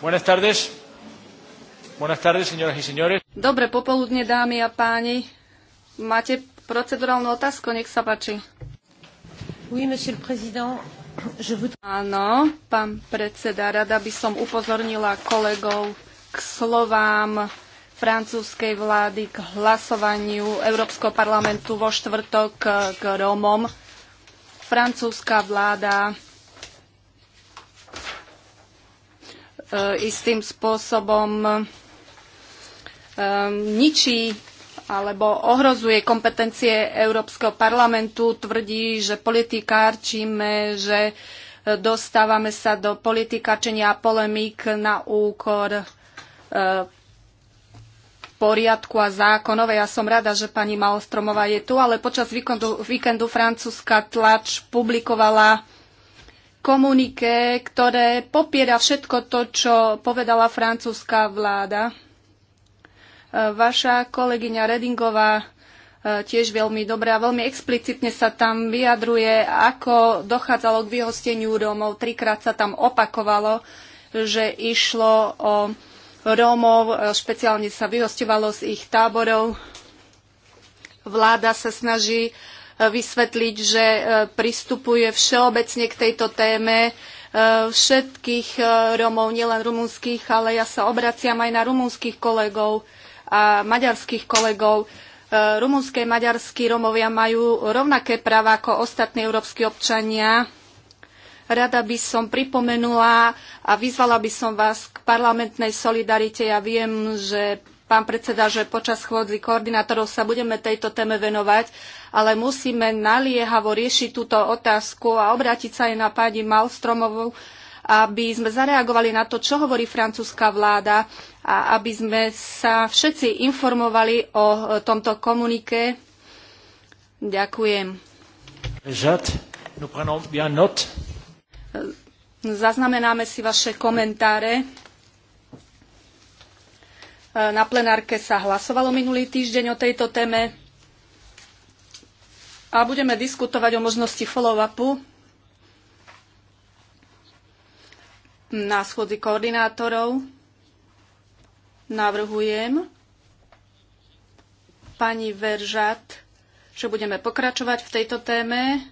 Buenas tardes. Buenas tardes, señoras y señores. Dobre popoludne, dámy a páni. Máte procedurálnu otázku, nech sa páči. Oui, monsieur le président. Je vous... Áno, pán predseda, rada by som upozornila kolegov k slovám francúzskej vlády k hlasovaniu Európskeho parlamentu vo štvrtok k Rómom. Francúzska vláda E, istým spôsobom e, ničí alebo ohrozuje kompetencie Európskeho parlamentu, tvrdí, že politikárčíme, že e, dostávame sa do politikačenia a polemík na úkor poriadku a zákonov. Ja som rada, že pani Malstromová je tu, ale počas víkendu, víkendu francúzska tlač publikovala komunike, ktoré popiera všetko to, čo povedala francúzska vláda. E, vaša kolegyňa Redingová e, tiež veľmi dobrá, veľmi explicitne sa tam vyjadruje, ako dochádzalo k vyhosteniu Rómov. Trikrát sa tam opakovalo, že išlo o Rómov, e, špeciálne sa vyhostevalo z ich táborov. Vláda sa snaží vysvetliť, že e, pristupuje všeobecne k tejto téme e, všetkých e, Romov, nielen rumunských, ale ja sa obraciam aj na rumunských kolegov a maďarských kolegov. Rumunské maďarskí Romovia majú rovnaké práva ako ostatní európsky občania. Rada by som pripomenula a vyzvala by som vás k parlamentnej solidarite. Ja viem, že pán predseda, že počas chôdzi koordinátorov sa budeme tejto téme venovať, ale musíme naliehavo riešiť túto otázku a obrátiť sa aj na pani Malstromovú, aby sme zareagovali na to, čo hovorí francúzska vláda a aby sme sa všetci informovali o tomto komunike. Ďakujem. Zaznamenáme si vaše komentáre. Eh, na plenárke sa hlasovalo minulý týždeň o tejto téme a budeme diskutovať o možnosti follow-upu na schodzi koordinátorov. Navrhujem pani Veržat, že budeme pokračovať v tejto téme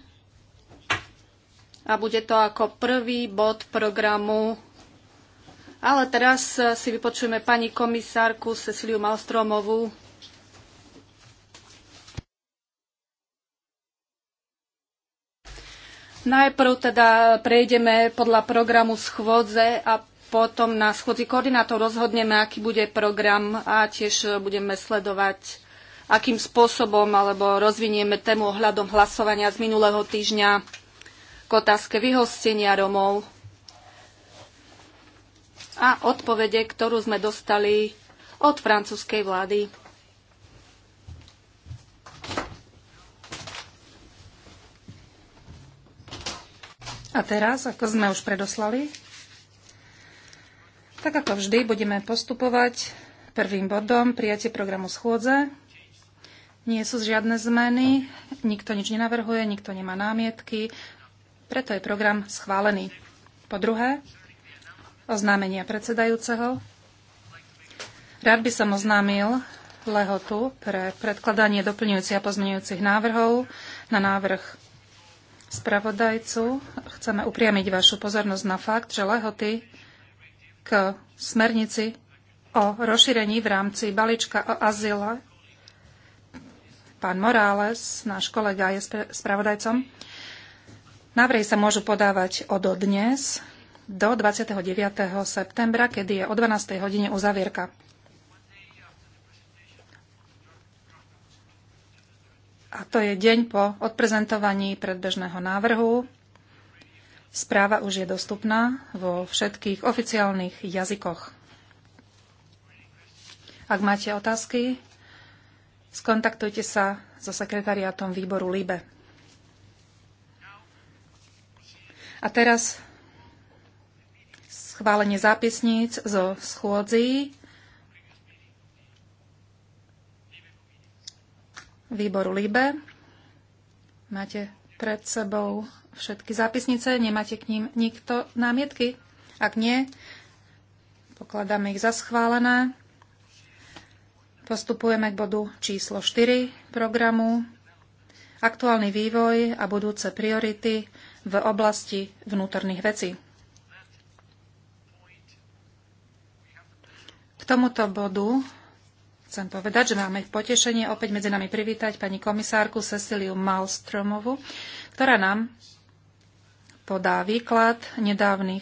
a bude to ako prvý bod programu ale teraz e, si vypočujeme pani komisárku Ceciliu Malstromovú. Najprv teda prejdeme podľa programu schôdze a potom na schôdzi koordinátov rozhodneme, aký bude program a tiež budeme sledovať, akým spôsobom alebo rozvinieme tému ohľadom hlasovania z minulého týždňa k otázke vyhostenia Romov a odpovede, ktorú sme dostali od francúzskej vlády. A teraz, ako sme už predoslali, tak ako vždy budeme postupovať prvým bodom prijatie programu schôdze. Nie sú žiadne zmeny, nikto nič nenavrhuje, nikto nemá námietky, preto je program schválený. Po druhé, Oznámenia predsedajúceho. Rád by som oznámil lehotu pre predkladanie doplňujúcich a pozmeňujúcich návrhov na návrh spravodajcu. Chceme upriamiť vašu pozornosť na fakt, že lehoty k smernici o rozšírení v rámci balíčka o azyle. Pán Morales, náš kolega, je spravodajcom. Návrhy sa môžu podávať od dnes do 29. septembra, kedy je o 12. hodine uzavierka. A to je deň po odprezentovaní predbežného návrhu. Správa už je dostupná vo všetkých oficiálnych jazykoch. Ak máte otázky, skontaktujte sa so sekretariátom výboru LIBE. A teraz schválenie zápisníc zo schôdzí výboru LIBE. Máte pred sebou všetky zápisnice, nemáte k ním nikto námietky? Ak nie, pokladáme ich za schválené. Postupujeme k bodu číslo 4 programu. Aktuálny vývoj a budúce priority v oblasti vnútorných vecí. tomuto bodu chcem povedať, že máme potešenie opäť medzi nami privítať pani komisárku Ceciliu Malstromovu, ktorá nám podá výklad nedávnych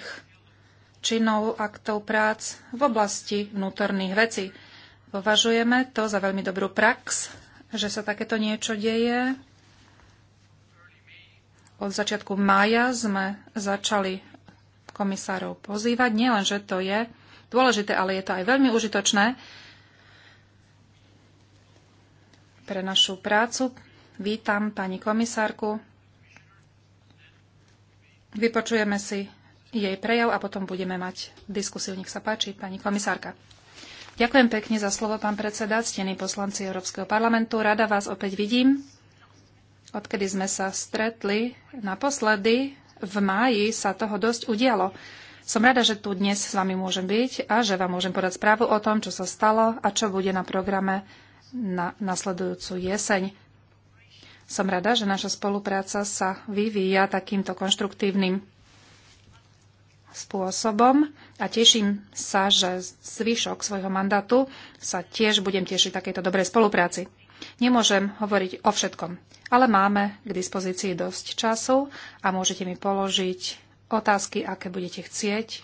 činov aktov prác v oblasti vnútorných vecí. Považujeme to za veľmi dobrú prax, že sa takéto niečo deje. Od začiatku mája sme začali komisárov pozývať. Nielen, že to je dôležité, ale je to aj veľmi užitočné pre našu prácu. Vítam pani komisárku. Vypočujeme si jej prejav a potom budeme mať diskusiu. Nech sa páči, pani komisárka. Ďakujem pekne za slovo, pán predseda, ctení poslanci Európskeho parlamentu. Rada vás opäť vidím. Odkedy sme sa stretli naposledy, v máji sa toho dosť udialo. Som rada, že tu dnes s vami môžem byť a že vám môžem podať správu o tom, čo sa stalo a čo bude na programe na nasledujúcu jeseň. Som rada, že naša spolupráca sa vyvíja takýmto konštruktívnym spôsobom a teším sa, že zvyšok svojho mandátu sa tiež budem tešiť takejto dobrej spolupráci. Nemôžem hovoriť o všetkom, ale máme k dispozícii dosť času a môžete mi položiť otázky, aké budete chcieť.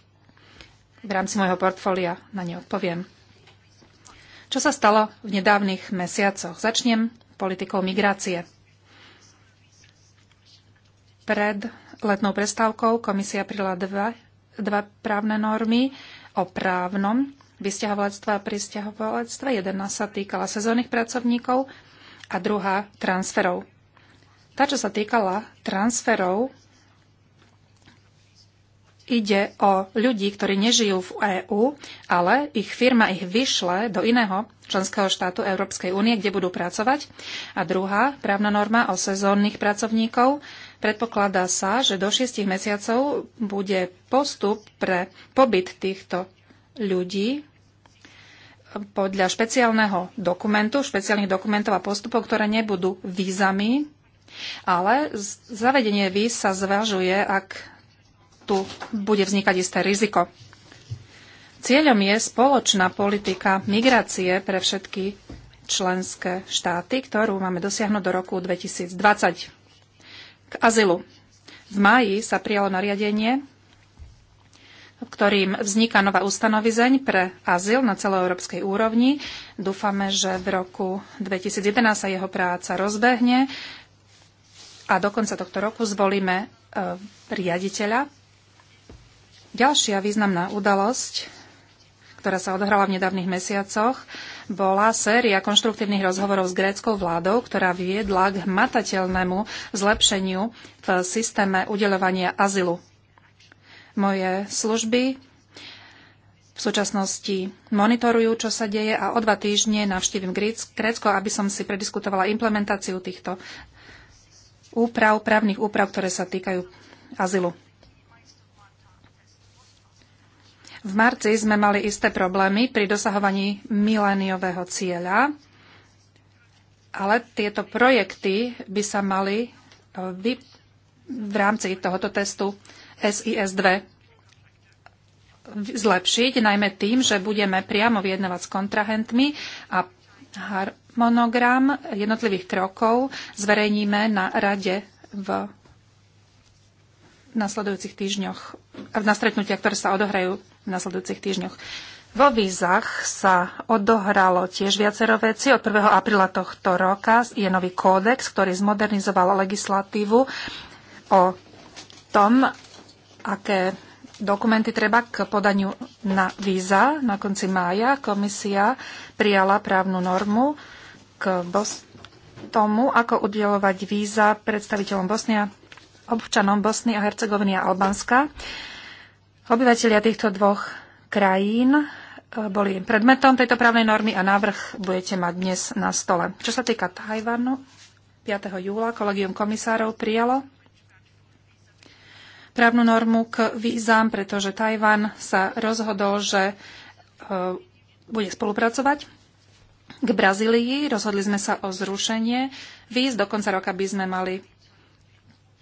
V rámci môjho portfólia na ne odpoviem. Čo sa stalo v nedávnych mesiacoch? Začnem politikou migrácie. Pred letnou prestávkou komisia prijala dva, dva právne normy o právnom vysťahovalectve a pristahovalectve. Jedna sa týkala sezónnych pracovníkov a druhá transferov. Tá, čo sa týkala transferov, ide o ľudí, ktorí nežijú v EÚ, ale ich firma ich vyšle do iného členského štátu Európskej únie, kde budú pracovať. A druhá právna norma o sezónnych pracovníkov predpokladá sa, že do 6 mesiacov bude postup pre pobyt týchto ľudí podľa špeciálneho dokumentu, špeciálnych dokumentov a postupov, ktoré nebudú vízami, ale zavedenie víz sa zvažuje, ak tu bude vznikať isté riziko. Cieľom je spoločná politika migrácie pre všetky členské štáty, ktorú máme dosiahnuť do roku 2020. K azylu. V máji sa prijalo nariadenie, ktorým vzniká nová ustanovizeň pre azyl na celoeurópskej úrovni. Dúfame, že v roku 2011 sa jeho práca rozbehne a do konca tohto roku zvolíme e, riaditeľa Ďalšia významná udalosť, ktorá sa odohrala v nedávnych mesiacoch, bola séria konštruktívnych rozhovorov s gréckou vládou, ktorá viedla k hmatateľnému zlepšeniu v systéme udeľovania azylu. Moje služby v súčasnosti monitorujú, čo sa deje a o dva týždne navštívim Grécko, aby som si prediskutovala implementáciu týchto úprav, právnych úprav, ktoré sa týkajú azylu. V marci sme mali isté problémy pri dosahovaní miléniového cieľa, ale tieto projekty by sa mali e, vy, v rámci tohoto testu SIS-2 zlepšiť, najmä tým, že budeme priamo vyjednávať s kontrahentmi a harmonogram jednotlivých krokov zverejníme na rade v nasledujúcich týždňoch, na stretnutia, ktoré sa odohrajú v nasledujúcich týždňoch. Vo vízach sa odohralo tiež viacero veci. Od 1. apríla tohto roka je nový kódex, ktorý zmodernizoval legislatívu o tom, aké dokumenty treba k podaniu na víza. Na konci mája komisia prijala právnu normu k tomu, ako udelovať víza predstaviteľom Bosnia občanom Bosny a Hercegoviny a Albánska. Obyvatelia týchto dvoch krajín e, boli predmetom tejto právnej normy a návrh budete mať dnes na stole. Čo sa týka Tajvanu, 5. júla kolegium komisárov prijalo právnu normu k vízám, pretože Tajvan sa rozhodol, že e, bude spolupracovať k Brazílii. Rozhodli sme sa o zrušenie víz. Do konca roka by sme mali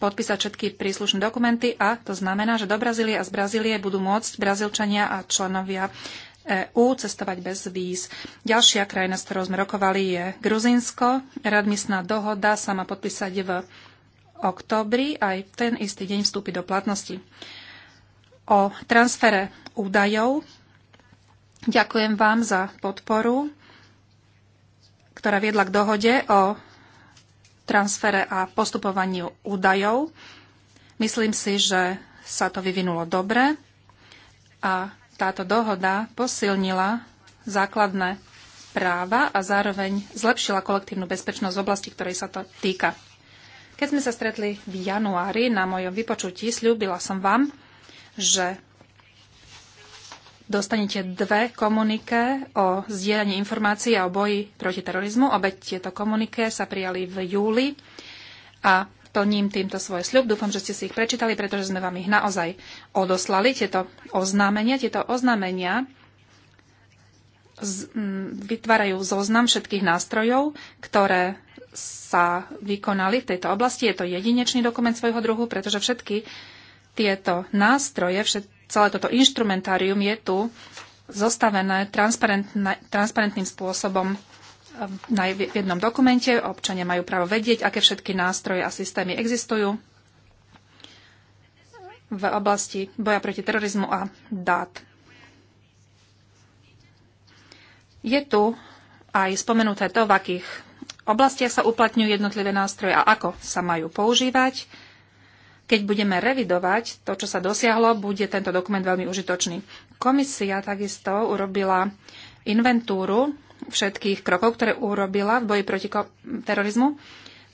podpísať všetky príslušné dokumenty a to znamená, že do Brazílie a z Brazílie budú môcť Brazílčania a členovia EU cestovať bez víz. Ďalšia krajina, s ktorou sme rokovali, je Gruzinsko. Radmisná dohoda sa má podpísať v oktobri, aj ten istý deň vstúpi do platnosti. O transfere údajov ďakujem vám za podporu, ktorá viedla k dohode o transfere a postupovaniu údajov. Myslím si, že sa to vyvinulo dobre a táto dohoda posilnila základné práva a zároveň zlepšila kolektívnu bezpečnosť v oblasti, ktorej sa to týka. Keď sme sa stretli v januári na mojom vypočutí, slúbila som vám, že dostanete dve komuniké o zdieľaní informácií a o boji proti terorizmu. Obe tieto komuniké sa prijali v júli a plním týmto svoj sľub. Dúfam, že ste si ich prečítali, pretože sme vám ich naozaj odoslali, tieto oznámenia. Tieto oznámenia z, m, mm, vytvárajú zoznam všetkých nástrojov, ktoré sa vykonali v tejto oblasti. Je to jedinečný dokument svojho druhu, pretože všetky tieto nástroje, všetky celé toto inštrumentárium je tu zostavené transparentným spôsobom e, v jednom dokumente. Občania majú právo vedieť, aké všetky nástroje a systémy existujú v oblasti boja proti terorizmu a dát. Je tu aj spomenuté to, v akých oblastiach sa uplatňujú jednotlivé nástroje a ako sa majú používať keď budeme revidovať to, čo sa dosiahlo, bude tento dokument veľmi užitočný. Komisia takisto urobila inventúru všetkých krokov, ktoré urobila v boji proti terorizmu.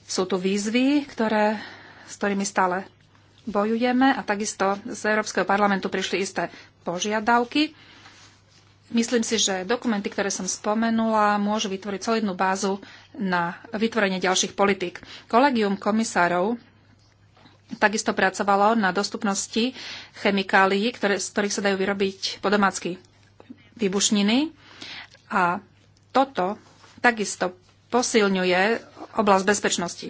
Sú tu výzvy, ktoré, s ktorými stále bojujeme a takisto z Európskeho parlamentu prišli isté požiadavky. Myslím si, že dokumenty, ktoré som spomenula, môžu vytvoriť solidnú bázu na vytvorenie ďalších politík. Kolegium komisárov Takisto pracovalo na dostupnosti chemikálií, ktoré, z ktorých sa dajú vyrobiť po domácky výbušniny. A toto takisto posilňuje oblasť bezpečnosti.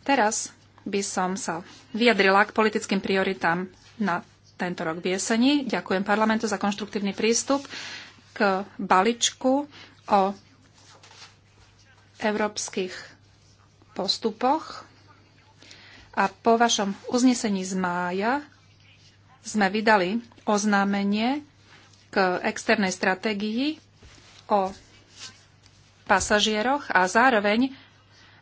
Teraz by som sa vyjadrila k politickým prioritám na tento rok v jeseni. Ďakujem parlamentu za konštruktívny prístup k baličku o európskych postupoch a po vašom uznesení z mája sme vydali oznámenie k externej stratégii o pasažieroch a zároveň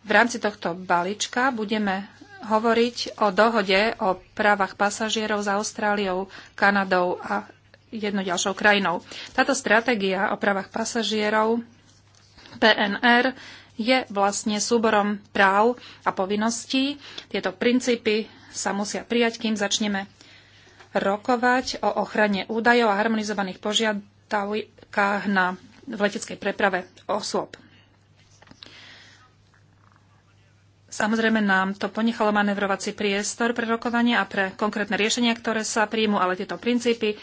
v rámci tohto balíčka budeme hovoriť o dohode o právach pasažierov s Austráliou, Kanadou a jednou ďalšou krajinou. Táto stratégia o právach pasažierov PNR je vlastne súborom práv a povinností. Tieto princípy sa musia prijať, kým začneme rokovať o ochrane údajov a harmonizovaných požiadavkách na v leteckej preprave osôb. Samozrejme nám to ponechalo manevrovací priestor pre rokovanie a pre konkrétne riešenia, ktoré sa príjmu, ale tieto princípy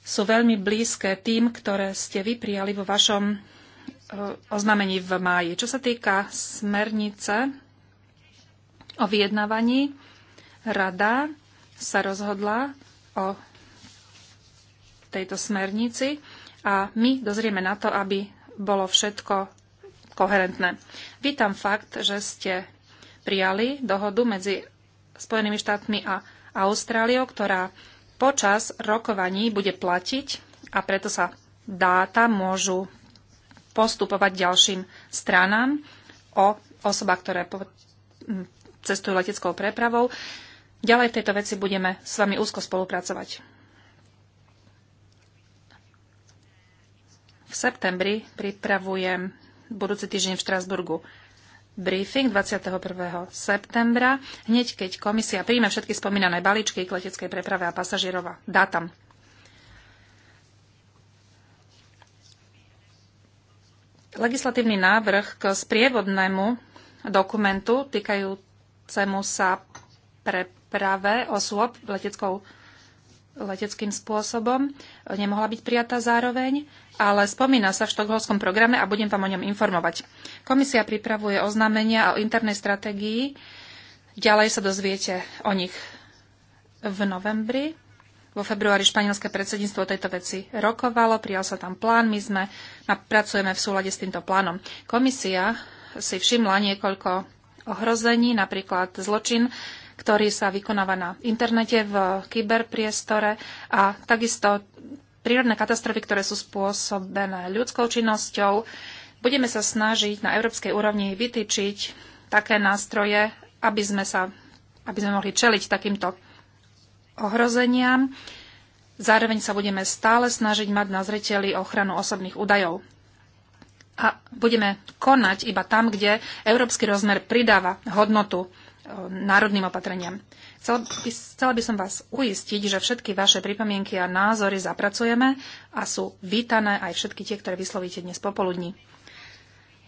sú veľmi blízke tým, ktoré ste vy prijali vo vašom Eh, oznámení v máji. Čo sa týka smernice o vyjednávaní, rada sa rozhodla o tejto smernici a my dozrieme na to, aby bolo všetko koherentné. Vítam fakt, že ste prijali dohodu medzi Spojenými štátmi a Austráliou, ktorá počas rokovaní bude platiť a preto sa dáta môžu postupovať ďalším stranám o osobách, ktoré cestujú leteckou prepravou. Ďalej v tejto veci budeme s vami úzko spolupracovať. V septembri pripravujem budúci týždeň v Štrasburgu briefing 21. septembra, hneď keď komisia príjme všetky spomínané balíčky k leteckej preprave a pasažierova dátam. legislatívny návrh k sprievodnému dokumentu týkajúcemu sa preprave osôb leteckou leteckým spôsobom. Nemohla byť prijatá zároveň, ale spomína sa v štokholskom programe a budem vám o ňom informovať. Komisia pripravuje oznámenia o internej stratégii. Ďalej sa dozviete o nich v novembri vo februári španielské predsedníctvo o tejto veci rokovalo, prijal sa tam plán, my sme pracujeme v súlade s týmto plánom. Komisia si všimla niekoľko ohrození, napríklad zločin, ktorý sa vykonáva na internete, v kyberpriestore a takisto prírodné katastrofy, ktoré sú spôsobené ľudskou činnosťou. Budeme sa snažiť na európskej úrovni vytýčiť také nástroje, aby sme, sa, aby sme mohli čeliť takýmto ohrozeniam. Zároveň sa budeme stále snažiť mať na zreteli ochranu osobných údajov. A budeme konať iba tam, kde európsky rozmer pridáva hodnotu e, národným opatreniam. Chcela by, chcela by som vás uistiť, že všetky vaše pripomienky a názory zapracujeme a sú vítané aj všetky tie, ktoré vyslovíte dnes popoludní.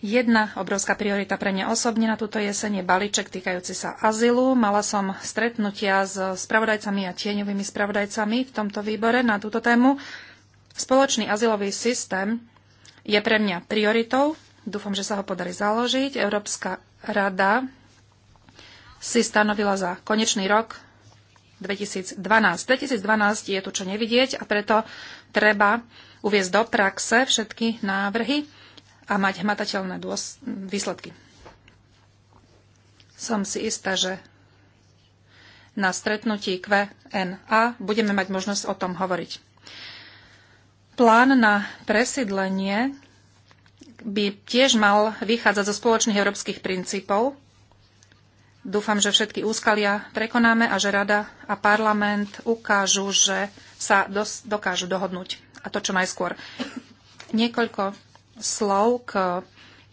Jedna obrovská priorita pre mňa osobne na túto jeseň je balíček týkajúci sa azylu. Mala som stretnutia s spravodajcami a tieňovými spravodajcami v tomto výbore na túto tému. Spoločný azylový systém je pre mňa prioritou. Dúfam, že sa ho podarí založiť. Európska rada si stanovila za konečný rok 2012. 2012 je tu čo nevidieť a preto treba uviezť do praxe všetky návrhy a mať hmatateľné výsledky. Som si istá, že na stretnutí QNA budeme mať možnosť o tom hovoriť. Plán na presídlenie by tiež mal vychádzať zo spoločných európskych princípov. Dúfam, že všetky úskalia prekonáme a že Rada a parlament ukážu, že sa dokážu dohodnúť. A to čo najskôr. Niekoľko slov k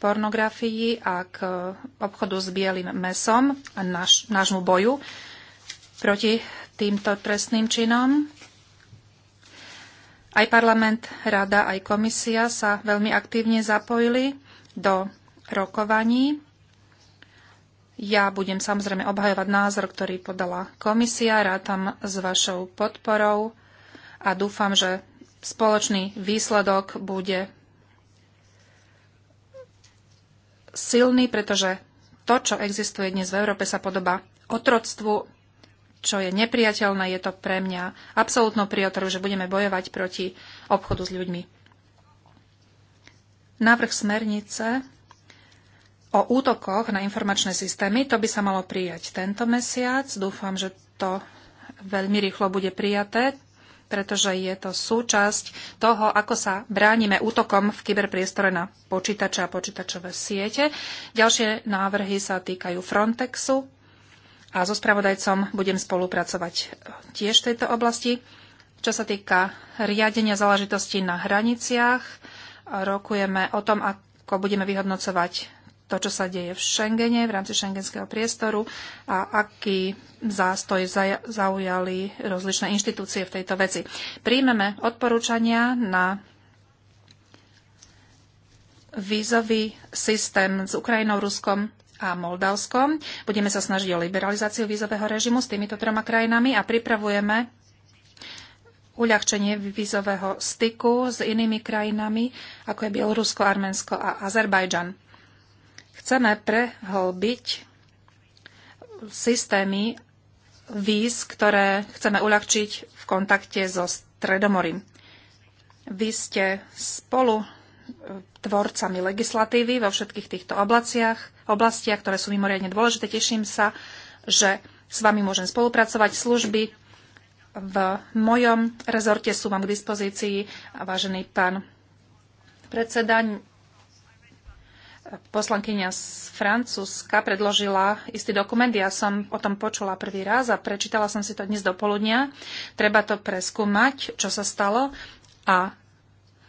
pornografii a k obchodu s bielým mesom a naš, nášmu boju proti týmto trestným činom. Aj parlament, rada, aj komisia sa veľmi aktívne zapojili do rokovaní. Ja budem samozrejme obhajovať názor, ktorý podala komisia, rátam s vašou podporou a dúfam, že spoločný výsledok bude silný, pretože to, čo existuje dnes v Európe, sa podobá otroctvu, čo je nepriateľné. Je to pre mňa absolútno prioritou, že budeme bojovať proti obchodu s ľuďmi. Návrh smernice o útokoch na informačné systémy, to by sa malo prijať tento mesiac. Dúfam, že to veľmi rýchlo bude prijaté pretože je to súčasť toho, ako sa bránime útokom v kyberpriestore na počítače a počítačové siete. Ďalšie návrhy sa týkajú Frontexu a so spravodajcom budem spolupracovať tiež v tejto oblasti. Čo sa týka riadenia záležitostí na hraniciach, rokujeme o tom, ako budeme vyhodnocovať to, čo sa deje v Schengene, v rámci šengenského priestoru a aký zástoj zaujali rozličné inštitúcie v tejto veci. Príjmeme odporúčania na vízový systém s Ukrajinou, Ruskom a Moldavskom. Budeme sa snažiť o liberalizáciu vízového režimu s týmito troma krajinami a pripravujeme uľahčenie vízového styku s inými krajinami, ako je Bielorusko, Arménsko a Azerbajdžan. Chceme prehlbiť systémy víz, ktoré chceme uľahčiť v kontakte so Stredomorím. Vy ste spolu e, tvorcami legislatívy vo všetkých týchto oblastiach, oblastiach, ktoré sú mimoriadne dôležité. Teším sa, že s vami môžem spolupracovať. Služby v mojom rezorte sú vám k dispozícii. A vážený pán predseda, poslankyňa z Francúzska predložila istý dokument. Ja som o tom počula prvý raz a prečítala som si to dnes do poludnia. Treba to preskúmať, čo sa stalo a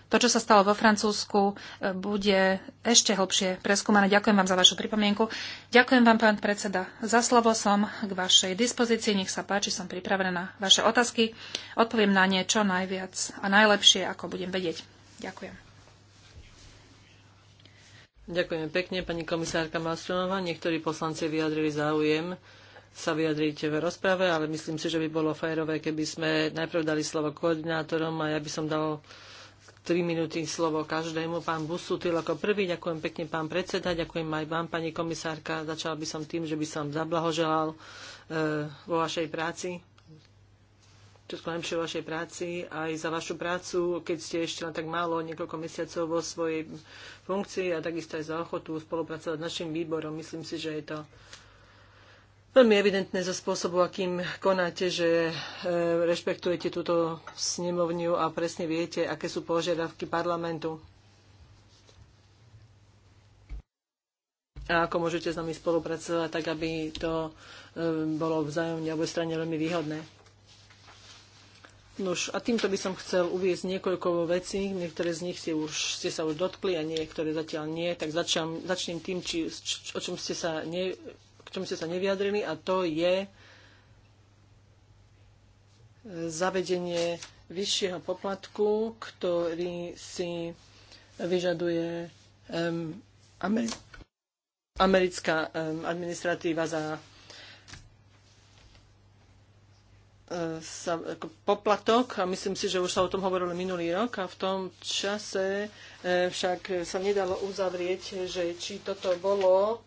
to, čo sa stalo vo Francúzsku, e, bude ešte hlbšie preskúmané. Ďakujem vám za vašu pripomienku. Ďakujem vám, pán predseda, za slovo som k vašej dispozícii. Nech sa páči, som pripravená na vaše otázky. Odpoviem na ne čo najviac a najlepšie, ako budem vedieť. Ďakujem. Ďakujem pekne, pani komisárka Mastronová. Niektorí poslanci vyjadrili záujem sa vyjadriť v rozprave, ale myslím si, že by bolo fajrové, keby sme najprv dali slovo koordinátorom a ja by som dal 3 minúty slovo každému. Pán Busutil ako prvý, ďakujem pekne pán predseda, ďakujem aj vám, pani komisárka. Začal by som tým, že by som zablahoželal e, vo vašej práci všetko najlepšie v vašej práci, aj za vašu prácu, keď ste ešte len tak málo, niekoľko mesiacov vo svojej funkcii a takisto aj za ochotu spolupracovať s našim výborom. Myslím si, že je to veľmi evidentné zo spôsobu, akým konáte, že e, rešpektujete túto snemovňu a presne viete, aké sú požiadavky parlamentu. a ako môžete s nami spolupracovať, tak aby to e, bolo vzájomne obojstranne veľmi výhodné. Nož, a týmto by som chcel uviezť niekoľko vecí, niektoré z nich ste, už, ste sa už dotkli a niektoré zatiaľ nie, tak začam, začnem tým, či, č, o čom ste sa ne, k čom ste sa neviadrili a to je zavedenie vyššieho poplatku, ktorý si vyžaduje um, americká um, administratíva za sa, ako poplatok a myslím si, že už sa o tom hovorilo minulý rok a v tom čase e, však sa nedalo uzavrieť, že či toto bolo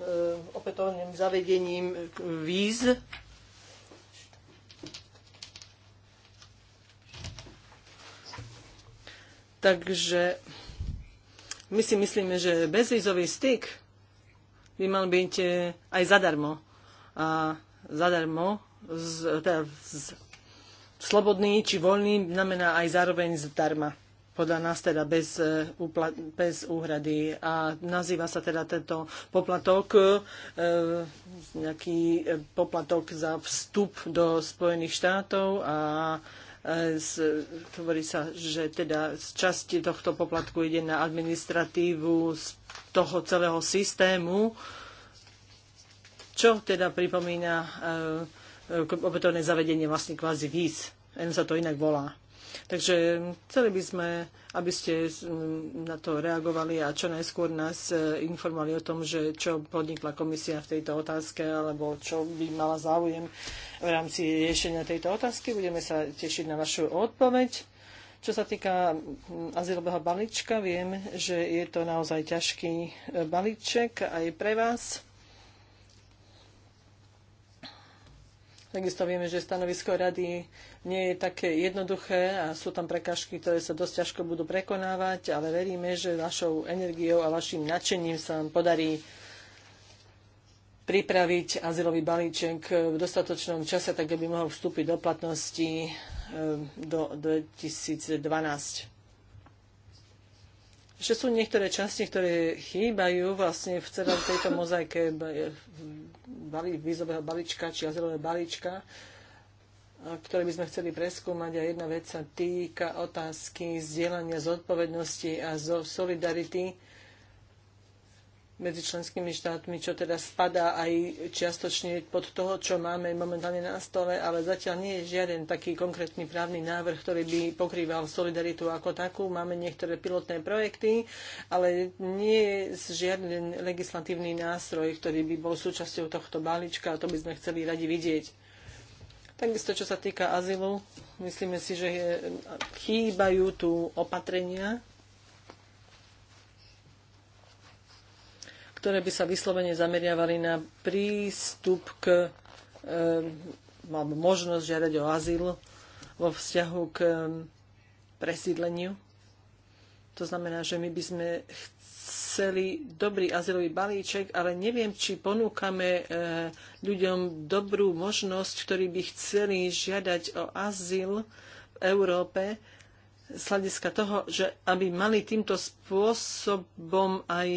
e, opätovným zavedením víz Takže my si myslíme, že bezvízový styk by mal byť e, aj zadarmo. A zadarmo z, teda, z, slobodný či voľný znamená aj zároveň zdarma. Podľa nás teda bez, e, bez úhrady. A nazýva sa teda tento poplatok e, nejaký e, poplatok za vstup do Spojených štátov a z, e, hovorí sa, že teda z časti tohto poplatku ide na administratívu z toho celého systému, čo teda pripomína e, E, opätovné zavedenie vlastne kvázi víz. Len sa to inak volá. Takže chceli by sme, aby ste na to reagovali a čo najskôr nás e, informovali o tom, že čo podnikla komisia v tejto otázke alebo čo by mala záujem v rámci riešenia tejto otázky. Budeme sa tešiť na vašu odpoveď. Čo sa týka azylového balíčka, viem, že je to naozaj ťažký e, balíček aj pre vás. Takisto vieme, že stanovisko rady nie je také jednoduché a sú tam prekažky, ktoré sa dosť ťažko budú prekonávať, ale veríme, že vašou energiou a vašim nadšením sa vám podarí pripraviť azylový balíček v dostatočnom čase, tak aby mohol vstúpiť do platnosti eh, do 2012 že sú niektoré časti, ktoré chýbajú vlastne v celom tejto mozaike bali, vízového balíčka či azylového balíčka, ktoré by sme chceli preskúmať. A jedna vec sa týka otázky zdieľania zodpovednosti a zo solidarity medzi členskými štátmi, čo teda spadá aj čiastočne pod toho, čo máme momentálne na stole, ale zatiaľ nie je žiaden taký konkrétny právny návrh, ktorý by pokrýval solidaritu ako takú. Máme niektoré pilotné projekty, ale nie je žiaden legislatívny nástroj, ktorý by bol súčasťou tohto balíčka a to by sme chceli radi vidieť. Takisto, čo sa týka azylu, myslíme si, že je, chýbajú tu opatrenia, ktoré by sa vyslovene zameriavali na prístup k eh, alebo možnosť žiadať o azyl vo vzťahu k eh, presídleniu. To znamená, že my by sme chceli dobrý azylový balíček, ale neviem, či ponúkame e, ľuďom dobrú možnosť, ktorí by chceli žiadať o azyl v Európe, z hľadiska toho, že aby mali týmto spôsobom aj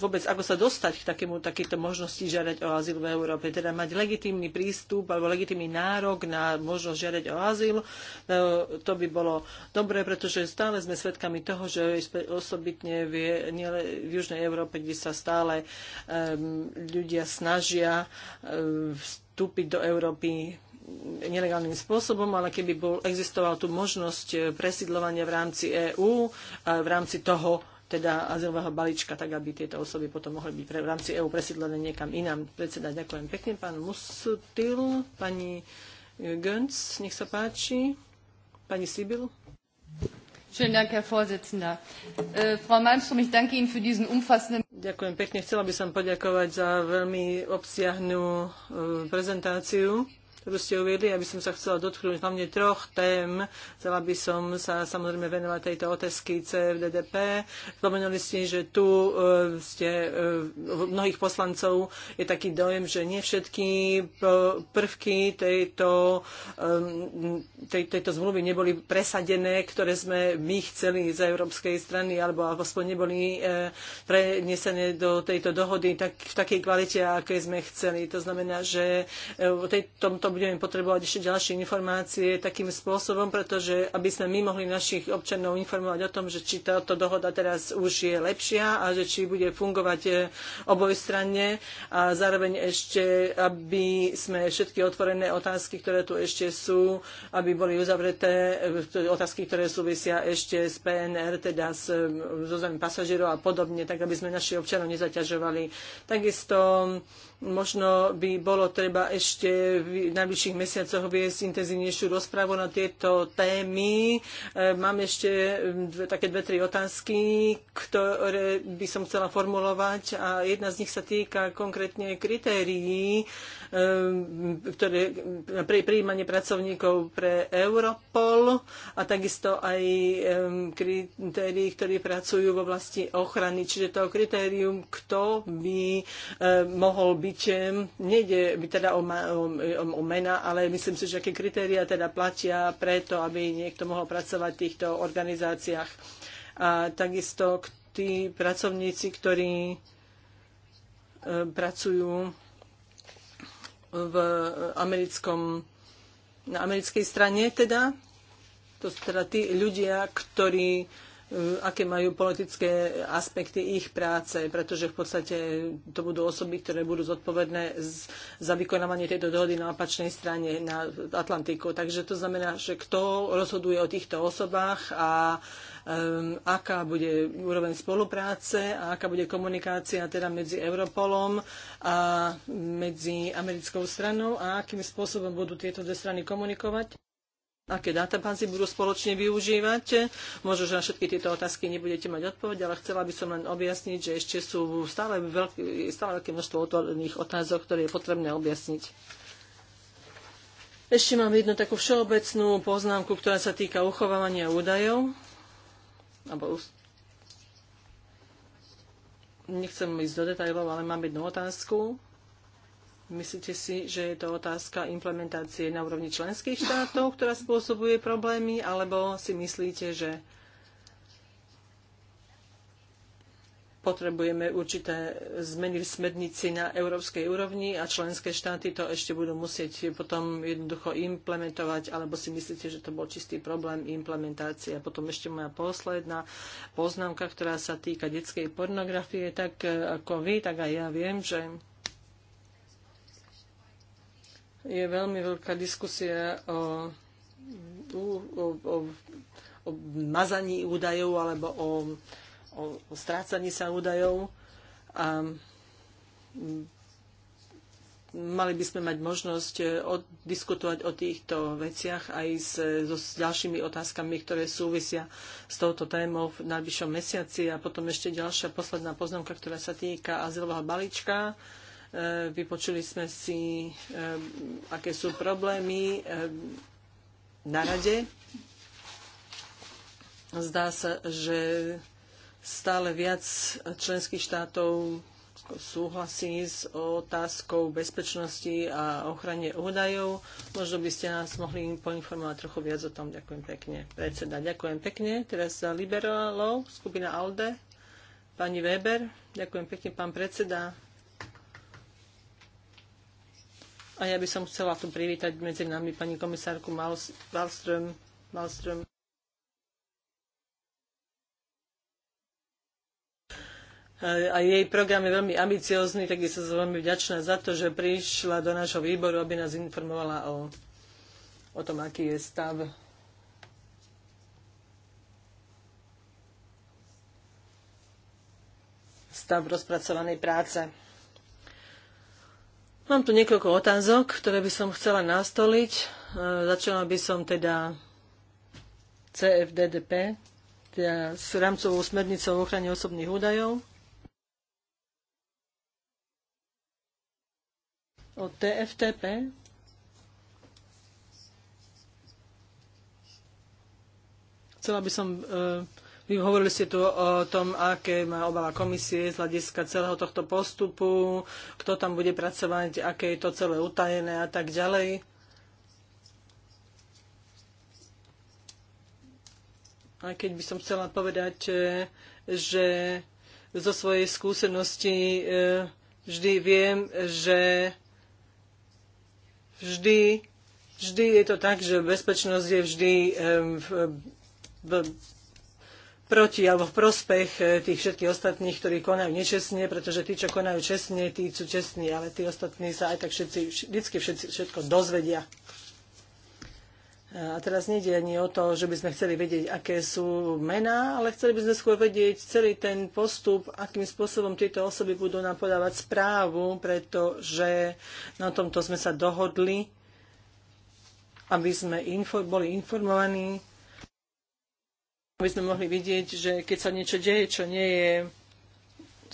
vôbec ako sa dostať k takému, takéto možnosti žiadať o azyl v Európe. Teda mať legitímny prístup alebo legitímny nárok na možnosť žiadať o azyl, e, to by bolo dobré, pretože stále sme svedkami toho, že osobitne v, v Južnej Európe, kde sa stále um, ľudia snažia um, vstúpiť do Európy nelegálnym spôsobom, ale keby bol, existoval tu možnosť e, presídlovania v rámci EÚ, v rámci toho teda azylového balíčka, tak aby tieto osoby potom mohli byť v rámci EÚ presídlené niekam inám. Predseda, ďakujem pekne. Pán Musutil, pani Gönc, nech sa páči. Pani Sibyl. Schönen Dank, Herr Vorsitzender. Äh, Frau Malmström, ich danke Ihnen für diesen umfassenden... Ďakujem pekne. Chcela by som poďakovať za veľmi obsiahnu äh, prezentáciu ktorú ste uviedli. Ja by som sa chcela dotknúť hlavne troch tém. Chcela by som sa samozrejme venovať tejto otázky CFDDP. Spomenuli ste, že tu e, ste e, mnohých poslancov je taký dojem, že nie všetky e, prvky tejto, tej, tejto zmluvy neboli presadené, ktoré sme my chceli z európskej strany, alebo aspoň neboli prenesené do tejto dohody tak, v takej kvalite, aké sme chceli. To znamená, že v tomto budeme potrebovať ešte ďalšie informácie takým spôsobom, pretože aby sme my mohli našich občanov informovať o tom, že či táto dohoda teraz už je lepšia a že či bude fungovať e, obojstranne a zároveň ešte, aby sme všetky otvorené otázky, ktoré tu ešte sú, aby boli uzavreté e, otázky, ktoré súvisia ešte s PNR, teda s e, zozami pasažierov a podobne, tak aby sme našich občanov nezaťažovali. Takisto Možno by bolo treba ešte v najbližších mesiacoch viesť intenzívnejšiu rozpravu na tieto témy. E, mám ešte dve, také dve, tri otázky, ktoré by som chcela formulovať a jedna z nich sa týka konkrétne kritérií, Ehm, ktoré, pre ehm, príjmanie pracovníkov pre Europol a takisto aj ehm, kritérií, ktorí pracujú v oblasti ochrany. Čiže to kritérium, kto by mohol byť, nejde by teda o, o, o mena, ale myslím si, že aké kritéria teda platia preto, aby niekto mohol pracovať v týchto organizáciách. A takisto tí pracovníci, ktorí pracujú v americkom, na americkej strane teda. To sú teda tí ľudia, ktorí eh, aké majú politické aspekty ich práce, pretože v podstate to budú osoby, ktoré budú zodpovedné za vykonávanie tejto dohody na opačnej strane na Atlantiku. Takže to znamená, že kto rozhoduje o týchto osobách a Ehm, aká bude úroveň spolupráce a aká bude komunikácia teda medzi Europolom a medzi americkou stranou a akým spôsobom budú tieto dve strany komunikovať aké databázy budú spoločne využívať. Možno, že na všetky tieto otázky nebudete mať odpoveď, ale chcela by som len objasniť, že ešte sú stále veľké, stále veľké množstvo otvorených otázok, ktoré je potrebné objasniť. Ešte mám jednu takú všeobecnú poznámku, ktorá sa týka uchovávania údajov alebo nechcem ísť do detajlov, ale mám jednu otázku. Myslíte si, že je to otázka implementácie na úrovni členských štátov, ktorá spôsobuje problémy, alebo si myslíte, že potrebujeme určité zmeny v smernici na európskej úrovni a členské štáty to ešte budú musieť potom jednoducho implementovať, alebo si myslíte, že to bol čistý problém implementácie. A potom ešte moja posledná poznámka, ktorá sa týka detskej pornografie, tak e, ako vy, tak aj ja viem, že je veľmi veľká diskusia o, o, o, o mazaní údajov alebo o o, strácaní sa údajov a mali by sme mať možnosť e, diskutovať o týchto veciach aj s, so, s ďalšími otázkami, ktoré súvisia s touto témou v najbližšom mesiaci. A potom ešte ďalšia posledná poznámka, ktorá sa týka azylového balíčka. E, vypočuli sme si, e, aké sú problémy na rade. Zdá sa, že stále viac členských štátov súhlasí s otázkou bezpečnosti a ochrane údajov. Možno by ste nás mohli poinformovať trochu viac o tom. Ďakujem pekne. Predseda, ďakujem pekne. Teraz za liberálov, skupina ALDE, pani Weber. Ďakujem pekne, pán predseda. A ja by som chcela tu privítať medzi nami pani komisárku Malström. Malström. a jej program je veľmi ambiciózny, tak som sa veľmi vďačná za to, že prišla do nášho výboru, aby nás informovala o, o tom, aký je stav. stav rozpracovanej práce. Mám tu niekoľko otázok, ktoré by som chcela nastoliť. E, začala by som teda CFDDP, teda s rámcovou smernicou o ochrane osobných údajov. o TFTP. Chcela by som e, vy hovorili ste tu o tom, aké má obava komisie z hľadiska celého tohto postupu, kto tam bude pracovať, aké je to celé utajené a tak ďalej. Aj keď by som chcela povedať, e, že zo svojej skúsenosti e, vždy viem, že vždy, vždy je to tak, že bezpečnosť je vždy v, v, proti alebo v prospech eh, tých všetkých ostatných, ktorí konajú nečestne, pretože tí, čo konajú čestne, tí sú čestní, ale tí ostatní sa aj tak všetci, vždycky všetci všetko dozvedia. A teraz nejde ani o to, že by sme chceli vedieť, aké sú mená, ale chceli by sme skôr vedieť celý ten postup, akým spôsobom tieto osoby budú nám podávať správu, pretože na tomto sme sa dohodli, aby sme info, boli informovaní, aby sme mohli vidieť, že keď sa niečo deje, čo nie je,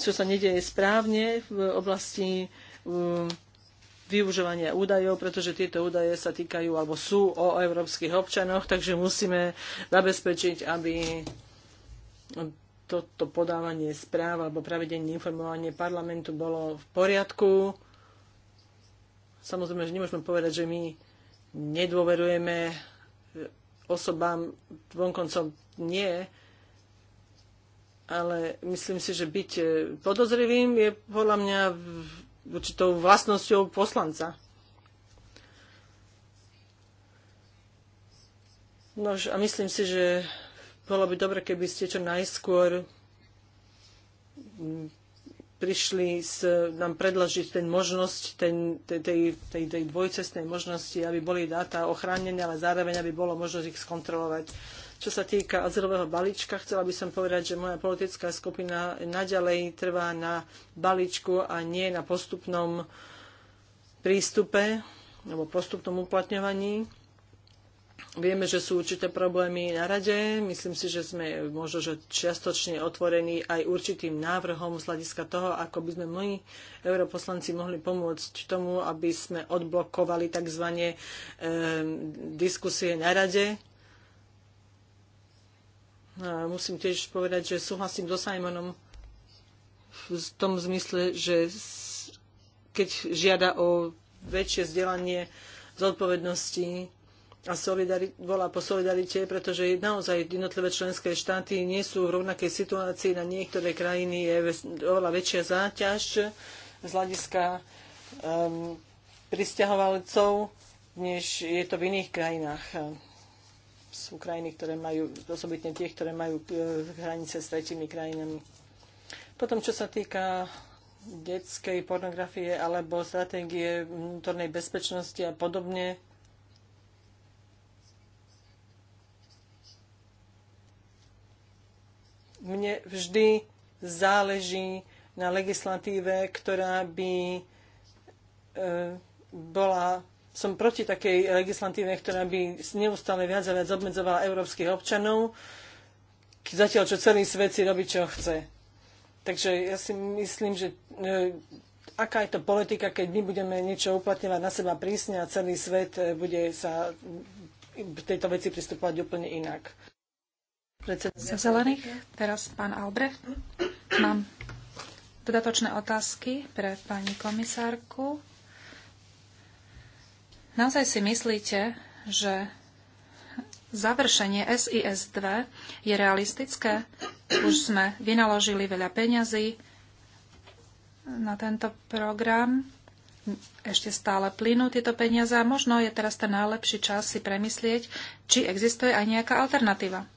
čo sa nedieje správne v oblasti um, využívania údajov, pretože tieto údaje sa týkajú alebo sú o európskych občanoch, takže musíme zabezpečiť, aby toto podávanie správ alebo pravidelné informovanie parlamentu bolo v poriadku. Samozrejme, že nemôžeme povedať, že my nedôverujeme osobám vonkoncom nie, ale myslím si, že byť podozrivým je podľa mňa určitou vlastnosťou poslanca. Nož, a myslím si, že bolo by dobre, keby ste čo najskôr mm, prišli s, nám predložiť ten možnosť ten, tej, tej, tej dvojcestnej možnosti, aby boli dáta ochránené, ale zároveň, aby bolo možnosť ich skontrolovať. Čo sa týka azylového balíčka, chcela by som povedať, že moja politická skupina naďalej trvá na balíčku a nie na postupnom prístupe alebo postupnom uplatňovaní. Vieme, že sú určité problémy na rade. Myslím si, že sme možno že čiastočne otvorení aj určitým návrhom z hľadiska toho, ako by sme my, europoslanci, mohli pomôcť tomu, aby sme odblokovali tzv. E, diskusie na rade musím tiež povedať, že súhlasím so Simonom v tom zmysle, že keď žiada o väčšie vzdelanie zodpovednosti a volá po solidarite, pretože naozaj jednotlivé členské štáty nie sú v rovnakej situácii. Na niektoré krajiny je oveľa väčšia záťaž z hľadiska um, pristahovalcov, než je to v iných krajinách z Ukrajiny, ktoré majú, osobitne tie, ktoré majú e, hranice s tretimi krajinami. Potom, čo sa týka detskej pornografie alebo stratégie vnútornej bezpečnosti a podobne, mne vždy záleží na legislatíve, ktorá by e, bola som proti takej legislatíve, ktorá by neustále viac a viac obmedzovala európskych občanov, zatiaľ čo celý svet si robí, čo chce. Takže ja si myslím, že e, aká je to politika, keď my budeme niečo uplatňovať na seba prísne a celý svet e, bude sa v tejto veci pristupovať úplne inak. Predseda... zelených teraz pán Albrecht. Mám dodatočné otázky pre pani komisárku. Naozaj si myslíte, že završenie SIS-2 je realistické? Už sme vynaložili veľa peňazí na tento program. Ešte stále plynú tieto peniaze a možno je teraz ten najlepší čas si premyslieť, či existuje aj nejaká alternatíva.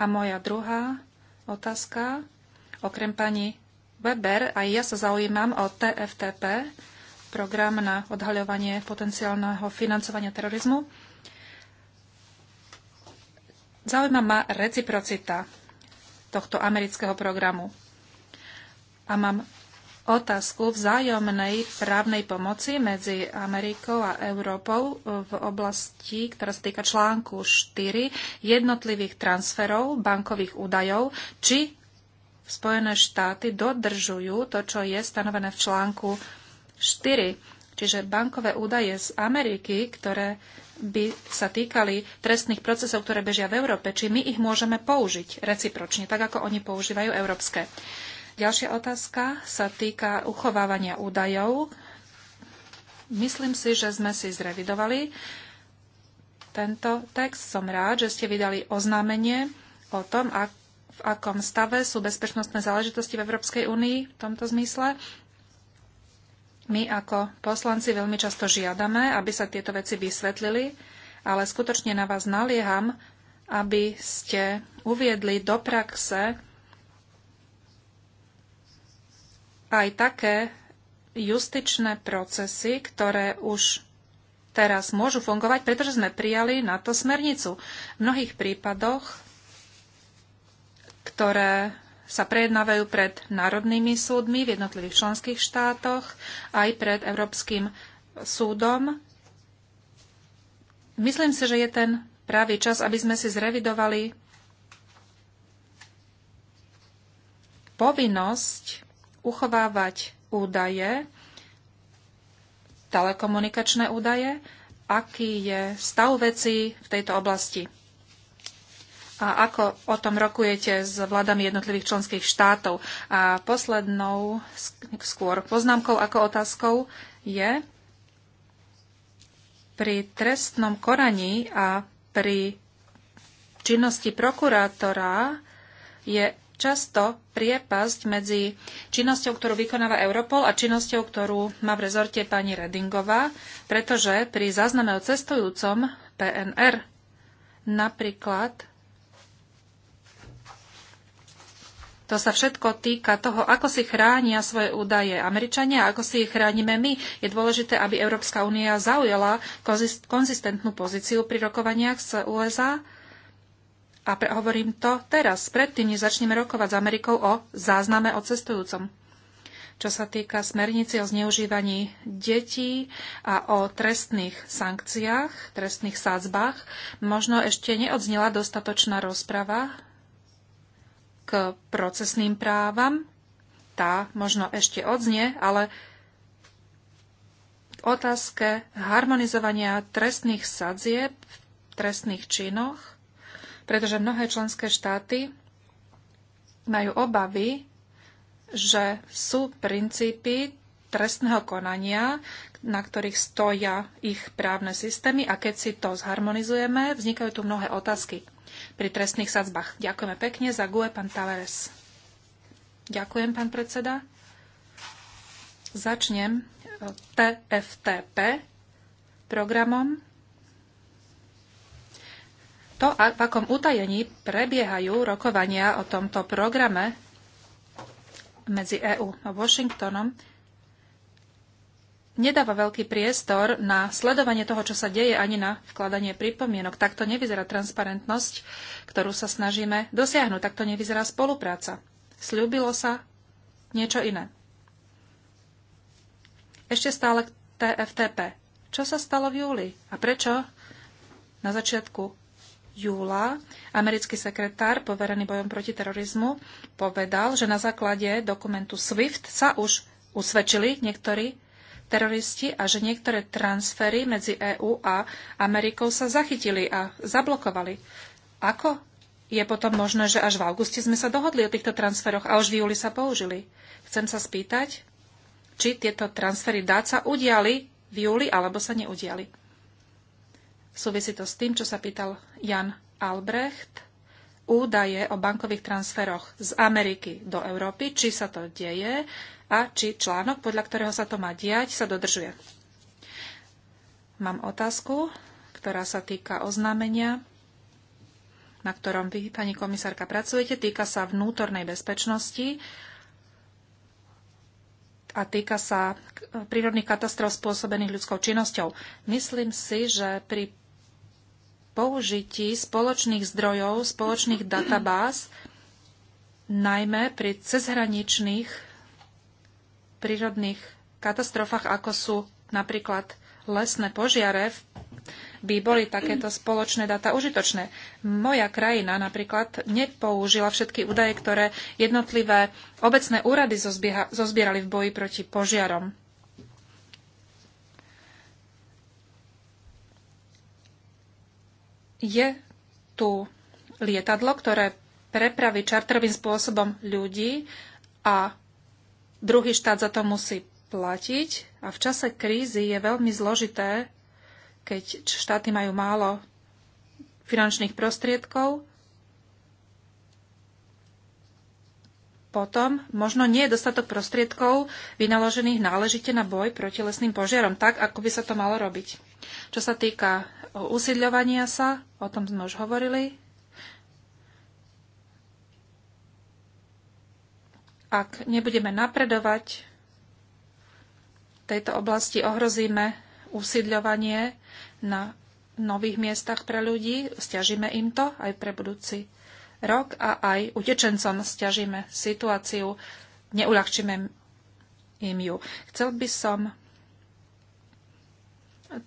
A moja druhá otázka, okrem pani Weber, aj ja sa zaujímam o TFTP, program na odhaľovanie potenciálneho financovania terorizmu. Zaujíma ma reciprocita tohto amerického programu. A mám otázku vzájomnej právnej pomoci medzi Amerikou a Európou v oblasti, ktorá sa týka článku 4 jednotlivých transferov bankových údajov, či Spojené štáty dodržujú to, čo je stanovené v článku 4, čiže bankové údaje z Ameriky, ktoré by sa týkali trestných procesov, ktoré bežia v Európe, či my ich môžeme použiť recipročne, tak ako oni používajú európske. Ďalšia otázka sa týka uchovávania údajov. Myslím si, že sme si zrevidovali tento text. Som rád, že ste vydali oznámenie o tom, ak, v akom stave sú bezpečnostné záležitosti v Európskej únii v tomto zmysle. My ako poslanci veľmi často žiadame, aby sa tieto veci vysvetlili, ale skutočne na vás nalieham, aby ste uviedli do praxe aj také justičné procesy, ktoré už teraz môžu fungovať, pretože sme prijali na to smernicu. V mnohých prípadoch, ktoré sa prejednávajú pred národnými súdmi v jednotlivých členských štátoch, aj pred Európskym súdom. Myslím si, že je ten pravý čas, aby sme si zrevidovali povinnosť uchovávať údaje, telekomunikačné údaje, aký je stav veci v tejto oblasti a ako o tom rokujete s vládami jednotlivých členských štátov. A poslednou, skôr poznámkou ako otázkou je pri trestnom koraní a pri činnosti prokurátora je často priepasť medzi činnosťou, ktorú vykonáva Europol a činnosťou, ktorú má v rezorte pani Redingová, pretože pri zázname o cestujúcom PNR napríklad To sa všetko týka toho, ako si chránia svoje údaje Američania a ako si ich chránime my. Je dôležité, aby Európska únia zaujala konzistentnú pozíciu pri rokovaniach z USA. A pre, hovorím to teraz, predtým, než začneme rokovať s Amerikou o zázname o cestujúcom. Čo sa týka smernici o zneužívaní detí a o trestných sankciách, trestných sádzbách, možno ešte neodznela dostatočná rozprava k procesným právam. Tá možno ešte odznie, ale k otázke harmonizovania trestných sadzieb v trestných činoch, pretože mnohé členské štáty majú obavy, že sú princípy trestného konania, na ktorých stoja ich právne systémy a keď si to zharmonizujeme, vznikajú tu mnohé otázky pri trestných sadzbách. Ďakujeme pekne za GUE, pán Tavares. Ďakujem, pán predseda. Začnem TFTP e, programom. To, v akom utajení prebiehajú rokovania o tomto programe medzi EÚ a Washingtonom, nedáva veľký priestor na sledovanie toho, čo sa deje, ani na vkladanie pripomienok. Takto nevyzerá transparentnosť, ktorú sa snažíme dosiahnuť. Takto nevyzerá spolupráca. Sľúbilo sa niečo iné. Ešte stále k TFTP. Čo sa stalo v júli a prečo na začiatku júla americký sekretár poverený bojom proti terorizmu povedal, že na základe dokumentu SWIFT sa už usvedčili niektorí teroristi a že niektoré transfery medzi EÚ a Amerikou sa zachytili a zablokovali. Ako je potom možné, že až v auguste sme sa dohodli o týchto transferoch a už v júli sa použili? Chcem sa spýtať, či tieto transfery dát sa udiali v júli alebo sa neudiali. súvisí to s tým, čo sa pýtal Jan Albrecht údaje o bankových transferoch z Ameriky do Európy, či sa to deje a či článok, podľa ktorého sa to má diať, sa dodržuje. Mám otázku, ktorá sa týka oznámenia, na ktorom vy, pani komisárka, pracujete. Týka sa vnútornej bezpečnosti a týka sa prírodných katastrof spôsobených ľudskou činnosťou. Myslím si, že pri použití spoločných zdrojov, spoločných databáz, najmä pri cezhraničných prírodných katastrofách, ako sú napríklad lesné požiare, by boli takéto spoločné data užitočné. Moja krajina napríklad nepoužila všetky údaje, ktoré jednotlivé obecné úrady zozbierali v boji proti požiarom. Je tu lietadlo, ktoré prepraví čarterovým spôsobom ľudí a Druhý štát za to musí platiť a v čase krízy je veľmi zložité, keď štáty majú málo finančných prostriedkov, potom možno nie je dostatok prostriedkov vynaložených náležite na boj proti lesným požiarom, tak ako by sa to malo robiť. Čo sa týka usídľovania sa, o tom sme už hovorili, Ak nebudeme napredovať v tejto oblasti, ohrozíme usídľovanie na nových miestach pre ľudí, stiažíme im to aj pre budúci rok a aj utečencom stiažíme situáciu, neuľahčíme im ju. Chcel by som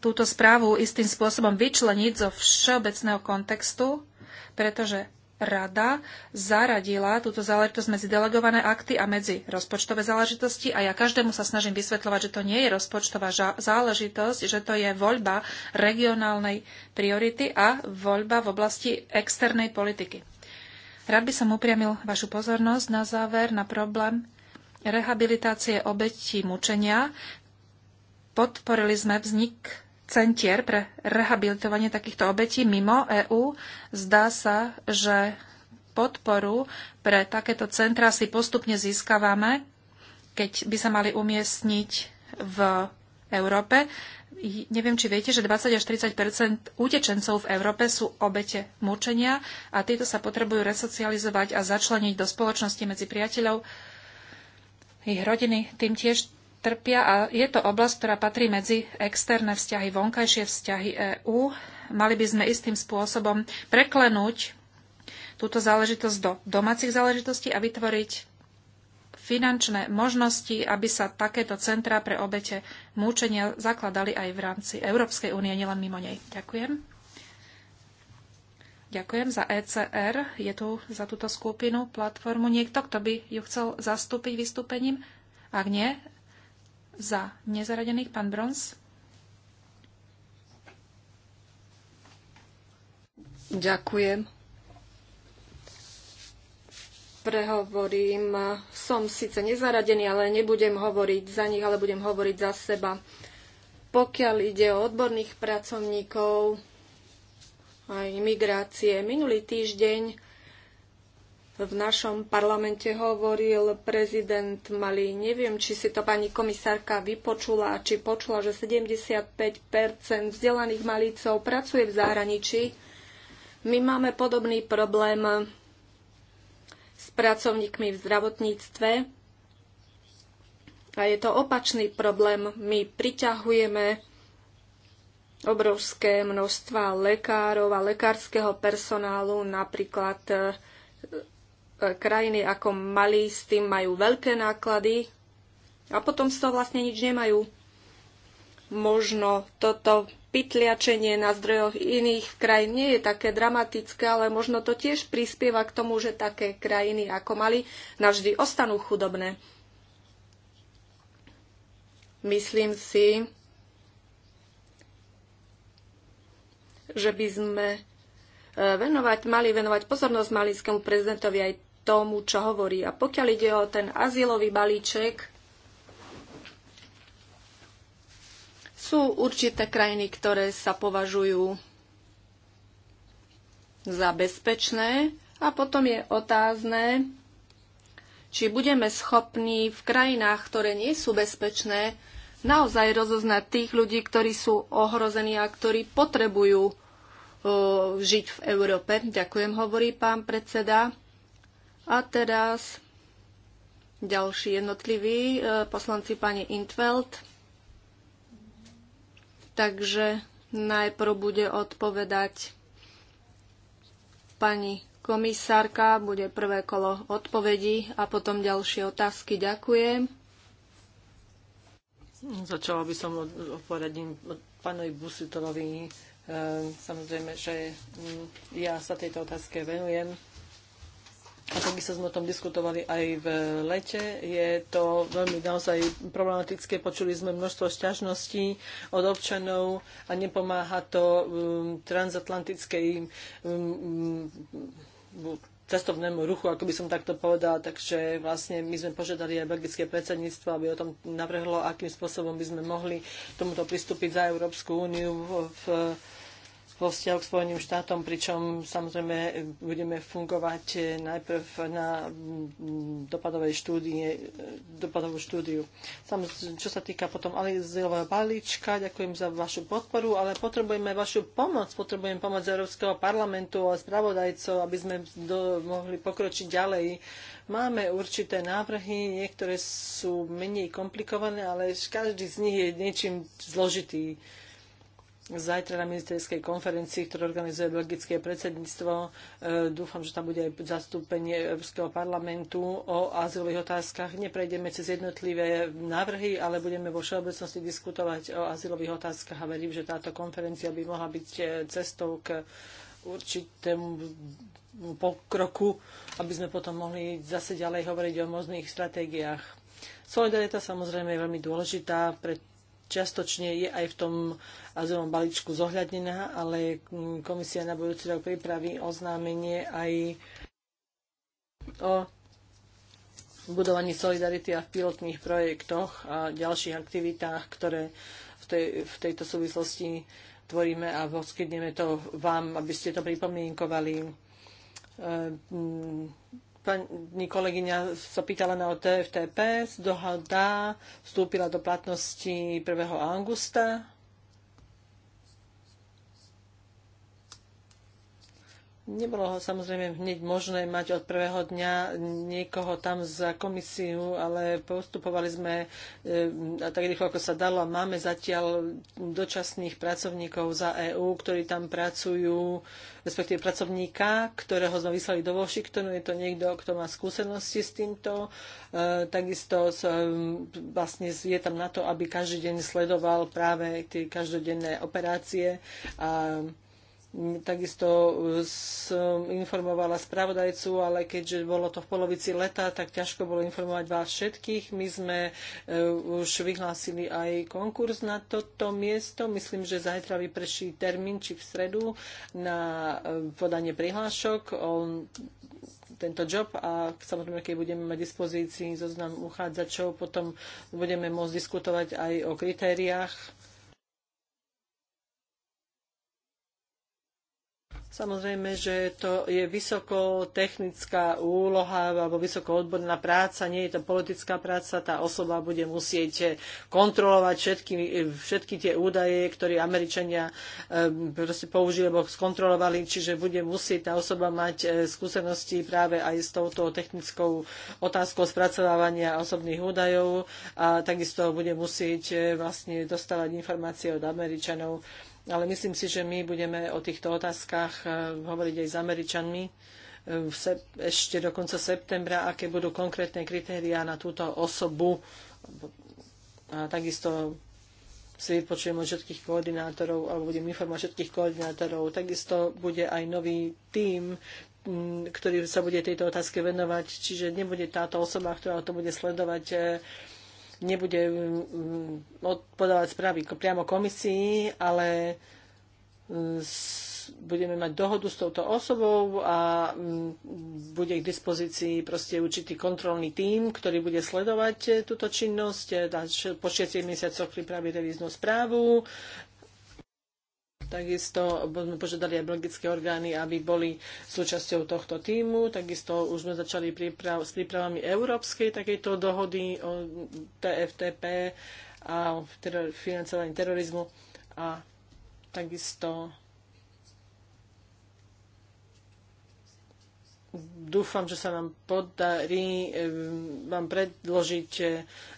túto správu istým spôsobom vyčleniť zo všeobecného kontextu, pretože rada zaradila túto záležitosť medzi delegované akty a medzi rozpočtové záležitosti a ja každému sa snažím vysvetľovať, že to nie je rozpočtová záležitosť, že to je voľba regionálnej priority a voľba v oblasti externej politiky. Rád by som upriamil vašu pozornosť na záver na problém rehabilitácie obetí mučenia. Podporili sme vznik centier pre rehabilitovanie takýchto obetí mimo EÚ. Zdá sa, že podporu pre takéto centra si postupne získavame, keď by sa mali umiestniť v Európe. Neviem, či viete, že 20 až 30 utečencov v Európe sú obete mučenia a títo sa potrebujú resocializovať a začleniť do spoločnosti medzi priateľov, ich rodiny. Tým tiež trpia a je to oblasť, ktorá patrí medzi externé vzťahy, vonkajšie vzťahy EÚ. Mali by sme istým spôsobom preklenúť túto záležitosť do domácich záležitostí a vytvoriť finančné možnosti, aby sa takéto centrá pre obete múčenia zakladali aj v rámci Európskej únie, nielen mimo nej. Ďakujem. Ďakujem za ECR. Je tu za túto skupinu, platformu niekto, kto by ju chcel zastúpiť vystúpením? Ak nie, za nezaradených. Pán Brons. Ďakujem. Prehovorím, som síce nezaradený, ale nebudem hovoriť za nich, ale budem hovoriť za seba. Pokiaľ ide o odborných pracovníkov, aj imigrácie. Minulý týždeň v našom parlamente hovoril prezident Mali. Neviem, či si to pani komisárka vypočula, či počula, že 75 vzdelaných Malícov pracuje v zahraničí. My máme podobný problém s pracovníkmi v zdravotníctve. A je to opačný problém. My priťahujeme obrovské množstva lekárov a lekárskeho personálu, napríklad E, krajiny ako Mali s tým majú veľké náklady a potom z toho vlastne nič nemajú. Možno toto pytliačenie na zdrojoch iných krajín nie je také dramatické, ale možno to tiež prispieva k tomu, že také krajiny ako Mali navždy ostanú chudobné. Myslím si, že by sme e, venovať, mali venovať pozornosť malinskému prezidentovi aj tomu, čo hovorí. A pokiaľ ide o ten azylový balíček, sú určité krajiny, ktoré sa považujú za bezpečné a potom je otázne, či budeme schopní v krajinách, ktoré nie sú bezpečné, naozaj rozoznať tých ľudí, ktorí sú ohrození a ktorí potrebujú e, žiť v Európe. Ďakujem, hovorí pán predseda. A teraz ďalší jednotliví e, poslanci pani Intveld. Takže najprv bude odpovedať pani komisárka, bude prvé kolo odpovedí a potom ďalšie otázky. Ďakujem. Začala by som odpovedím pánovi Busitovi. E, samozrejme, že mm, ja sa tejto otázke venujem a tak by sa sme o tom diskutovali aj v lete. Je to veľmi naozaj problematické. Počuli sme množstvo šťažností od občanov a nepomáha to um, transatlantickej um, um, cestovnému ruchu, ako by som takto povedala. Takže vlastne my sme požiadali aj belgické predsedníctvo, aby o tom navrhlo, akým spôsobom by sme mohli tomuto pristúpiť za Európsku úniu v, v vo vzťahu k Spojeným štátom, pričom samozrejme budeme fungovať najprv na dopadovej štúdie, dopadovú štúdiu. Samozrejme, čo sa týka potom alizilového balíčka, ďakujem za vašu podporu, ale potrebujeme vašu pomoc, potrebujeme pomoc Európskeho parlamentu a spravodajcov, aby sme do, mohli pokročiť ďalej. Máme určité návrhy, niektoré sú menej komplikované, ale každý z nich je niečím zložitý zajtra na ministerskej konferencii, ktorú organizuje belgické predsedníctvo. E, dúfam, že tam bude aj zastúpenie Európskeho parlamentu o azylových otázkach. Neprejdeme cez jednotlivé návrhy, ale budeme vo všeobecnosti diskutovať o azylových otázkach a verím, že táto konferencia by mohla byť e, cestou k určitému pokroku, aby sme potom mohli zase ďalej hovoriť o možných stratégiách. Solidarita samozrejme je veľmi dôležitá, pretože čiastočne je aj v tom azylovom balíčku zohľadnená, ale mm, komisia na budúci rok pripraví oznámenie aj o budovaní solidarity a v pilotných projektoch a ďalších aktivitách, ktoré v, tej, v tejto súvislosti tvoríme a poskytneme to vám, aby ste to pripomienkovali. E, Pani kolegyňa sa pýtala na TFTP. Dohoda vstúpila do platnosti 1. augusta Nebolo ho samozrejme hneď možné mať od prvého dňa niekoho tam za komisiu, ale postupovali sme e, tak rýchlo, ako sa dalo. Máme zatiaľ dočasných pracovníkov za EÚ, ktorí tam pracujú, respektíve pracovníka, ktorého sme vyslali do Washingtonu. Je to niekto, kto má skúsenosti s týmto. E, takisto s, e, vlastne je tam na to, aby každý deň sledoval práve tie každodenné operácie. A, Takisto e, som informovala spravodajcu, ale keďže bolo to v polovici leta, tak ťažko bolo informovať vás všetkých. My sme e, už vyhlásili aj konkurs na toto miesto. Myslím, že zajtra vyprší termín, či v stredu, na e, podanie prihlášok o tento job a samozrejme, keď budeme mať dispozícii zoznam uchádzačov, potom budeme môcť diskutovať aj o kritériách Samozrejme, že to je vysokotechnická úloha alebo vysokoodborná práca, nie je to politická práca, tá osoba bude musieť kontrolovať všetky, všetky tie údaje, ktoré Američania e, proste použili alebo skontrolovali, čiže bude musieť tá osoba mať e, skúsenosti práve aj s touto technickou otázkou spracovávania osobných údajov a takisto bude musieť e, vlastne dostávať informácie od Američanov ale myslím si, že my budeme o týchto otázkach eh, hovoriť aj s Američanmi eh, ešte do konca septembra, aké budú konkrétne kritériá na túto osobu. A takisto si vypočujem od všetkých koordinátorov, alebo budem informovať všetkých koordinátorov. Takisto bude aj nový tím, mm, ktorý sa bude tejto otázke venovať, čiže nebude táto osoba, ktorá to bude sledovať, eh, nebude mm, mm, podávať správy priamo komisii, ale mm, budeme mať dohodu s touto osobou a bude k dispozícii proste určitý kontrolný tím, ktorý bude sledovať e, túto činnosť. E, po 6 mesiacoch pripraviť revíznu správu, Takisto sme požiadali aj belgické orgány, aby boli súčasťou tohto týmu. Takisto už sme začali príprav, s prípravami európskej takejto dohody o TFTP a teror, financovaní terorizmu. A takisto dúfam, že sa nám podarí ehm, vám predložiť e,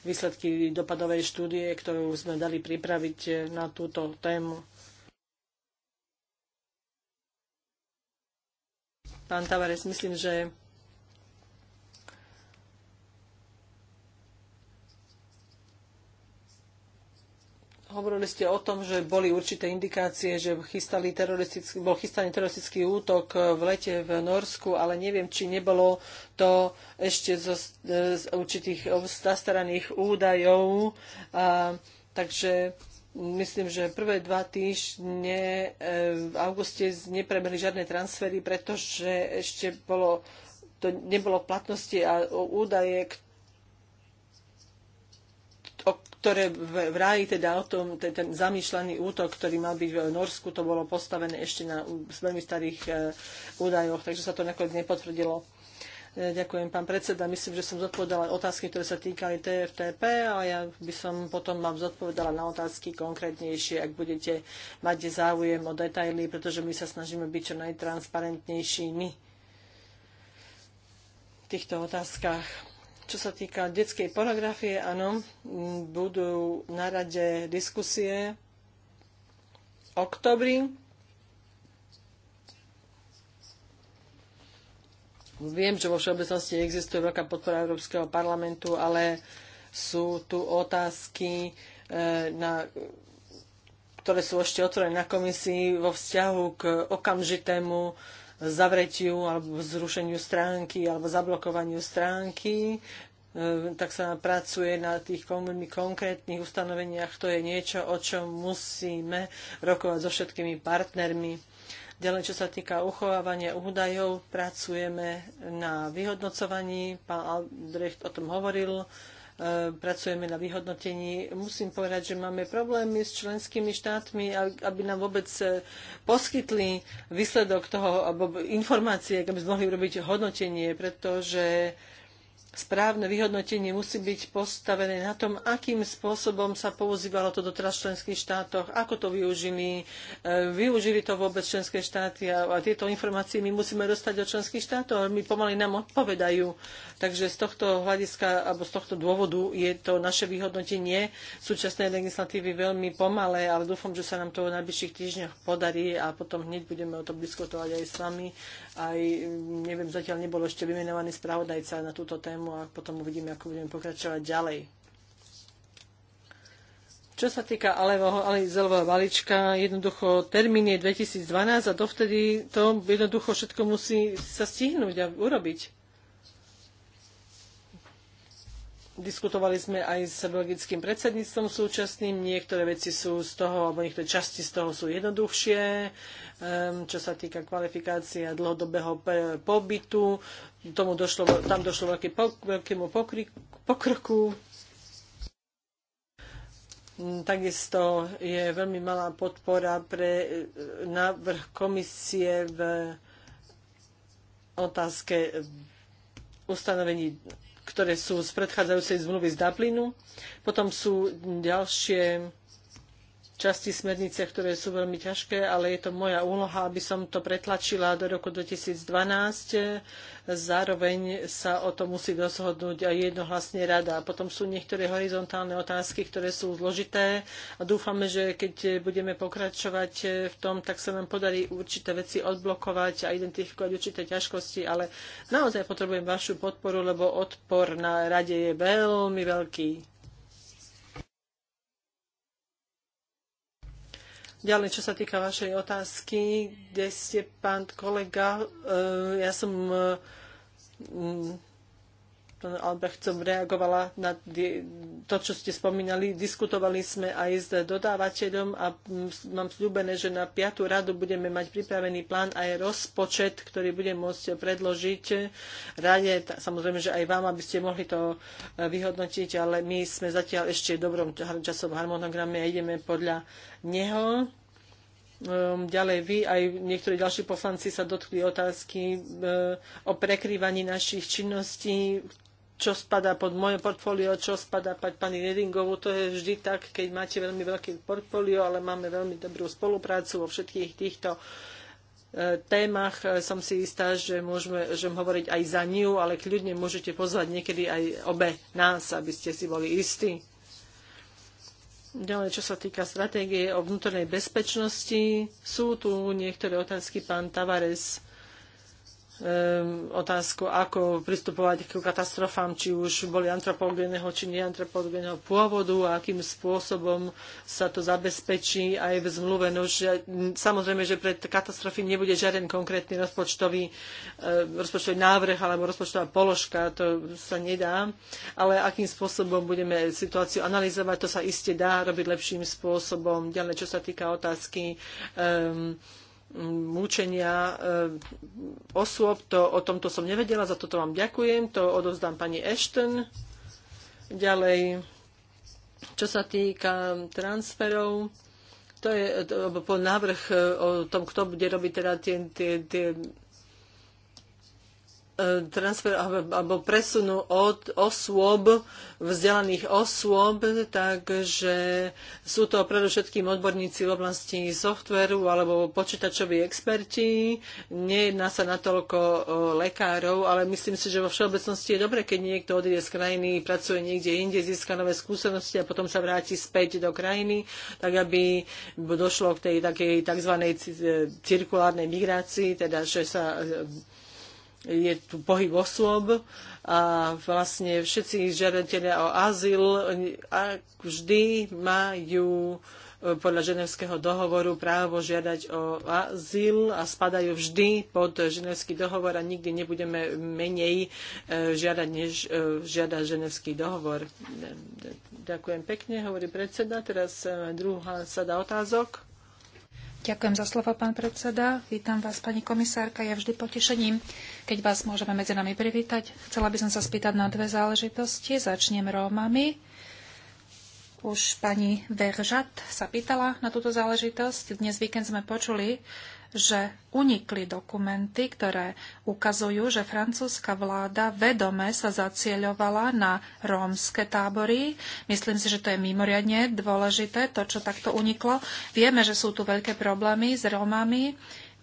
výsledky dopadovej štúdie, ktorú sme dali pripraviť e, na túto tému. Pán Tavares, myslím, že hovorili ste o tom, že boli určité indikácie, že chystali teroristický, bol chystaný teroristický útok v lete v Norsku, ale neviem, či nebolo to ešte zo, z určitých zastaraných údajov. A, takže myslím, že prvé dva týždne e, v auguste neprebehli žiadne transfery, pretože ešte bolo, to nebolo v platnosti a údaje, o ktoré ráji teda o tom, ten, ten zamýšľaný útok, ktorý mal byť v Norsku, to bolo postavené ešte na veľmi starých e, údajoch, takže sa to nakoniec nepotvrdilo. Ďakujem, pán predseda. Myslím, že som zodpovedala otázky, ktoré sa týkali TFTP, ale ja by som potom vám zodpovedala na otázky konkrétnejšie, ak budete mať záujem o detaily, pretože my sa snažíme byť čo najtransparentnejšími v týchto otázkach. Čo sa týka detskej pornografie, áno, budú na rade diskusie oktobri Viem, že vo všeobecnosti existuje veľká podpora Európskeho parlamentu, ale sú tu otázky, e, na, ktoré sú ešte otvorené na komisii vo vzťahu k okamžitému zavretiu alebo zrušeniu stránky alebo zablokovaniu stránky e, tak sa pracuje na tých konkrétnych ustanoveniach. To je niečo, o čom musíme rokovať so všetkými partnermi. Ďalej, čo sa týka uchovávania údajov, pracujeme na vyhodnocovaní. Pán Albrecht o tom hovoril e, pracujeme na vyhodnotení. Musím povedať, že máme problémy s členskými štátmi, aby nám vôbec e, poskytli výsledok toho, alebo informácie, aby sme mohli robiť hodnotenie, pretože správne vyhodnotenie musí byť postavené na tom, akým spôsobom sa používalo to doteraz v členských štátoch, ako to využili, e, využili to vôbec členské štáty a, tieto informácie my musíme dostať do členských štátov, ale my pomaly nám odpovedajú. Takže z tohto hľadiska alebo z tohto dôvodu je to naše vyhodnotenie súčasnej legislatívy veľmi pomalé, ale dúfam, že sa nám to v najbližších týždňoch podarí a potom hneď budeme o tom diskutovať aj s vami aj mm, neviem, zatiaľ nebol ešte vymenovaný spravodajca na túto tému a potom uvidíme, ako budeme pokračovať ďalej. Čo sa týka Alizelového valička, jednoducho termín je 2012 a dovtedy to jednoducho všetko musí sa stihnúť a urobiť. Diskutovali sme aj s belgickým predsedníctvom súčasným. Niektoré veci sú z toho, alebo niektoré časti z toho sú jednoduchšie, ehm, čo sa týka kvalifikácie a dlhodobého pobytu. Tomu došlo, tam došlo veľký, veľkému pokroku. Mm, takisto je veľmi malá podpora pre e, návrh komisie v otázke ustanovení ktoré sú z predchádzajúcej zmluvy z Dublinu. Potom sú ďalšie časti smernice, ktoré sú veľmi ťažké, ale je to moja úloha, aby som to pretlačila do roku 2012. Zároveň sa o to musí rozhodnúť aj jednohlasne rada. Potom sú niektoré horizontálne otázky, ktoré sú zložité a dúfame, že keď budeme pokračovať v tom, tak sa nám podarí určité veci odblokovať a identifikovať určité ťažkosti, ale naozaj potrebujem vašu podporu, lebo odpor na rade je veľmi veľký. Ďalej, čo sa týka vašej otázky, kde ste, pán kolega, e, ja som e, som reagovala na to, čo ste spomínali. Diskutovali sme aj s dodávateľom a mám sľúbené, že na piatú radu budeme mať pripravený plán aj rozpočet, ktorý bude môcť predložiť rade. Samozrejme, že aj vám, aby ste mohli to e, vyhodnotiť, ale my sme zatiaľ ešte v dobrom časovom harmonograme a ideme podľa neho. Ehm, ďalej vy, aj niektorí ďalší poslanci sa dotkli otázky e, o prekrývaní našich činností, čo spadá pod moje portfólio, čo spadá pod pani Redingovú. To je vždy tak, keď máte veľmi veľký portfólio, ale máme veľmi dobrú spoluprácu vo všetkých týchto e, témach. E, som si istá, že môžeme že hovoriť aj za ňu, ale kľudne môžete pozvať niekedy aj obe nás, aby ste si boli istí. Ďalej, čo sa týka stratégie o vnútornej bezpečnosti, sú tu niektoré otázky. Pán Tavares Ehm, otázku, ako pristupovať k katastrofám, či už boli antropogénneho či neantropogénneho pôvodu a akým spôsobom sa to zabezpečí aj v zmluve. No, že, samozrejme, že pred katastrofy nebude žiaden konkrétny rozpočtový, ehm, rozpočtový návrh alebo rozpočtová položka, to sa nedá, ale akým spôsobom budeme situáciu analyzovať, to sa iste dá robiť lepším spôsobom. Ďalej, čo sa týka otázky um, mučenia eh, osôb. To, o tomto som nevedela, za toto vám ďakujem. To odovzdám pani Ashton. Ďalej, čo sa týka transferov, to je po návrh eh, o tom, kto bude robiť teda tie, tie, tie E, transfer alebo presunu od osôb, vzdelaných osôb, takže sú to predovšetkým odborníci v oblasti softveru alebo počítačoví experti. Nejedná sa na toľko lekárov, ale myslím si, že vo všeobecnosti je dobre, keď niekto odíde z krajiny, pracuje niekde inde, získa nové skúsenosti a potom sa vráti späť do krajiny, tak aby došlo k tej takej tzv. cirkulárnej migrácii, teda že sa je tu pohyb osôb a vlastne všetci žiadatelia o azyl vždy majú e, podľa ženevského dohovoru právo žiadať o azyl a spadajú vždy pod ženevský dohovor a nikdy nebudeme menej e, žiadať, než e, žiada ženevský dohovor. Ďakujem pekne, hovorí predseda. Teraz druhá sada otázok. Ďakujem za slovo, pán predseda. Vítam vás, pani komisárka. Je vždy potešením, keď vás môžeme medzi nami privítať. Chcela by som sa spýtať na dve záležitosti. Začnem Rómami. Už pani Veržat sa pýtala na túto záležitosť. Dnes víkend sme počuli, že unikli dokumenty, ktoré ukazujú, že francúzska vláda vedome sa zacieľovala na rómske tábory. Myslím si, že to je mimoriadne dôležité, to, čo takto uniklo. Vieme, že sú tu veľké problémy s Rómami.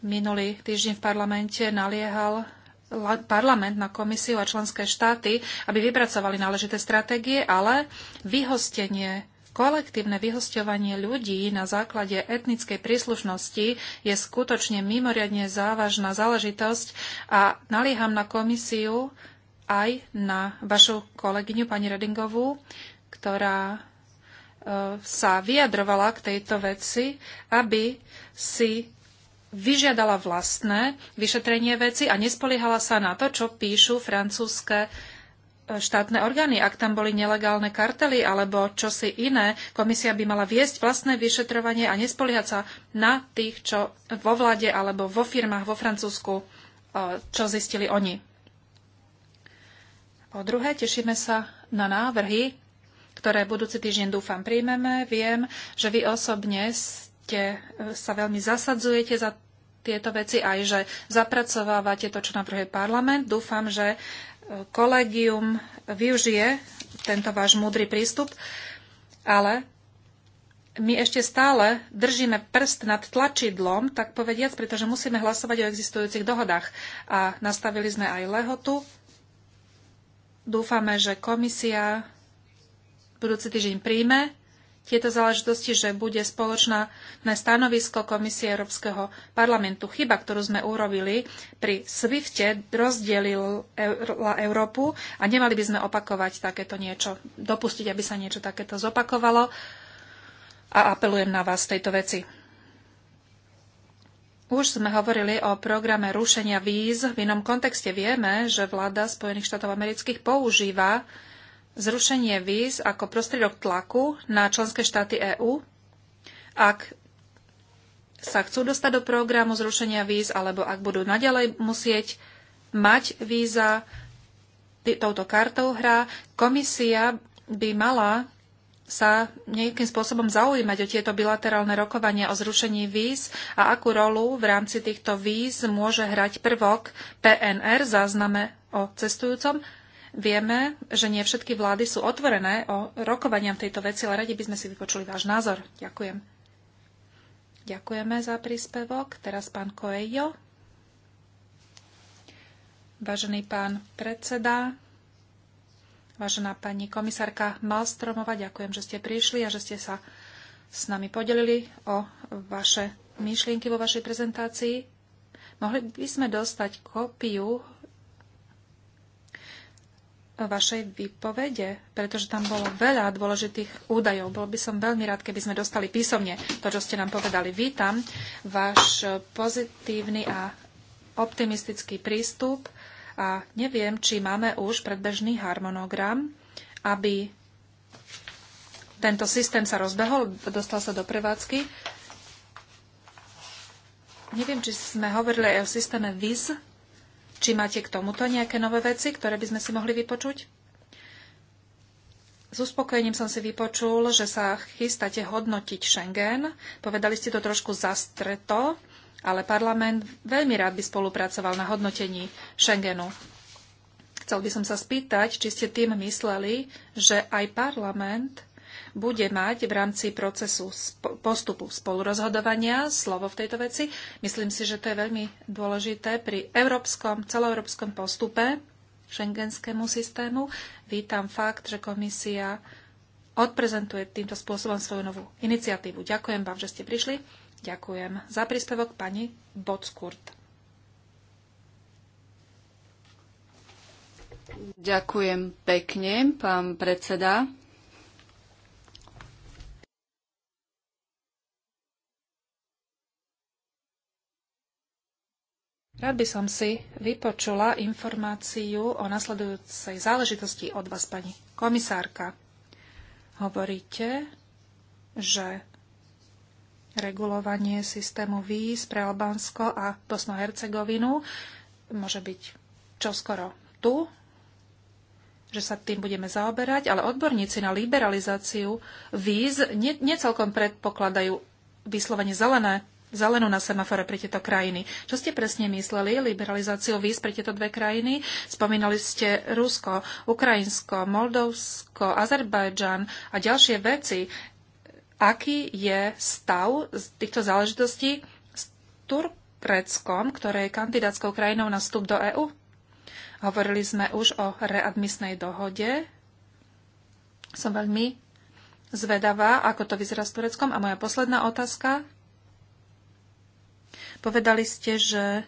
Minulý týždeň v parlamente naliehal parlament na komisiu a členské štáty, aby vypracovali náležité stratégie, ale vyhostenie Kolektívne vyhosťovanie ľudí na základe etnickej príslušnosti je skutočne mimoriadne závažná záležitosť a nalieham na komisiu aj na vašu kolegyňu pani Redingovú, ktorá e, sa vyjadrovala k tejto veci, aby si vyžiadala vlastné vyšetrenie veci a nespoliehala sa na to, čo píšu francúzske štátne orgány, ak tam boli nelegálne kartely alebo čosi iné. Komisia by mala viesť vlastné vyšetrovanie a nespoliehať sa na tých, čo vo vláde alebo vo firmách vo Francúzsku, e, čo zistili oni. Po druhé, tešíme sa na návrhy, ktoré budúci týždeň dúfam príjmeme. Viem, že vy osobne ste, e, sa veľmi zasadzujete za tieto veci, aj že zapracovávate to, čo navrhuje parlament. Dúfam, že e, kolegium využije tento váš múdry prístup, ale my ešte stále držíme prst nad tlačidlom, tak povediac, pretože musíme hlasovať o existujúcich dohodách. A nastavili sme aj lehotu. Dúfame, že komisia budúci týždeň príjme tieto záležitosti, že bude spoločné stanovisko Komisie Európskeho parlamentu. Chyba, ktorú sme urobili pri SWIFTE, rozdelila Európu a nemali by sme opakovať takéto niečo, dopustiť, aby sa niečo takéto zopakovalo a apelujem na vás v tejto veci. Už sme hovorili o programe rušenia víz. V inom kontexte vieme, že vláda Spojených štátov amerických používa zrušenie víz ako prostriedok tlaku na členské štáty EÚ, ak sa chcú dostať do programu zrušenia víz, alebo ak budú naďalej musieť mať víza touto kartou hra, komisia by mala sa nejakým spôsobom zaujímať o tieto bilaterálne rokovania o zrušení víz a akú rolu v rámci týchto víz môže hrať prvok PNR, zázname o cestujúcom, Vieme, že nie všetky vlády sú otvorené o rokovania v tejto veci, ale radi by sme si vypočuli váš názor. Ďakujem. Ďakujeme za príspevok. Teraz pán Koejo. Vážený pán predseda, vážená pani komisárka Malstromova, ďakujem, že ste prišli a že ste sa s nami podelili o vaše myšlienky vo vašej prezentácii. Mohli by sme dostať kópiu vašej výpovede, pretože tam bolo veľa dôležitých údajov. Bol by som veľmi rád, keby sme dostali písomne to, čo ste nám povedali. Vítam váš pozitívny a optimistický prístup a neviem, či máme už predbežný harmonogram, aby tento systém sa rozbehol, dostal sa do prevádzky. Neviem, či sme hovorili aj o systéme VIS, či máte k tomuto nejaké nové veci, ktoré by sme si mohli vypočuť? S uspokojením som si vypočul, že sa chystáte hodnotiť Schengen. Povedali ste to trošku zastreto, ale parlament veľmi rád by spolupracoval na hodnotení Schengenu. Chcel by som sa spýtať, či ste tým mysleli, že aj parlament bude mať v rámci procesu postupu spolurozhodovania slovo v tejto veci. Myslím si, že to je veľmi dôležité pri európskom, celoeurópskom postupe šengenskému systému. Vítam fakt, že komisia odprezentuje týmto spôsobom svoju novú iniciatívu. Ďakujem vám, že ste prišli. Ďakujem za príspevok pani Bockurt. Ďakujem pekne, pán predseda. Rád by som si vypočula informáciu o nasledujúcej záležitosti od vás, pani komisárka. Hovoríte, že regulovanie systému víz pre Albánsko a Bosno-Hercegovinu môže byť čoskoro tu, že sa tým budeme zaoberať, ale odborníci na liberalizáciu víz necelkom predpokladajú vyslovene zelené zelenú na semafore pre tieto krajiny. Čo ste presne mysleli? Liberalizáciu víz pre tieto dve krajiny? Spomínali ste Rusko, Ukrajinsko, Moldovsko, Azerbajdžan a ďalšie veci. Aký je stav z týchto záležitostí s Turkreckom, ktoré je kandidátskou krajinou na vstup do EÚ? Hovorili sme už o readmisnej dohode. Som veľmi zvedavá, ako to vyzerá s Tureckom. A moja posledná otázka Povedali ste, že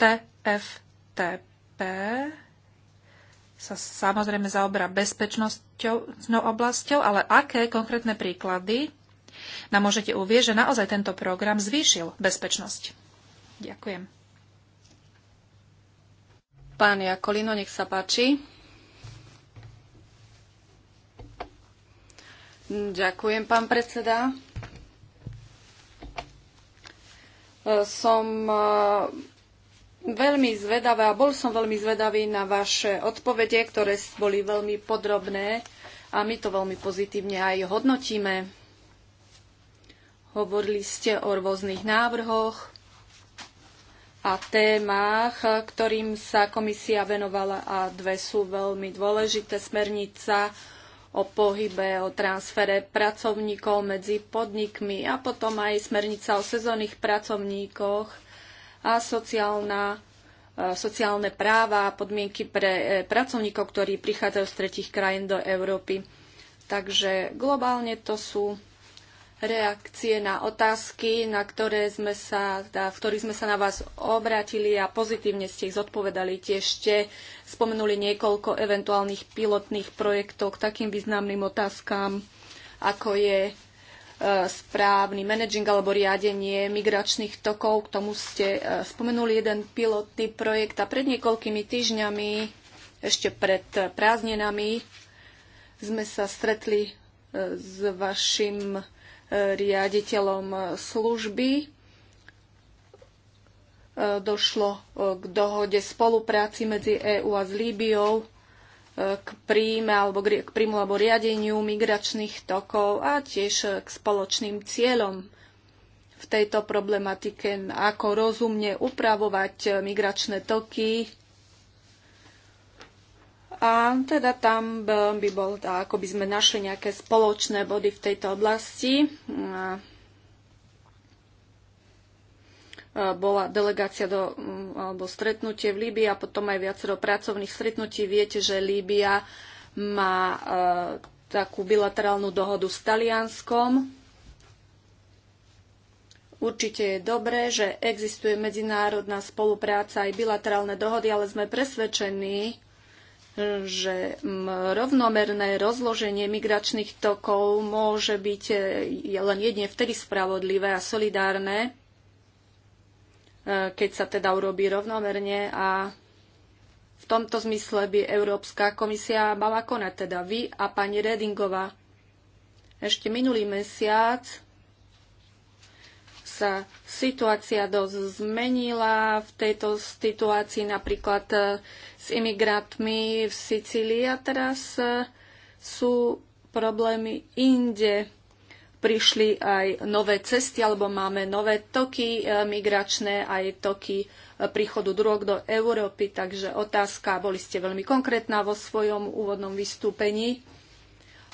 TFTP sa samozrejme zaoberá bezpečnosťou oblasťou, ale aké konkrétne príklady nám môžete uvieť, že naozaj tento program zvýšil bezpečnosť? Ďakujem. Pán Jakolino, nech sa páči. Ďakujem, pán predseda. som e, veľmi zvedavá a bol som veľmi zvedavý na vaše odpovede, ktoré boli veľmi podrobné a my to veľmi pozitívne aj hodnotíme. Hovorili ste o rôznych návrhoch a témach, ktorým sa komisia venovala a dve sú veľmi dôležité. Smernica o pohybe, o transfere pracovníkov medzi podnikmi a potom aj smernica o sezónnych pracovníkoch a sociálna, e, sociálne práva a podmienky pre e, pracovníkov, ktorí prichádzajú z tretich krajín do Európy. Takže globálne to sú reakcie na otázky, na ktoré sme sa, v ktorých sme sa na vás obrátili a pozitívne ste ich zodpovedali. tie ešte spomenuli niekoľko eventuálnych pilotných projektov k takým významným otázkam, ako je e, správny managing alebo riadenie migračných tokov. K tomu ste e, spomenuli jeden pilotný projekt a pred niekoľkými týždňami, ešte pred prázdninami, sme sa stretli e, s vašim riaditeľom služby. E, došlo e, k dohode spolupráci medzi EÚ a s Líbiou e, k príjme alebo k príjmu alebo riadeniu migračných tokov a tiež k spoločným cieľom v tejto problematike, ako rozumne upravovať migračné toky a teda tam by bol, ako by sme našli nejaké spoločné body v tejto oblasti. Bola delegácia do, alebo stretnutie v Líbii a potom aj viacero pracovných stretnutí. Viete, že Líbia má takú bilaterálnu dohodu s Talianskom. Určite je dobré, že existuje medzinárodná spolupráca aj bilaterálne dohody, ale sme presvedčení, že rovnomerné rozloženie migračných tokov môže byť e, len jedne vtedy spravodlivé a solidárne, e, keď sa teda urobí rovnomerne a v tomto zmysle by Európska komisia mala konať, teda vy a pani Redingová. Ešte minulý mesiac sa situácia dosť zmenila v tejto situácii napríklad e, s imigrantmi v Sicílii a teraz e, sú problémy inde. Prišli aj nové cesty, alebo máme nové toky e, migračné, aj toky príchodu drog do Európy. Takže otázka, boli ste veľmi konkrétna vo svojom úvodnom vystúpení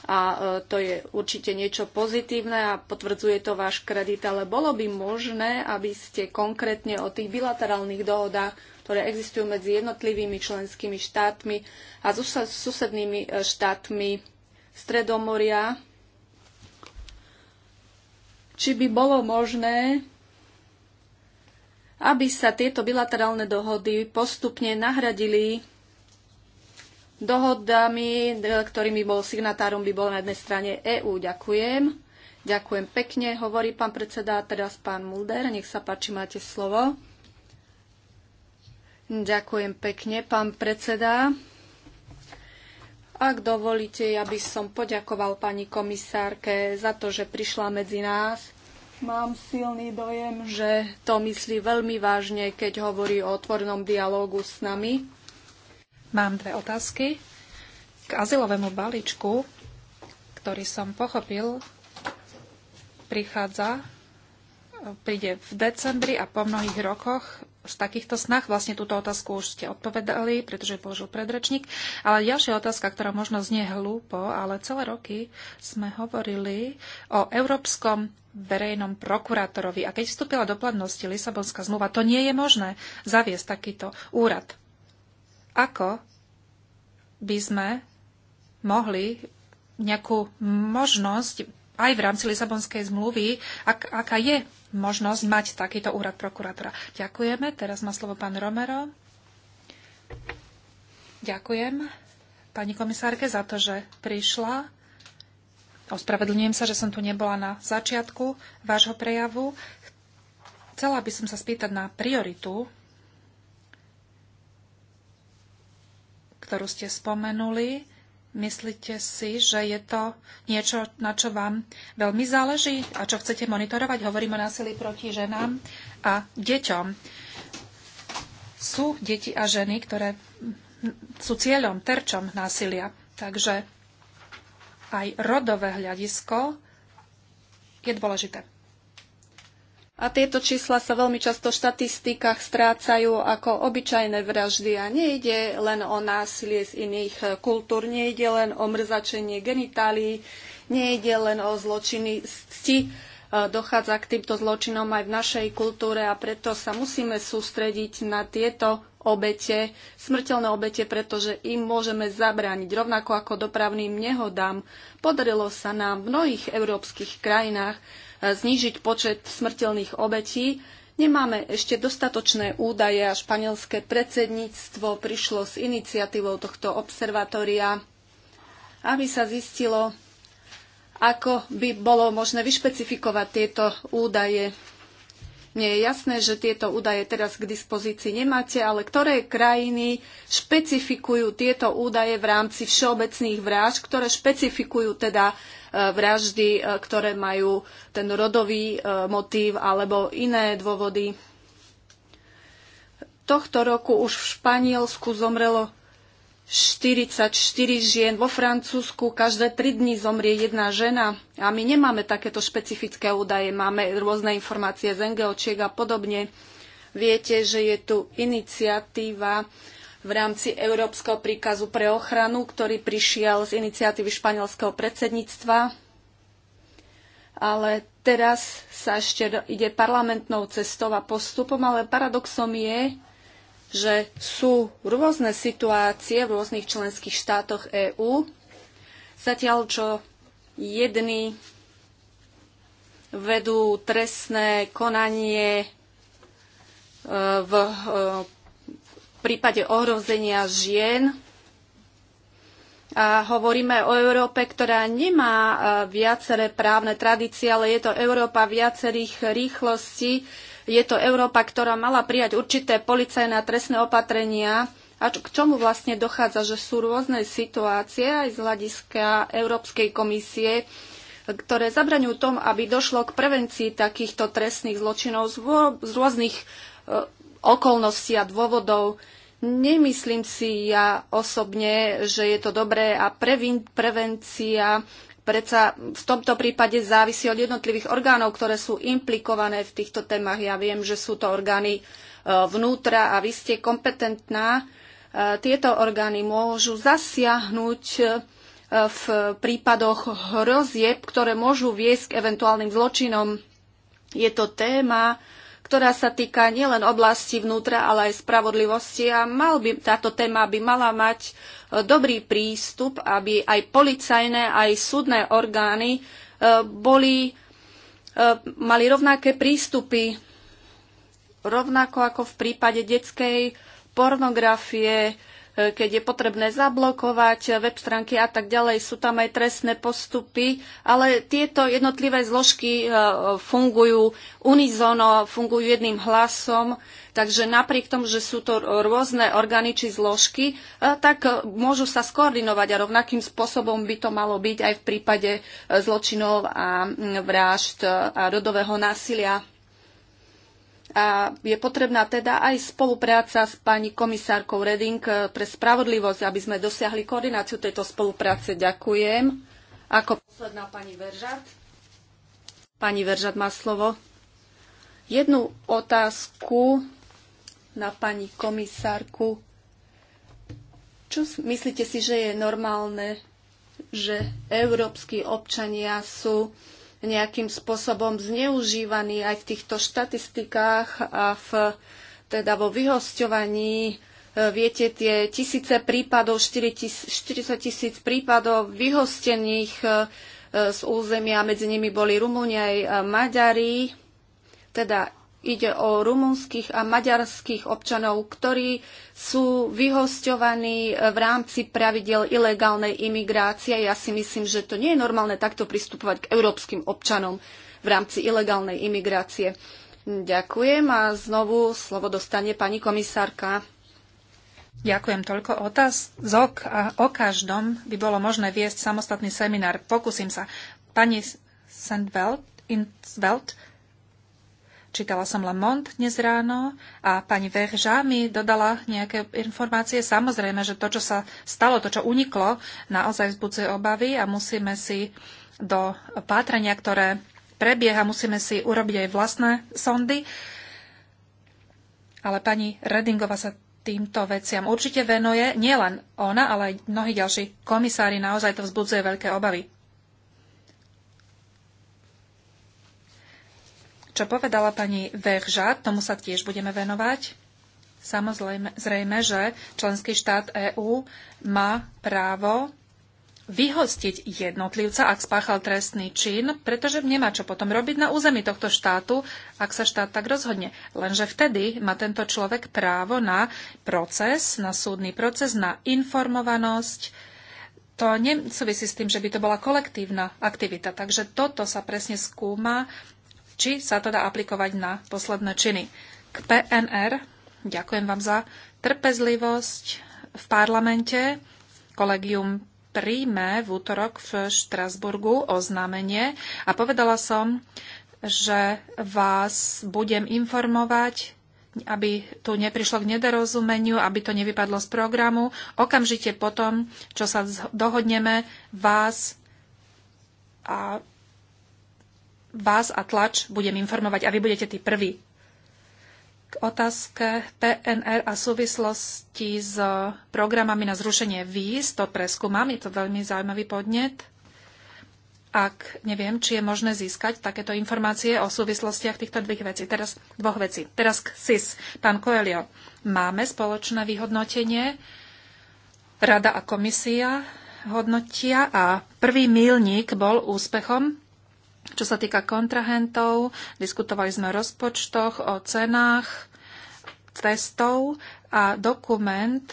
a e, to je určite niečo pozitívne a potvrdzuje to váš kredit, ale bolo by možné, aby ste konkrétne o tých bilaterálnych dohodách, ktoré existujú medzi jednotlivými členskými štátmi a susednými e, štátmi Stredomoria, či by bolo možné, aby sa tieto bilaterálne dohody postupne nahradili dohodami, ktorými bol signatárom, by bol na jednej strane EÚ. Ďakujem. Ďakujem pekne, hovorí pán predseda, teraz pán Mulder. Nech sa páči, máte slovo. Ďakujem pekne, pán predseda. Ak dovolíte, ja by som poďakoval pani komisárke za to, že prišla medzi nás. Mám silný dojem, že to myslí veľmi vážne, keď hovorí o otvornom dialógu s nami Mám dve otázky k azylovému balíčku, ktorý som pochopil, prichádza, príde v decembri a po mnohých rokoch z takýchto snah. Vlastne túto otázku už ste odpovedali, pretože položil predrečník. Ale ďalšia otázka, ktorá možno znie hlúpo, ale celé roky sme hovorili o Európskom verejnom prokurátorovi. A keď vstúpila do platnosti Lisabonská zmluva, to nie je možné zaviesť takýto úrad. Ako by sme mohli nejakú možnosť aj v rámci Lisabonskej zmluvy, ak, aká je možnosť mať takýto úrad prokurátora. Ďakujeme. Teraz má slovo pán Romero. Ďakujem pani komisárke za to, že prišla. Ospravedlňujem sa, že som tu nebola na začiatku vášho prejavu. Chcela by som sa spýtať na prioritu ktorú ste spomenuli. Myslíte si, že je to niečo, na čo vám veľmi záleží a čo chcete monitorovať? Hovorím o násilí proti ženám a deťom. Sú deti a ženy, ktoré sú cieľom, terčom násilia. Takže aj rodové hľadisko je dôležité. A tieto čísla sa veľmi často v štatistikách strácajú ako obyčajné vraždy a nejde len o násilie z iných kultúr, nejde len o mrzačenie genitálií, nejde len o zločiny cti. E, dochádza k týmto zločinom aj v našej kultúre a preto sa musíme sústrediť na tieto obete, smrteľné obete, pretože im môžeme zabrániť. Rovnako ako dopravným nehodám, podarilo sa nám v mnohých európskych krajinách e, znížiť počet smrteľných obetí. Nemáme ešte dostatočné údaje a španielské predsedníctvo prišlo s iniciatívou tohto observatória, aby sa zistilo, ako by bolo možné vyšpecifikovať tieto údaje mne je jasné, že tieto údaje teraz k dispozícii nemáte, ale ktoré krajiny špecifikujú tieto údaje v rámci všeobecných vražd, ktoré špecifikujú teda e, vraždy, e, ktoré majú ten rodový e, motív alebo iné dôvody. Tohto roku už v Španielsku zomrelo 44 žien vo Francúzsku, každé 3 dní zomrie jedna žena. A my nemáme takéto špecifické údaje, máme rôzne informácie z NGOčiek a podobne. Viete, že je tu iniciatíva v rámci Európskeho príkazu pre ochranu, ktorý prišiel z iniciatívy španielského predsedníctva. Ale teraz sa ešte ide parlamentnou cestou a postupom, ale paradoxom je, že sú rôzne situácie v rôznych členských štátoch EÚ, zatiaľ čo jedni vedú trestné konanie e, e, v prípade ohrozenia žien. A hovoríme o Európe, ktorá nemá e, viaceré právne tradície, ale je to Európa viacerých rýchlostí, je to Európa, ktorá mala prijať určité policajné a trestné opatrenia. A k čomu vlastne dochádza, že sú rôzne situácie aj z hľadiska Európskej komisie, ktoré zabraňujú tom, aby došlo k prevencii takýchto trestných zločinov z, rôznych e, okolností a dôvodov. Nemyslím si ja osobne, že je to dobré a prevencia predsa v tomto prípade závisí od jednotlivých orgánov, ktoré sú implikované v týchto témach. Ja viem, že sú to orgány e, vnútra a vy ste kompetentná. E, tieto orgány môžu zasiahnuť e, v prípadoch hrozieb, ktoré môžu viesť k eventuálnym zločinom. Je to téma, ktorá sa týka nielen oblasti vnútra, ale aj spravodlivosti a mal by, táto téma by mala mať e, dobrý prístup, aby aj policajné, aj súdne orgány e, boli, e, mali rovnaké prístupy, rovnako ako v prípade detskej pornografie, E, keď je potrebné zablokovať e, web stránky a tak ďalej. Sú tam aj trestné postupy, ale tieto jednotlivé zložky e, fungujú unizono, fungujú jedným hlasom, takže napriek tomu, že sú to rôzne orgány či zložky, tak môžu sa skoordinovať a rovnakým spôsobom by to malo byť aj v prípade zločinov a vražd a rodového násilia a je potrebná teda aj spolupráca s pani komisárkou Reding eh, pre spravodlivosť, aby sme dosiahli koordináciu tejto spolupráce. Ďakujem. Ako posledná pani Veržat. Pani Veržat má slovo. Jednu otázku na pani komisárku. Čo myslíte si, že je normálne, že európsky občania sú nejakým spôsobom zneužívaný aj v týchto štatistikách a v, teda vo vyhosťovaní. E, viete, tie tisíce prípadov, 40 tisíc prípadov vyhostených e, e, z územia, medzi nimi boli Rumúni aj Maďari. Teda Ide o rumunských a maďarských občanov, ktorí sú vyhosťovaní eh, v rámci pravidel ilegálnej imigrácie. Ja si myslím, že to nie je normálne takto pristupovať k európskym občanom v rámci ilegálnej imigrácie. Ďakujem a znovu slovo dostane pani komisárka. Ďakujem toľko otázok a o každom by bolo možné viesť samostatný seminár. Pokúsim sa. Pani Sandveld, Čítala som Le Monde dnes ráno a pani Verža mi dodala nejaké informácie. Samozrejme, že to, čo sa stalo, to, čo uniklo, naozaj vzbudzuje obavy a musíme si do pátrania, ktoré prebieha, musíme si urobiť aj vlastné sondy. Ale pani Redingova sa týmto veciam určite venuje. Nielen ona, ale aj mnohí ďalší komisári. Naozaj to vzbudzuje veľké obavy. Čo povedala pani Verža, tomu sa tiež budeme venovať. Samozrejme, zrejme, že členský štát EÚ má právo vyhostiť jednotlivca, ak spáchal trestný čin, pretože nemá čo potom robiť na území tohto štátu, ak sa štát tak rozhodne. Lenže vtedy má tento človek právo na proces, na súdny proces, na informovanosť. To nesúvisí s tým, že by to bola kolektívna aktivita. Takže toto sa presne skúma či sa to dá aplikovať na posledné činy. K PNR ďakujem vám za trpezlivosť v parlamente. Kolegium príjme v útorok v Štrasburgu oznámenie a povedala som, že vás budem informovať aby tu neprišlo k nedorozumeniu, aby to nevypadlo z programu. Okamžite potom, čo sa dohodneme, vás a vás a tlač budem informovať a vy budete tí prví. K otázke PNR a súvislosti s programami na zrušenie víz, to preskúmam, je to veľmi zaujímavý podnet. Ak neviem, či je možné získať takéto informácie o súvislostiach týchto dvoch vecí. Teraz, dvoch vecí. Teraz k SIS. Pán Coelho, máme spoločné vyhodnotenie. Rada a komisia hodnotia a prvý milník bol úspechom čo sa týka kontrahentov, diskutovali sme o rozpočtoch, o cenách, testov a dokument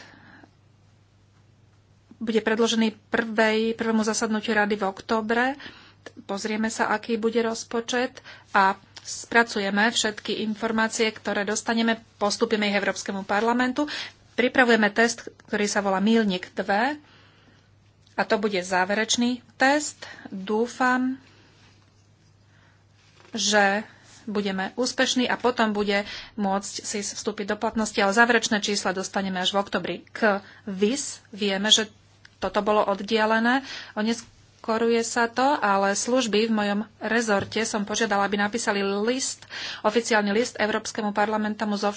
bude predložený prvej, prvému zasadnutiu rady v oktobre. Pozrieme sa, aký bude rozpočet a spracujeme všetky informácie, ktoré dostaneme, postupíme ich Európskemu parlamentu. Pripravujeme test, ktorý sa volá milnik 2 a to bude záverečný test. Dúfam, že budeme úspešní a potom bude môcť si vstúpiť do platnosti, ale záverečné čísla dostaneme až v oktobri. K VIS vieme, že toto bolo oddialené. Oneskoruje sa to, ale služby v mojom rezorte som požiadala, aby napísali list, oficiálny list Európskemu parlamentu so,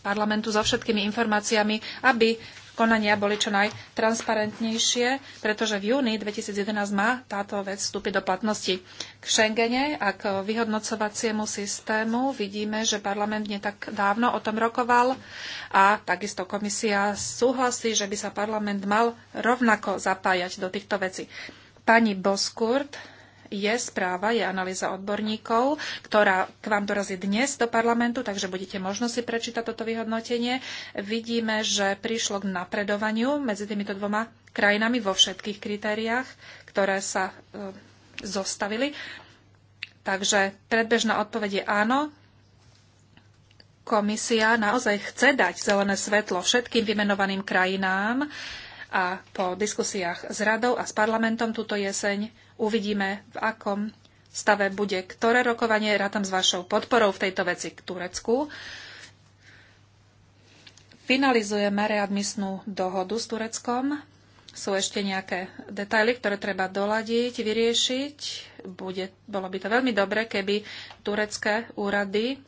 parlamentu so všetkými informáciami, aby konania boli čo najtransparentnejšie, pretože v júni 2011 má táto vec vstúpiť do platnosti. K Schengene a k vyhodnocovaciemu systému vidíme, že parlament nie tak dávno o tom rokoval a takisto komisia súhlasí, že by sa parlament mal rovnako zapájať do týchto vecí. Pani Boskurt je správa, je analýza odborníkov, ktorá k vám dorazí dnes do parlamentu, takže budete možno si prečítať toto vyhodnotenie. Vidíme, že prišlo k napredovaniu medzi týmito dvoma krajinami vo všetkých kritériách, ktoré sa e, zostavili. Takže predbežná odpoveď je áno. Komisia naozaj chce dať zelené svetlo všetkým vymenovaným krajinám a po diskusiách s radou a s parlamentom túto jeseň Uvidíme, v akom stave bude ktoré rokovanie. Rátam s vašou podporou v tejto veci k Turecku. Finalizujeme readmisnú dohodu s Tureckom. Sú ešte nejaké detaily, ktoré treba doladiť, vyriešiť. Bude, bolo by to veľmi dobre, keby turecké úrady,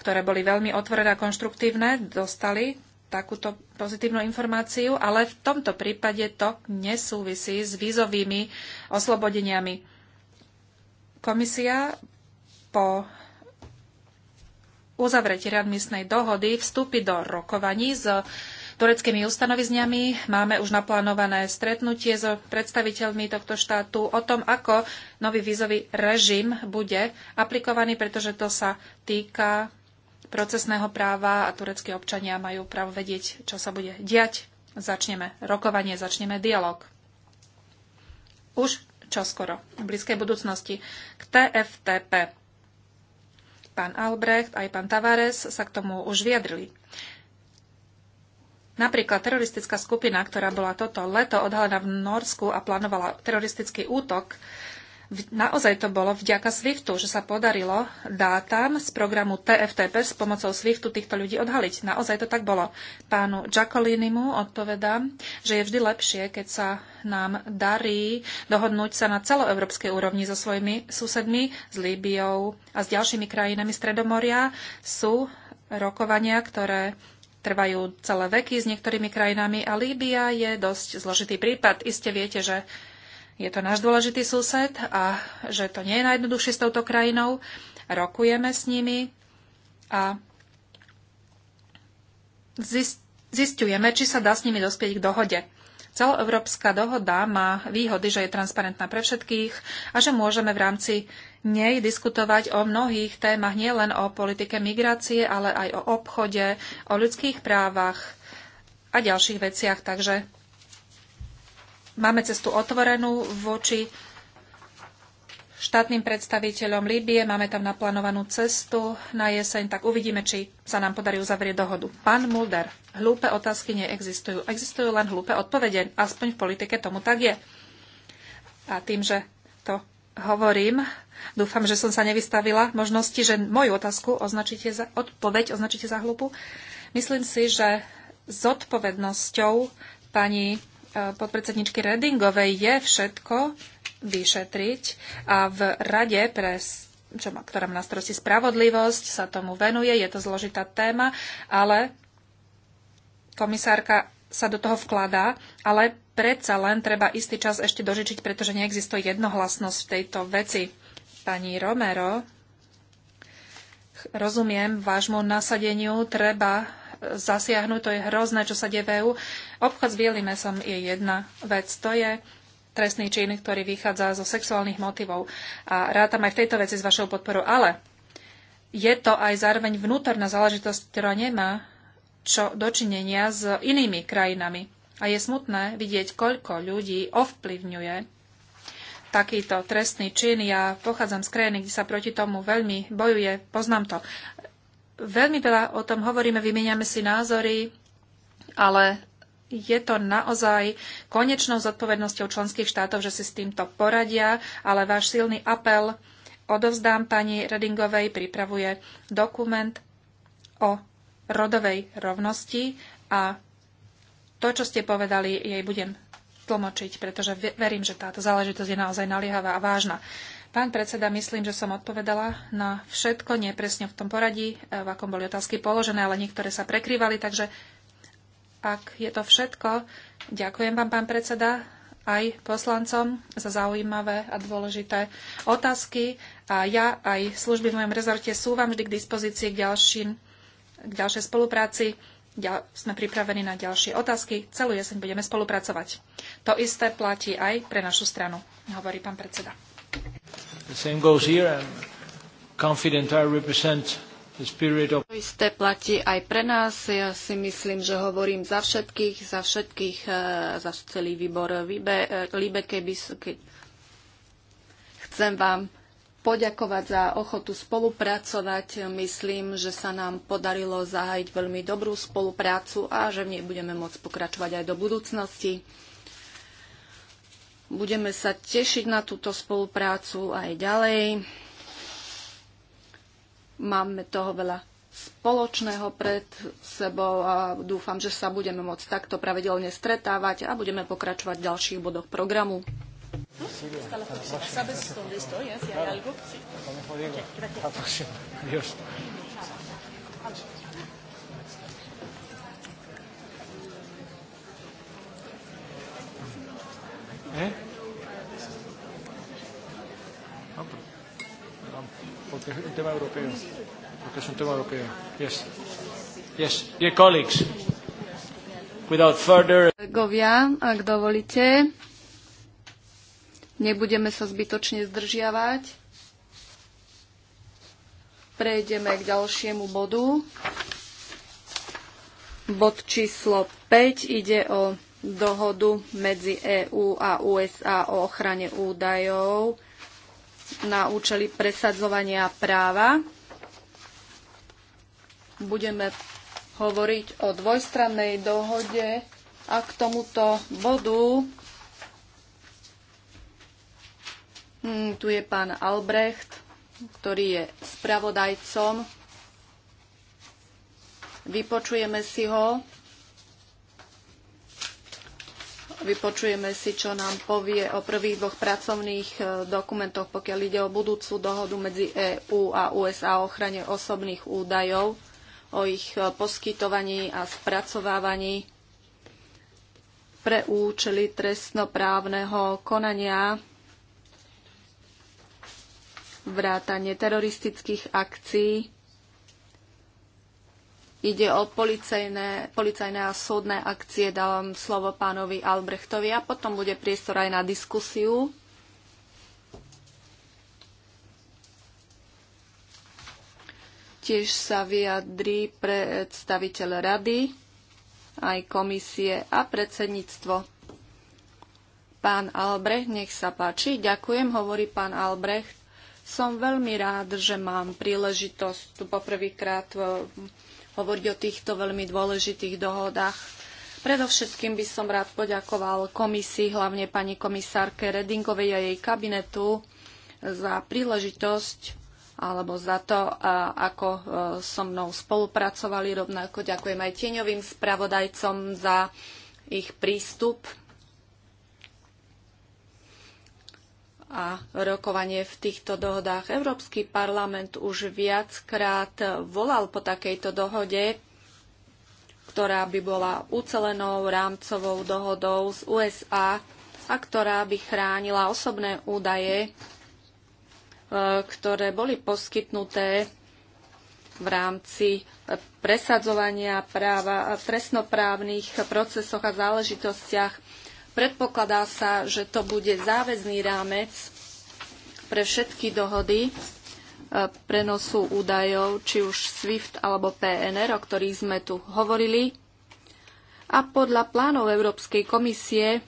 ktoré boli veľmi otvorené a konštruktívne, dostali takúto pozitívnu informáciu, ale v tomto prípade to nesúvisí s vízovými oslobodeniami. Komisia po uzavretí readmisnej dohody vstúpi do rokovaní s tureckými ustanovizňami. Máme už naplánované stretnutie so predstaviteľmi tohto štátu o tom, ako nový vízový režim bude aplikovaný, pretože to sa týka procesného práva a tureckí občania majú právo vedieť, čo sa bude diať. Začneme rokovanie, začneme dialog. Už čoskoro, v blízkej budúcnosti, k TFTP. Pán Albrecht aj pán Tavares sa k tomu už vyjadrili. Napríklad teroristická skupina, ktorá bola toto leto odhalená v Norsku a plánovala teroristický útok naozaj to bolo vďaka SWIFTu, že sa podarilo dátam z programu TFTP s pomocou SWIFTu týchto ľudí odhaliť. Naozaj to tak bolo. Pánu Giacolinimu odpovedám, že je vždy lepšie, keď sa nám darí dohodnúť sa na celoevropskej úrovni so svojimi susedmi, s Líbiou a s ďalšími krajinami Stredomoria. Sú rokovania, ktoré trvajú celé veky s niektorými krajinami a Líbia je dosť zložitý prípad. Iste viete, že je to náš dôležitý sused a že to nie je najjednoduchšie s touto krajinou. Rokujeme s nimi a zistujeme, či sa dá s nimi dospieť k dohode. Celoevropská dohoda má výhody, že je transparentná pre všetkých a že môžeme v rámci nej diskutovať o mnohých témach, nie len o politike migrácie, ale aj o obchode, o ľudských právach a ďalších veciach. Takže Máme cestu otvorenú voči štátnym predstaviteľom Líbie. Máme tam naplánovanú cestu na jeseň, tak uvidíme, či sa nám podarí uzavrieť dohodu. Pán Mulder, hlúpe otázky neexistujú. Existujú len hlúpe odpovede. Aspoň v politike tomu tak je. A tým, že to hovorím, dúfam, že som sa nevystavila možnosti, že moju otázku označíte za odpoveď, označíte za hlúpu. Myslím si, že zodpovednosťou pani podpredsedničky Redingovej je všetko vyšetriť a v Rade pre čo má, ktorá má na starosti spravodlivosť, sa tomu venuje, je to zložitá téma, ale komisárka sa do toho vkladá, ale predsa len treba istý čas ešte dožičiť, pretože neexistuje jednohlasnosť v tejto veci. Pani Romero, rozumiem vášmu nasadeniu, treba zasiahnuť. To je hrozné, čo sa deje v EU. Obchod s bielým mesom je jedna vec. To je trestný čin, ktorý vychádza zo sexuálnych motivov. A rátam aj v tejto veci s vašou podporou. Ale je to aj zároveň vnútorná záležitosť, ktorá nemá čo dočinenia s inými krajinami. A je smutné vidieť, koľko ľudí ovplyvňuje takýto trestný čin. Ja pochádzam z krajiny, kde sa proti tomu veľmi bojuje, poznám to veľmi veľa o tom hovoríme, vymieňame si názory, ale je to naozaj konečnou zodpovednosťou členských štátov, že si s týmto poradia, ale váš silný apel odovzdám pani Redingovej, pripravuje dokument o rodovej rovnosti a to, čo ste povedali, jej budem tlmočiť, pretože verím, že táto záležitosť je naozaj naliehavá a vážna. Pán predseda, myslím, že som odpovedala na všetko, nie presne v tom poradí, e, v akom boli otázky položené, ale niektoré sa prekrývali, takže ak je to všetko, ďakujem vám, pán predseda, aj poslancom za zaujímavé a dôležité otázky a ja aj služby v mojom rezorte sú vám vždy k dispozícii k, ďalším, k ďalšej spolupráci. Ďal, sme pripravení na ďalšie otázky. Celú jeseň budeme spolupracovať. To isté platí aj pre našu stranu, hovorí pán predseda. The same goes here. I'm confident I represent the spirit of... To isté platí aj pre nás. Ja si myslím, že hovorím za všetkých, za všetkých, eh, za celý výbor Libe, eh, keby, chcem vám poďakovať za ochotu spolupracovať. Myslím, že sa nám podarilo zahájiť veľmi dobrú spoluprácu a že v nej budeme môcť pokračovať aj do budúcnosti. Budeme sa tešiť na túto spoluprácu aj ďalej. Máme toho veľa spoločného pred sebou a dúfam, že sa budeme môcť takto pravidelne stretávať a budeme pokračovať v ďalších bodoch programu. No, sí. No. Gracias. Eh? No, pero, porque es un tema europeo. Porque es un tema europeo. Yes. Yes. Dear colleagues, without further... Govia, ak dovolíte, nebudeme sa zbytočne zdržiavať. Prejdeme k ďalšiemu bodu. Bod číslo 5 ide o dohodu medzi EÚ a USA o ochrane údajov na účely presadzovania práva. Budeme hovoriť o dvojstrannej dohode a k tomuto bodu hmm, tu je pán Albrecht, ktorý je spravodajcom. Vypočujeme si ho Vypočujeme si, čo nám povie o prvých dvoch pracovných e, dokumentoch, pokiaľ ide o budúcu dohodu medzi EÚ a USA o ochrane osobných údajov, o ich e, poskytovaní a spracovávaní pre účely trestnoprávneho konania vrátanie teroristických akcií Ide o policajné, policajné a súdne akcie. Dávam slovo pánovi Albrechtovi a potom bude priestor aj na diskusiu. Tiež sa vyjadrí predstaviteľ rady, aj komisie a predsedníctvo. Pán Albrecht, nech sa páči. Ďakujem, hovorí pán Albrecht. Som veľmi rád, že mám príležitosť tu poprvýkrát eh, hovoriť o týchto veľmi dôležitých dohodách. Predovšetkým by som rád poďakoval komisii, hlavne pani komisárke Redingovej a jej kabinetu za príležitosť alebo za to, ako e, so mnou spolupracovali. Rovnako ďakujem aj tieňovým spravodajcom za ich prístup a rokovanie v týchto dohodách. Európsky parlament už viackrát volal po takejto dohode, ktorá by bola ucelenou rámcovou dohodou z USA a ktorá by chránila osobné údaje, e, ktoré boli poskytnuté v rámci presadzovania práva v trestnoprávnych procesoch a záležitostiach Predpokladá sa, že to bude záväzný rámec pre všetky dohody e, prenosu údajov, či už SWIFT alebo PNR, o ktorých sme tu hovorili. A podľa plánov Európskej komisie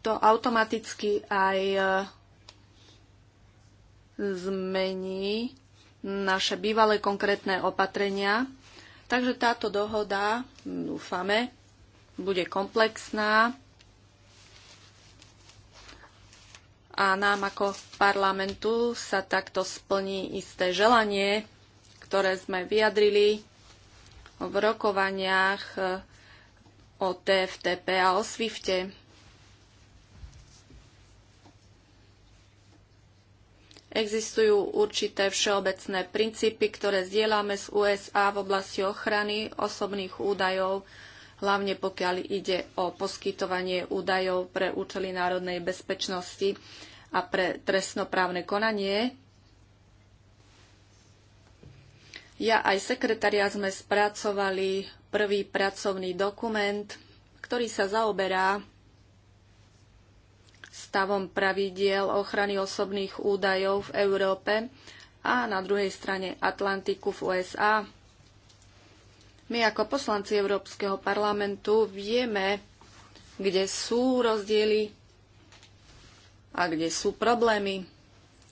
to automaticky aj e, zmení naše bývalé konkrétne opatrenia Takže táto dohoda, dúfame, bude komplexná a nám ako parlamentu sa takto splní isté želanie, ktoré sme vyjadrili v rokovaniach o TFTP a o SWIFTE. Existujú určité všeobecné princípy, ktoré zdieľame z USA v oblasti ochrany osobných údajov, hlavne pokiaľ ide o poskytovanie údajov pre účely národnej bezpečnosti a pre trestnoprávne konanie. Ja aj sekretária sme spracovali prvý pracovný dokument, ktorý sa zaoberá stavom pravidiel ochrany osobných údajov v Európe a na druhej strane Atlantiku v USA. My ako poslanci Európskeho parlamentu vieme, kde sú rozdiely a kde sú problémy,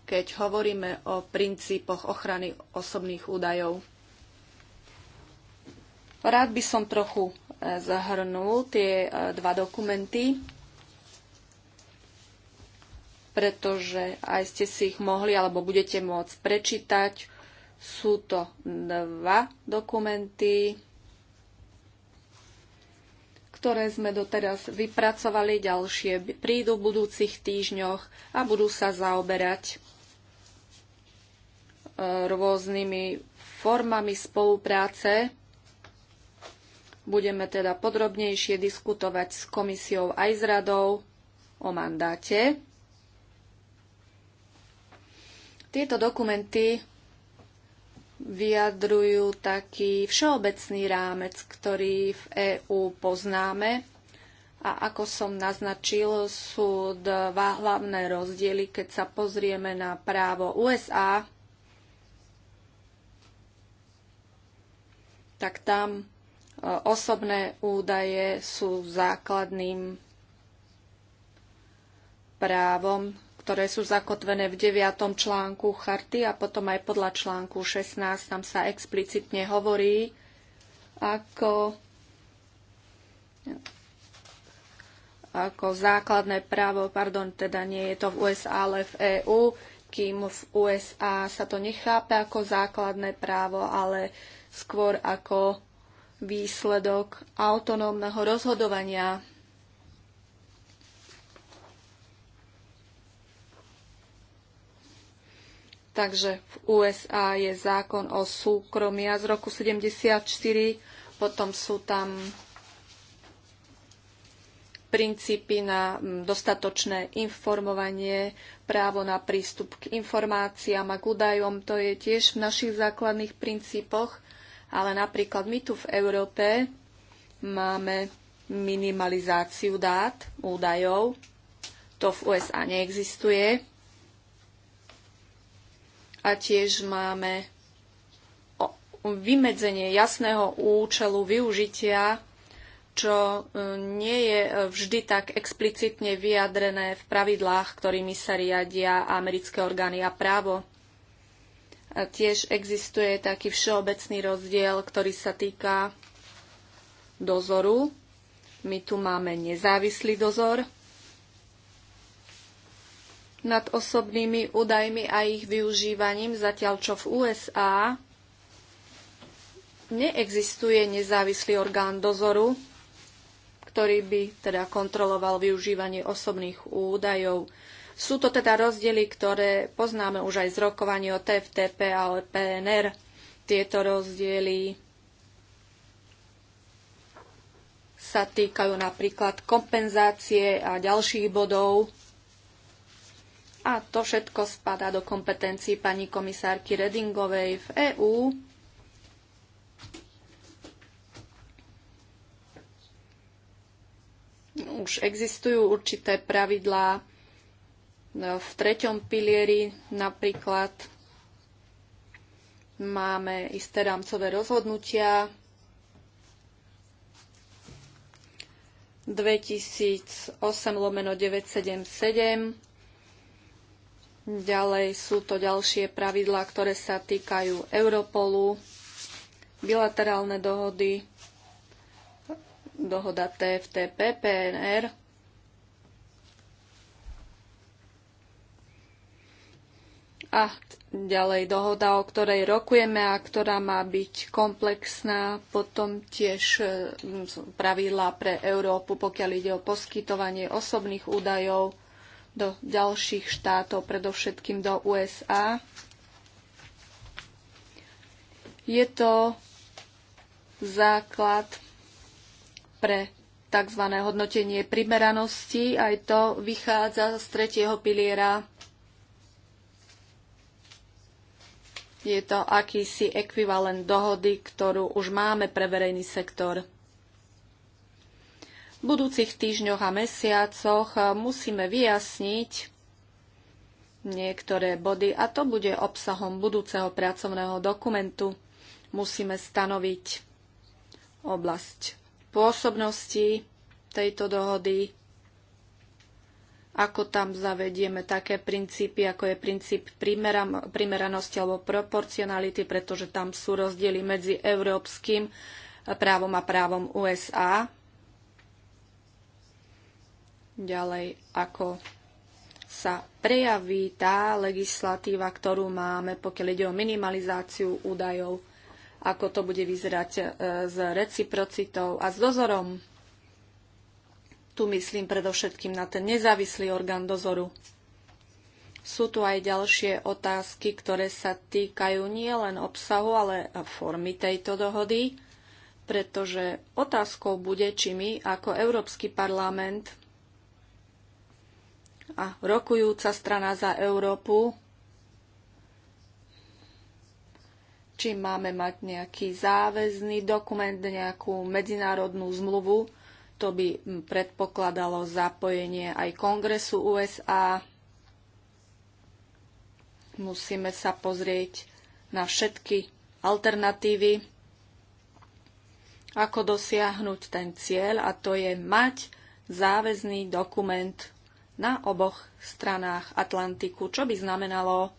keď hovoríme o princípoch ochrany osobných údajov. Rád by som trochu eh, zahrnul tie eh, dva dokumenty pretože aj ste si ich mohli alebo budete môcť prečítať. Sú to dva dokumenty, ktoré sme doteraz vypracovali, ďalšie prídu v budúcich týždňoch a budú sa zaoberať e, rôznymi formami spolupráce. Budeme teda podrobnejšie diskutovať s komisiou aj s radou o mandáte tieto dokumenty vyjadrujú taký všeobecný rámec, ktorý v EÚ poznáme. A ako som naznačil, sú dva hlavné rozdiely, keď sa pozrieme na právo USA, tak tam e, osobné údaje sú základným právom ktoré sú zakotvené v 9. článku charty a potom aj podľa článku 16 tam sa explicitne hovorí, ako, ako základné právo, pardon, teda nie je to v USA, ale v EÚ, kým v USA sa to nechápe ako základné právo, ale skôr ako výsledok autonómneho rozhodovania Takže v USA je zákon o súkromia z roku 74, potom sú tam princípy na dostatočné informovanie, právo na prístup k informáciám a k údajom, to je tiež v našich základných princípoch, ale napríklad my tu v Európe máme minimalizáciu dát, údajov, to v USA neexistuje a tiež máme vymedzenie jasného účelu využitia, čo e, nie je e, vždy tak explicitne vyjadrené v pravidlách, ktorými sa riadia americké orgány a právo. A tiež existuje taký všeobecný rozdiel, ktorý sa týka dozoru. My tu máme nezávislý dozor, nad osobnými údajmi a ich využívaním, zatiaľ čo v USA neexistuje nezávislý orgán dozoru, ktorý by teda kontroloval využívanie osobných údajov. Sú to teda rozdiely, ktoré poznáme už aj z rokovania o TFTP a o PNR. Tieto rozdiely sa týkajú napríklad kompenzácie a ďalších bodov, a to všetko spadá do kompetencií pani komisárky Redingovej v EÚ. Už existujú určité pravidlá no, v treťom pilieri napríklad. Máme isté rámcové rozhodnutia, 2008 lomeno 977 Ďalej sú to ďalšie pravidlá, ktoré sa týkajú Europolu, bilaterálne dohody, dohoda TFTP, PNR. A ďalej dohoda, o ktorej rokujeme a ktorá má byť komplexná. Potom tiež e, pravidlá pre Európu, pokiaľ ide o poskytovanie osobných údajov do ďalších štátov, predovšetkým do USA. Je to základ pre tzv. hodnotenie primeranosti. Aj to vychádza z tretieho piliera. Je to akýsi ekvivalent dohody, ktorú už máme pre verejný sektor budúcich týždňoch a mesiacoch eh, musíme vyjasniť niektoré body a to bude obsahom budúceho pracovného dokumentu. Musíme stanoviť oblasť pôsobnosti tejto dohody, ako tam zavedieme také princípy, ako je princíp primeranosti alebo proporcionality, pretože tam sú rozdiely medzi európskym právom a právom USA ďalej, ako sa prejaví tá legislatíva, ktorú máme, pokiaľ ide o minimalizáciu údajov, ako to bude vyzerať e, s reciprocitou a s dozorom. Tu myslím predovšetkým na ten nezávislý orgán dozoru. Sú tu aj ďalšie otázky, ktoré sa týkajú nielen obsahu, ale formy tejto dohody, pretože otázkou bude, či my ako Európsky parlament a rokujúca strana za Európu, či máme mať nejaký záväzný dokument, nejakú medzinárodnú zmluvu, to by predpokladalo zapojenie aj kongresu USA. Musíme sa pozrieť na všetky alternatívy, ako dosiahnuť ten cieľ, a to je mať záväzný dokument na oboch stranách Atlantiku, čo by znamenalo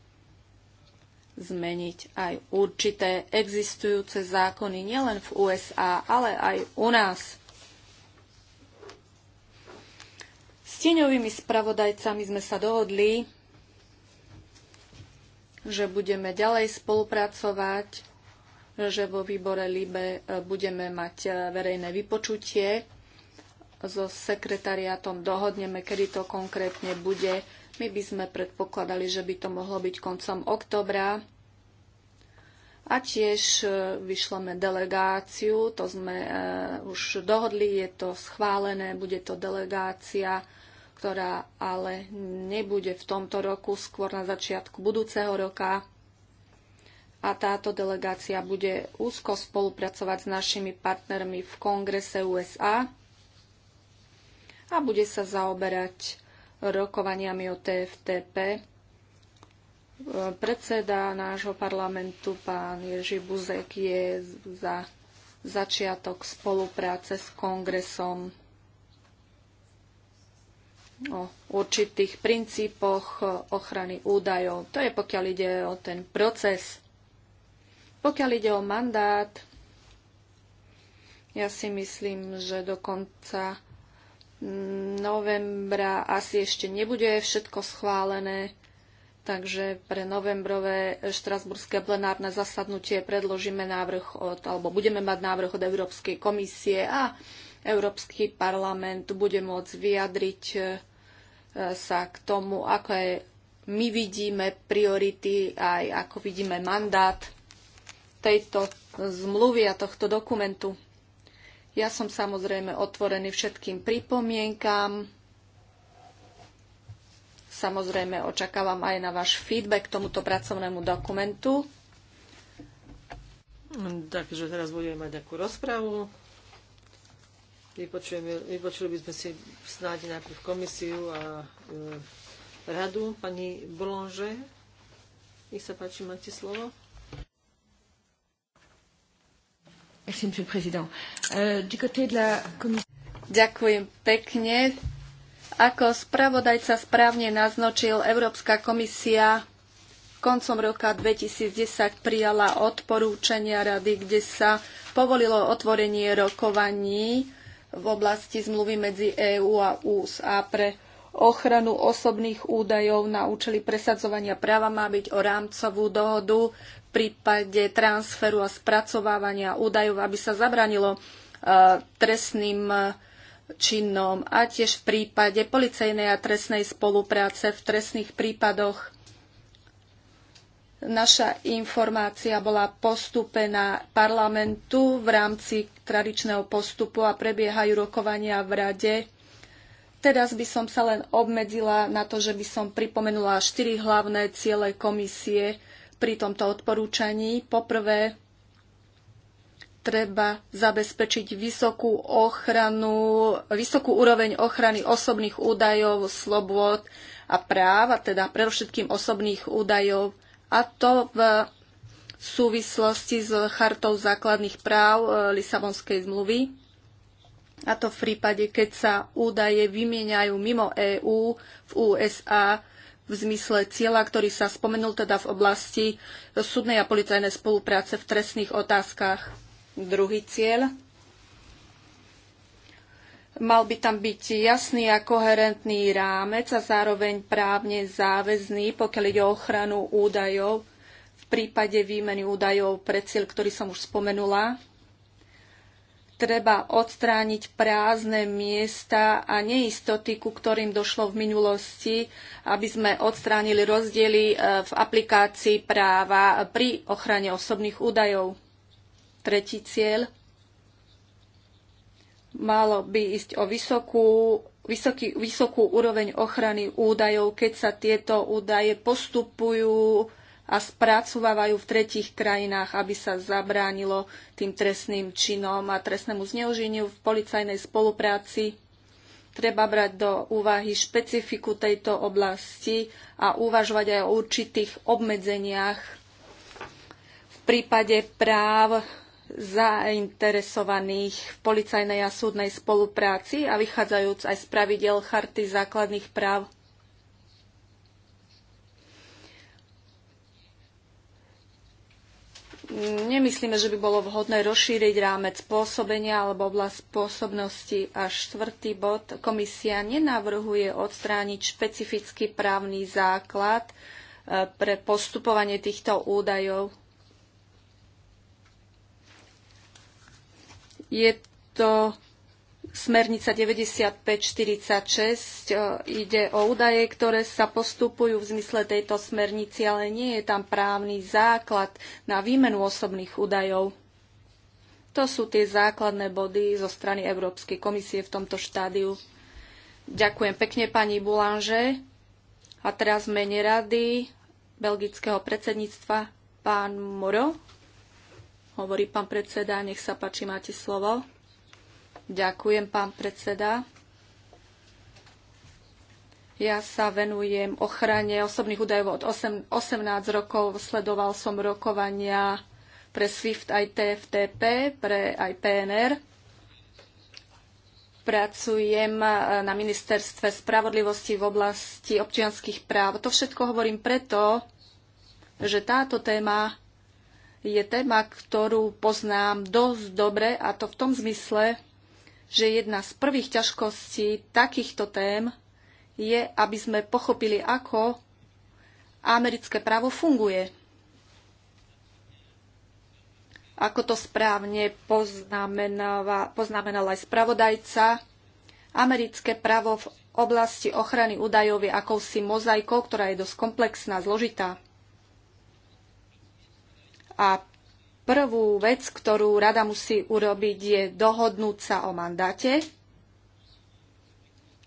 zmeniť aj určité existujúce zákony nielen v USA, ale aj u nás. S tieňovými spravodajcami sme sa dohodli, že budeme ďalej spolupracovať, že vo výbore LIBE e, budeme mať e, verejné vypočutie so sekretariátom dohodneme, kedy to konkrétne bude. My by sme predpokladali, že by to mohlo byť koncom oktobra. A tiež e, vyšleme delegáciu, to sme e, už dohodli, je to schválené, bude to delegácia, ktorá ale nebude v tomto roku, skôr na začiatku budúceho roka. A táto delegácia bude úzko spolupracovať s našimi partnermi v Kongrese USA a bude sa zaoberať rokovaniami o TFTP. Predseda nášho parlamentu, pán Ježi Buzek, je za začiatok spolupráce s kongresom o určitých princípoch ochrany údajov. To je pokiaľ ide o ten proces. Pokiaľ ide o mandát, ja si myslím, že dokonca. konca novembra asi ešte nebude všetko schválené, takže pre novembrové štrasburské plenárne zasadnutie predložíme návrh od, alebo budeme mať návrh od Európskej komisie a Európsky parlament bude môcť vyjadriť e, sa k tomu, ako je, my vidíme priority, aj ako vidíme mandát tejto zmluvy a tohto dokumentu. Ja som samozrejme otvorený všetkým pripomienkám. Samozrejme očakávam aj na váš feedback k tomuto pracovnému dokumentu. Takže teraz budeme mať takú rozpravu. Vypočuli by sme si snáď najprv komisiu a e, radu. Pani Blonže, nech sa páči, máte slovo. Merci, monsieur le président. Euh, du côté de la commission... Ďakujem pekne. Ako spravodajca správne naznačil, Európska komisia koncom roka 2010 prijala odporúčania rady, kde sa povolilo otvorenie rokovaní v oblasti zmluvy medzi EÚ a USA pre ochranu osobných údajov na účely presadzovania práva má byť o rámcovú dohodu, prípade transferu a spracovávania údajov, aby sa zabranilo e, trestným e, činnom a tiež v prípade policejnej a trestnej spolupráce v trestných prípadoch. Naša informácia bola postúpená parlamentu v rámci tradičného postupu a prebiehajú rokovania v rade. Teraz by som sa len obmedzila na to, že by som pripomenula štyri hlavné ciele komisie pri tomto odporúčaní. Poprvé, treba zabezpečiť vysokú ochranu, vysokú úroveň ochrany osobných údajov, slobôd a práv, a teda predovšetkým osobných údajov, a to v súvislosti s chartou základných práv e, Lisabonskej zmluvy. A to v prípade, keď sa údaje vymieňajú mimo EÚ v USA v zmysle cieľa, ktorý sa spomenul teda v oblasti súdnej a policajnej spolupráce v trestných otázkach. Druhý cieľ. Mal by tam byť jasný a koherentný rámec a zároveň právne záväzný, pokiaľ ide o ochranu údajov v prípade výmeny údajov pre cieľ, ktorý som už spomenula, treba odstrániť prázdne miesta a neistoty, ku ktorým došlo v minulosti, aby sme odstránili rozdiely e, v aplikácii práva pri ochrane osobných údajov. Tretí cieľ. Malo by ísť o vysokú, vysoký, vysokú úroveň ochrany údajov, keď sa tieto údaje postupujú a spracovávajú v tretích krajinách, aby sa zabránilo tým trestným činom a trestnému zneuženiu v policajnej spolupráci. Treba brať do úvahy špecifiku tejto oblasti a uvažovať aj o určitých obmedzeniach v prípade práv zainteresovaných v policajnej a súdnej spolupráci a vychádzajúc aj z pravidel Charty základných práv Nemyslíme, že by bolo vhodné rozšíriť rámec pôsobenia alebo oblasť pôsobnosti. A štvrtý bod, komisia nenavrhuje odstrániť špecifický právny základ e, pre postupovanie týchto údajov. Je to Smernica 9546 e, ide o údaje, ktoré sa postupujú v zmysle tejto smernici, ale nie je tam právny základ na výmenu osobných údajov. To sú tie základné body zo strany Európskej komisie v tomto štádiu. Ďakujem pekne pani Bulanže. A teraz mene rady belgického predsedníctva pán Moro. Hovorí pán predseda, nech sa páči, máte slovo. Ďakujem, pán predseda. Ja sa venujem ochrane osobných údajov od 8, 18 rokov. Sledoval som rokovania pre SWIFT aj TFTP, pre aj PNR. Pracujem e, na ministerstve spravodlivosti v oblasti občianských práv. To všetko hovorím preto, že táto téma je téma, ktorú poznám dosť dobre a to v tom zmysle, že jedna z prvých ťažkostí takýchto tém je, aby sme pochopili, ako americké právo funguje. Ako to správne poznamenal aj spravodajca, americké právo v oblasti ochrany údajov je akousi mozaikou, ktorá je dosť komplexná, zložitá. A Prvú vec, ktorú rada musí urobiť, je dohodnúť sa o mandáte,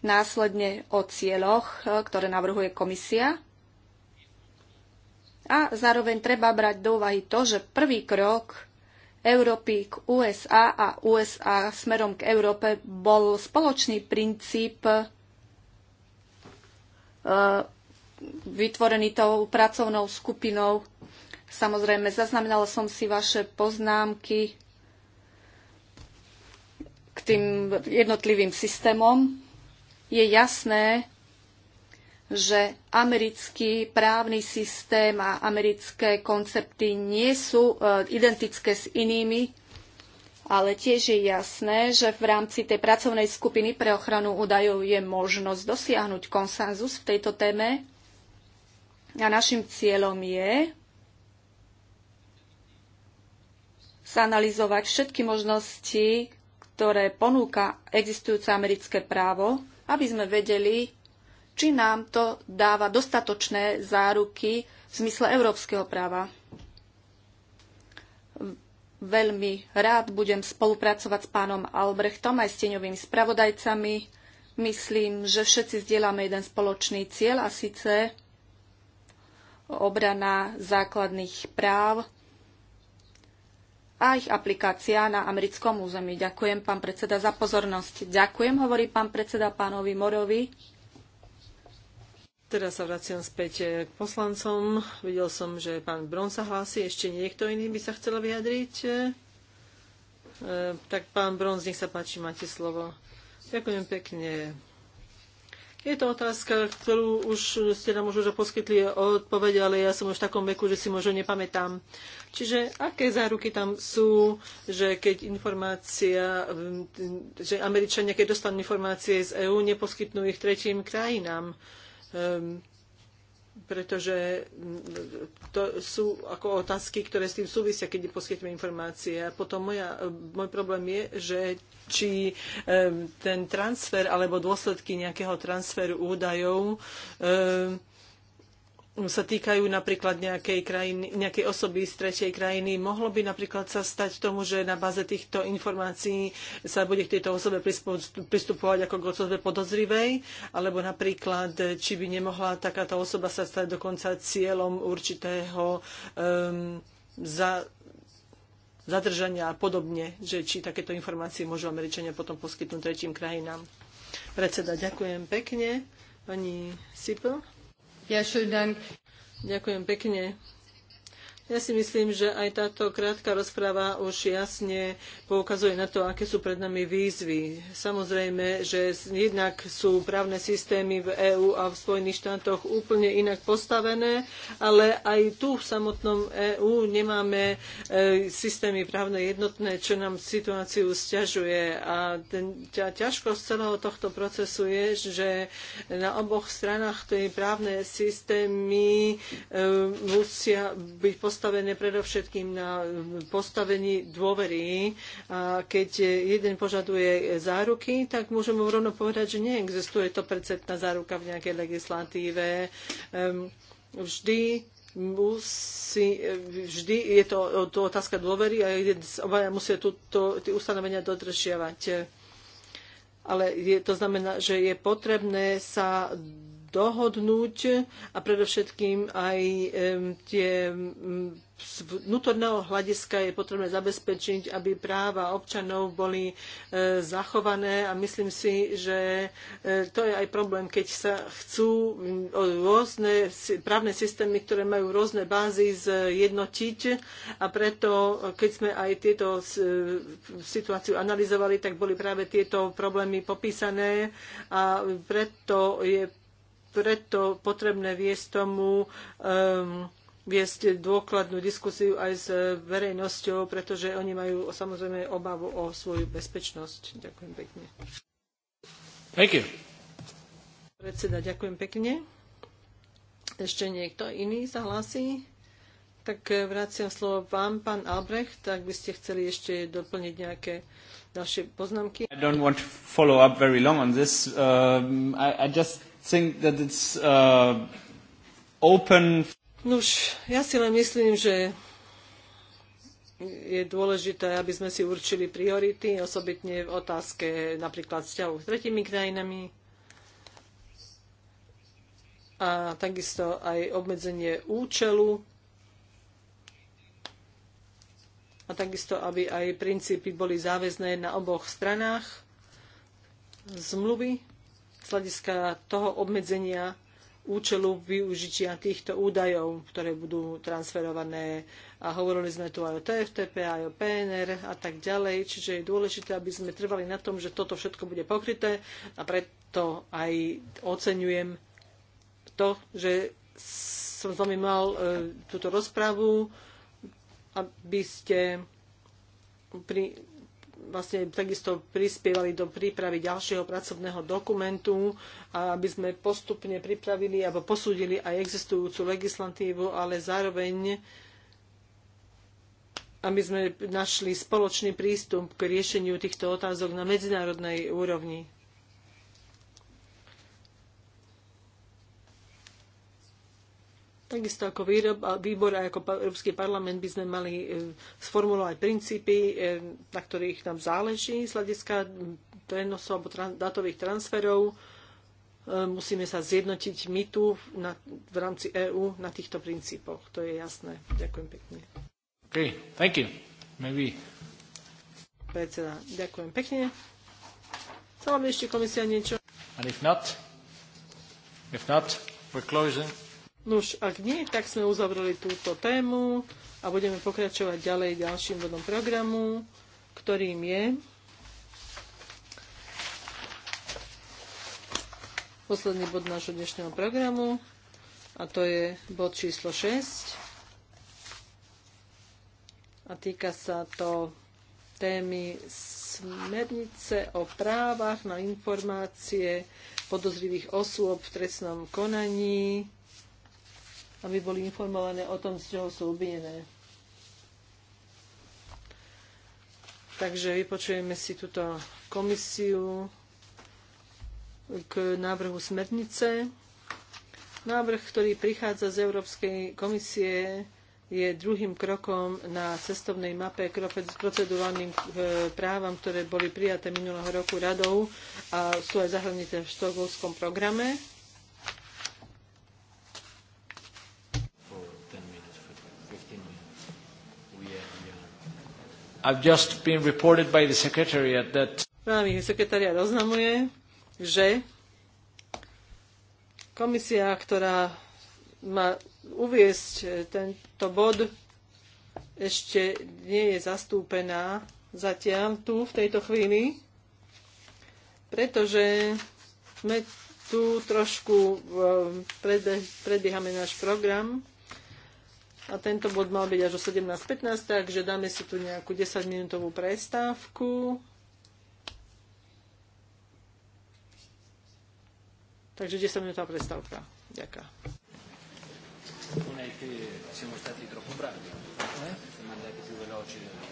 následne o cieľoch, e, ktoré navrhuje komisia. A zároveň treba brať do úvahy to, že prvý krok Európy k USA a USA smerom k Európe bol spoločný princíp e, vytvorený tou pracovnou skupinou Samozrejme, zaznamenala som si vaše poznámky k tým jednotlivým systémom. Je jasné, že americký právny systém a americké koncepty nie sú e, identické s inými, ale tiež je jasné, že v rámci tej pracovnej skupiny pre ochranu údajov je možnosť dosiahnuť konsenzus v tejto téme. A našim cieľom je zanalizovať všetky možnosti, ktoré ponúka existujúce americké právo, aby sme vedeli, či nám to dáva dostatočné záruky v zmysle európskeho práva. Veľmi rád budem spolupracovať s pánom Albrechtom aj s tieňovými spravodajcami. Myslím, že všetci zdieľame jeden spoločný cieľ a síce obrana základných práv a ich aplikácia na americkom území. Ďakujem, pán predseda, za pozornosť. Ďakujem, hovorí pán predseda pánovi Morovi. Teraz sa vraciam späť k poslancom. Videl som, že pán Bron sa hlási. Ešte niekto iný by sa chcel vyjadriť? E, tak pán bron, nech sa páči, máte slovo. Ďakujem pekne. Je to otázka, ktorú už ste nám možno poskytli odpoveď, ale ja som už v takom veku, že si možno nepamätám. Čiže aké záruky tam sú, že keď informácia, že Američania, keď dostanú informácie z EÚ, neposkytnú ich tretím krajinám? Ehm, pretože to sú ako otázky, ktoré s tým súvisia, keď poskytujeme informácie. A potom moja, môj problém je, že či ten transfer alebo dôsledky nejakého transferu údajov sa týkajú napríklad nejakej, krajiny, nejakej osoby z tretej krajiny. Mohlo by napríklad sa stať tomu, že na báze týchto informácií sa bude k tejto osobe pristupovať ako k osobe podozrivej, alebo napríklad, či by nemohla takáto osoba sa stať dokonca cieľom určitého um, za, zadržania a podobne, že či takéto informácie môžu Američania potom poskytnúť tretím krajinám. Predseda, ďakujem pekne. Pani Sipl. Ja, schönen Dank. Ďakujem pekne. Ja si myslím, že aj táto krátka rozpráva už jasne poukazuje na to, aké sú pred nami výzvy. Samozrejme, že jednak sú právne systémy v EÚ a v Spojených štátoch úplne inak postavené, ale aj tu v samotnom EÚ nemáme e, systémy právne jednotné, čo nám situáciu stiažuje. A ten, tá ťažkosť celého tohto procesu je, že na oboch stranách tie právne systémy e, musia byť postavené postavené predovšetkým na mm, postavení dôvery. A keď jeden požaduje záruky, tak môžeme rovno povedať, že neexistuje to predsetná záruka v nejakej legislatíve. Ehm, vždy musí, vždy je to, to otázka dôvery a obaja musia túto, tie ustanovenia dodržiavať. Ale je, to znamená, že je potrebné sa dohodnúť a predovšetkým aj tie z vnútorného hľadiska je potrebné zabezpečiť, aby práva občanov boli e, zachované a myslím si, že e, to je aj problém, keď sa chcú rôzne právne systémy, ktoré majú rôzne bázy zjednotiť a preto, keď sme aj tieto e, situáciu analyzovali, tak boli práve tieto problémy popísané a preto je preto potrebné viesť tomu um, viesť dôkladnú diskusiu aj s verejnosťou, pretože oni majú samozrejme obavu o svoju bezpečnosť. Ďakujem pekne. Thank you. Predseda, ďakujem pekne. Ešte niekto iný sa hlasí? Tak eh, vraciam slovo vám, pán Albrecht, tak by ste chceli ešte doplniť nejaké ďalšie poznámky. I don't want to follow up very long on this. Um, I, I just think that it's uh, open. Nuž, ja si len myslím, že je dôležité, aby sme si určili priority, osobitne v otázke napríklad vzťahu s tretimi krajinami a takisto aj obmedzenie účelu a takisto, aby aj princípy boli záväzné na oboch stranách zmluvy z hľadiska toho obmedzenia účelu využitia týchto údajov, ktoré budú transferované. A hovorili sme tu aj o TFTP, aj o PNR a tak ďalej. Čiže je dôležité, aby sme trvali na tom, že toto všetko bude pokryté a preto aj oceňujem to, že som s vami mal e, túto rozpravu, aby ste pri vlastne takisto prispievali do prípravy ďalšieho pracovného dokumentu, aby sme postupne pripravili alebo posúdili aj existujúcu legislatívu, ale zároveň aby sme našli spoločný prístup k riešeniu týchto otázok na medzinárodnej úrovni. Takisto ako výbor a ako Európsky parlament by sme mali e, sformulovať princípy, e, na ktorých nám záleží z hľadiska prenosov alebo trans, datových transferov. E, musíme sa zjednotiť my tu na, v rámci EÚ na týchto princípoch. To je jasné. Ďakujem pekne. OK, thank you. Maybe. Predseda, ďakujem pekne. Chcela by ešte komisia niečo? And if not, if not, we're closing. Nuž, ak nie, tak sme uzavreli túto tému a budeme pokračovať ďalej ďalším bodom programu, ktorým je posledný bod nášho dnešného programu a to je bod číslo 6 a týka sa to témy smernice o právach na informácie podozrivých osôb v trestnom konaní aby boli informované o tom, z čoho sú obvinené. Takže vypočujeme si túto komisiu k návrhu smernice. Návrh, ktorý prichádza z Európskej komisie, je druhým krokom na cestovnej mape k procedurálnym e, právam, ktoré boli prijaté minulého roku radou a sú aj zahrnuté v štokholmskom programe. I've just been reported by the secretariat that sekretariat oznamuje, že komisia, ktorá má uviesť e, tento bod, ešte nie je zastúpená zatiaľ tu v tejto chvíli, pretože sme tu trošku e, predbiehame náš program. A tento bod mal byť až o 17.15, takže dáme si tu nejakú 10-minútovú prestávku. Takže 10 minútová prestávka. Ďakujem. siamo stati troppo bravi, eh? siamo andati più veloci.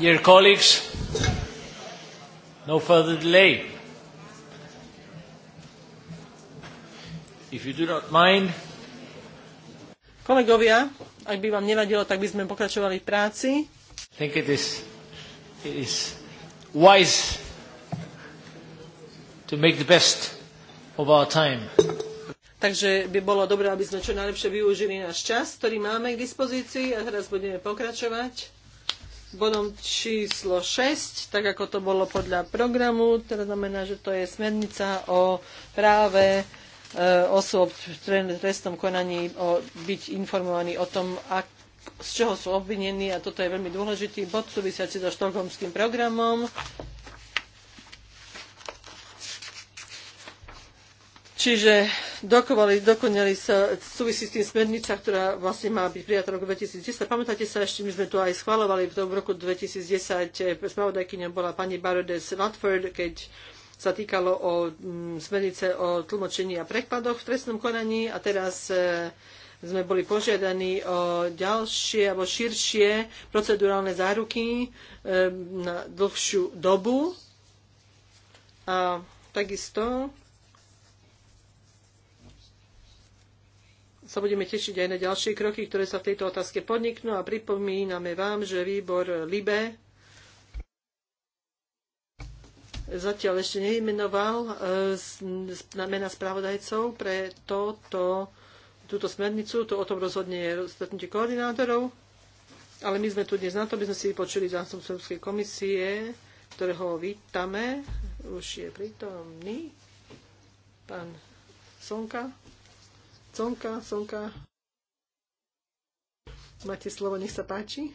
Dear colleagues, no further delay. If you do not mind. Kolegovia, ak by vám nevadilo, tak by sme pokračovali v práci. Think it is, it is wise to make the best of our time. Takže by bolo dobré, aby sme čo najlepšie využili náš čas, ktorý máme k dispozícii a teraz budeme pokračovať bodom číslo 6, tak ako to bolo podľa programu. teda znamená, že to je smernica o práve e, osôb v trestnom konaní o, byť informovaný o tom, ak, z čoho sú obvinení a toto je veľmi dôležitý bod súvisiaci so štokholmským programom. Čiže dokonali, dokonali sa súvisí s tým smernica, ktorá vlastne má byť prijatá roku 2010. Pamätáte sa, ešte my sme tu aj schválovali. v tom roku 2010, eh, spravodajkyňa bola pani Barodes Latford, keď sa týkalo o mm, smernice o tlmočení a prekladoch v trestnom konaní a teraz eh, sme boli požiadaní o ďalšie alebo širšie procedurálne záruky eh, na dlhšiu dobu. A takisto sa budeme tešiť aj na ďalšie kroky, ktoré sa v tejto otázke podniknú a pripomíname vám, že výbor LIBE zatiaľ ešte nevymenoval e, mena spravodajcov pre toto, túto smernicu. To o tom rozhodne je stretnutie koordinátorov. Ale my sme tu dnes na to, by sme si vypočuli zástupcu Európskej komisie, ktorého vítame. Už je prítomný pán Sonka. Sonka, Sonka. Máte slovo, nech sa páči.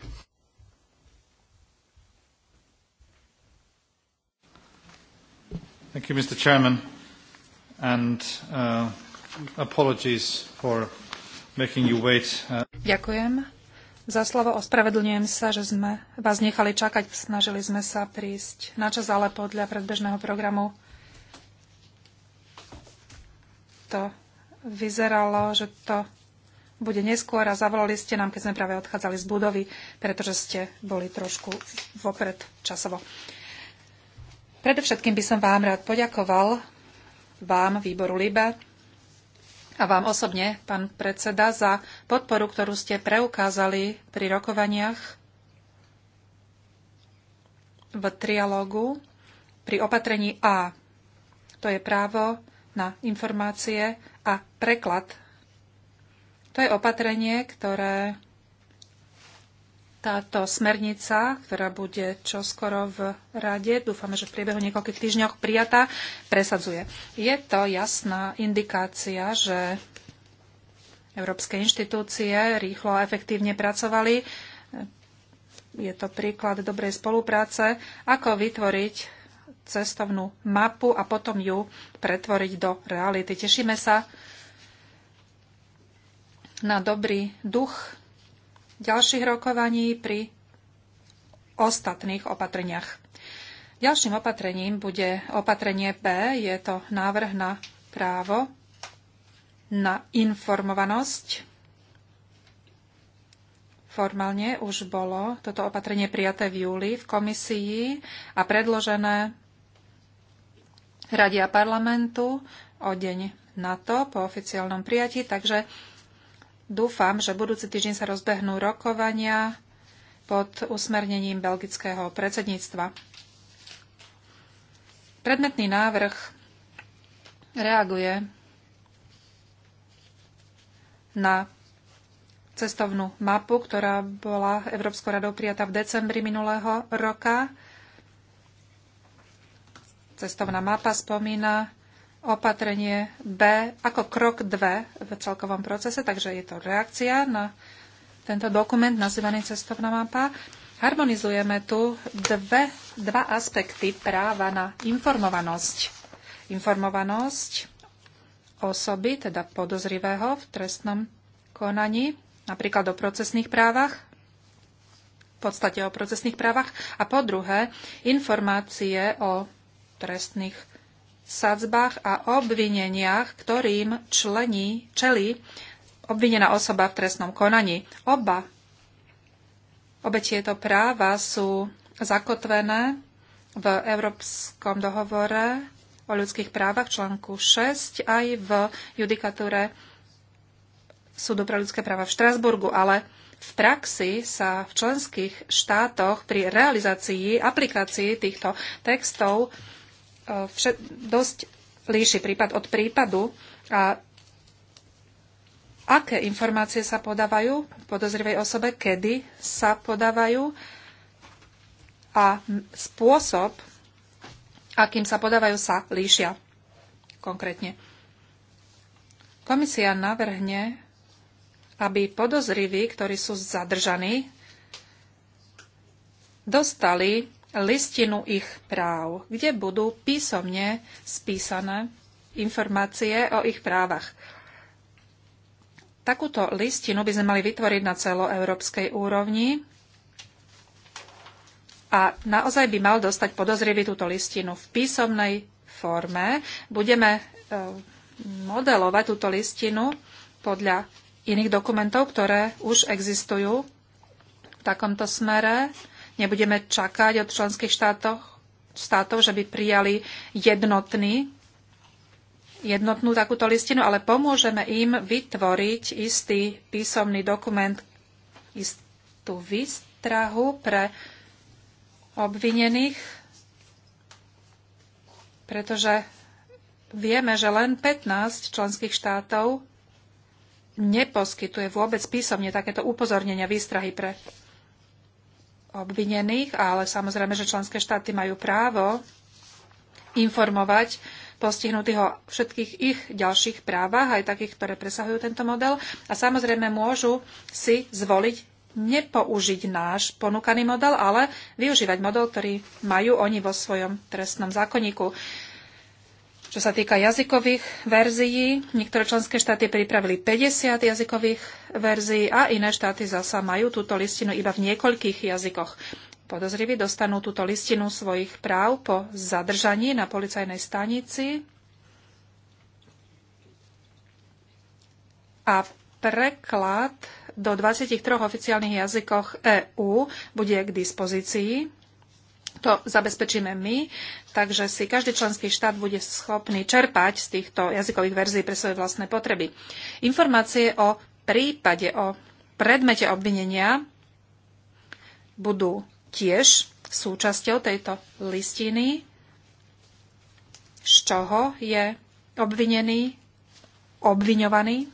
Thank you, Mr. Chairman, and uh, apologies for making you wait. Uh... Ďakujem za slovo. Ospravedlňujem sa, že sme vás nechali čakať. Snažili sme sa prísť na čas, ale podľa predbežného programu to vyzeralo, že to bude neskôr a zavolali ste nám, keď sme práve odchádzali z budovy, pretože ste boli trošku vopred časovo. Predovšetkým by som vám rád poďakoval, vám, výboru LIBE, a vám osobne, pán predseda, za podporu, ktorú ste preukázali pri rokovaniach v trialógu pri opatrení A. To je právo na informácie a preklad. To je opatrenie, ktoré táto smernica, ktorá bude čoskoro v rade, dúfame, že v priebehu niekoľkých týždňoch prijatá, presadzuje. Je to jasná indikácia, že európske inštitúcie rýchlo a efektívne pracovali. Je to príklad dobrej spolupráce, ako vytvoriť cestovnú mapu a potom ju pretvoriť do reality. Tešíme sa na dobrý duch ďalších rokovaní pri ostatných opatreniach. Ďalším opatrením bude opatrenie B, je to návrh na právo na informovanosť Formálne už bolo toto opatrenie prijaté v júli v komisii a predložené radia parlamentu o deň na to po oficiálnom prijatí, takže dúfam, že budúci týždeň sa rozbehnú rokovania pod usmernením belgického predsedníctva. Predmetný návrh reaguje na cestovnú mapu, ktorá bola Európskou radou prijatá v decembri minulého roka cestovná mapa spomína opatrenie B ako krok 2 v celkovom procese, takže je to reakcia na tento dokument nazývaný cestovná mapa. Harmonizujeme tu dve, dva aspekty práva na informovanosť. Informovanosť osoby, teda podozrivého v trestnom konaní, napríklad o procesných právach, v podstate o procesných právach, a po druhé informácie o trestných sadzbách a obvineniach, ktorým člení, čeli obvinená osoba v trestnom konaní. Oba, obe tieto práva sú zakotvené v Európskom dohovore o ľudských právach článku 6 aj v judikatúre Súdu pre ľudské práva v Štrasburgu, ale v praxi sa v členských štátoch pri realizácii, aplikácii týchto textov všet, dosť líši prípad od prípadu a aké informácie sa podávajú podozrivej osobe, kedy sa podávajú a spôsob, akým sa podávajú, sa líšia konkrétne. Komisia navrhne, aby podozriví, ktorí sú zadržaní, dostali listinu ich práv, kde budú písomne spísané informácie o ich právach. Takúto listinu by sme mali vytvoriť na celoeurópskej úrovni a naozaj by mal dostať podozrivý túto listinu v písomnej forme. Budeme e, modelovať túto listinu podľa iných dokumentov, ktoré už existujú v takomto smere Nebudeme čakať od členských štátov, štátov že by prijali jednotný jednotnú takúto listinu, ale pomôžeme im vytvoriť istý písomný dokument, istú výstrahu pre obvinených, pretože vieme, že len 15 členských štátov neposkytuje vôbec písomne takéto upozornenia výstrahy pre obvinených, ale samozrejme, že členské štáty majú právo informovať postihnutých o všetkých ich ďalších právach, aj takých, ktoré presahujú tento model. A samozrejme môžu si zvoliť nepoužiť náš ponúkaný model, ale využívať model, ktorý majú oni vo svojom trestnom zákonníku. Čo sa týka jazykových verzií, niektoré členské štáty pripravili 50 jazykových verzií a iné štáty zasa majú túto listinu iba v niekoľkých jazykoch. Podozriví dostanú túto listinu svojich práv po zadržaní na policajnej stanici a preklad do 23 oficiálnych jazykoch EÚ bude k dispozícii to zabezpečíme my, takže si každý členský štát bude schopný čerpať z týchto jazykových verzií pre svoje vlastné potreby. Informácie o prípade, o predmete obvinenia budú tiež súčasťou tejto listiny, z čoho je obvinený, obviňovaný.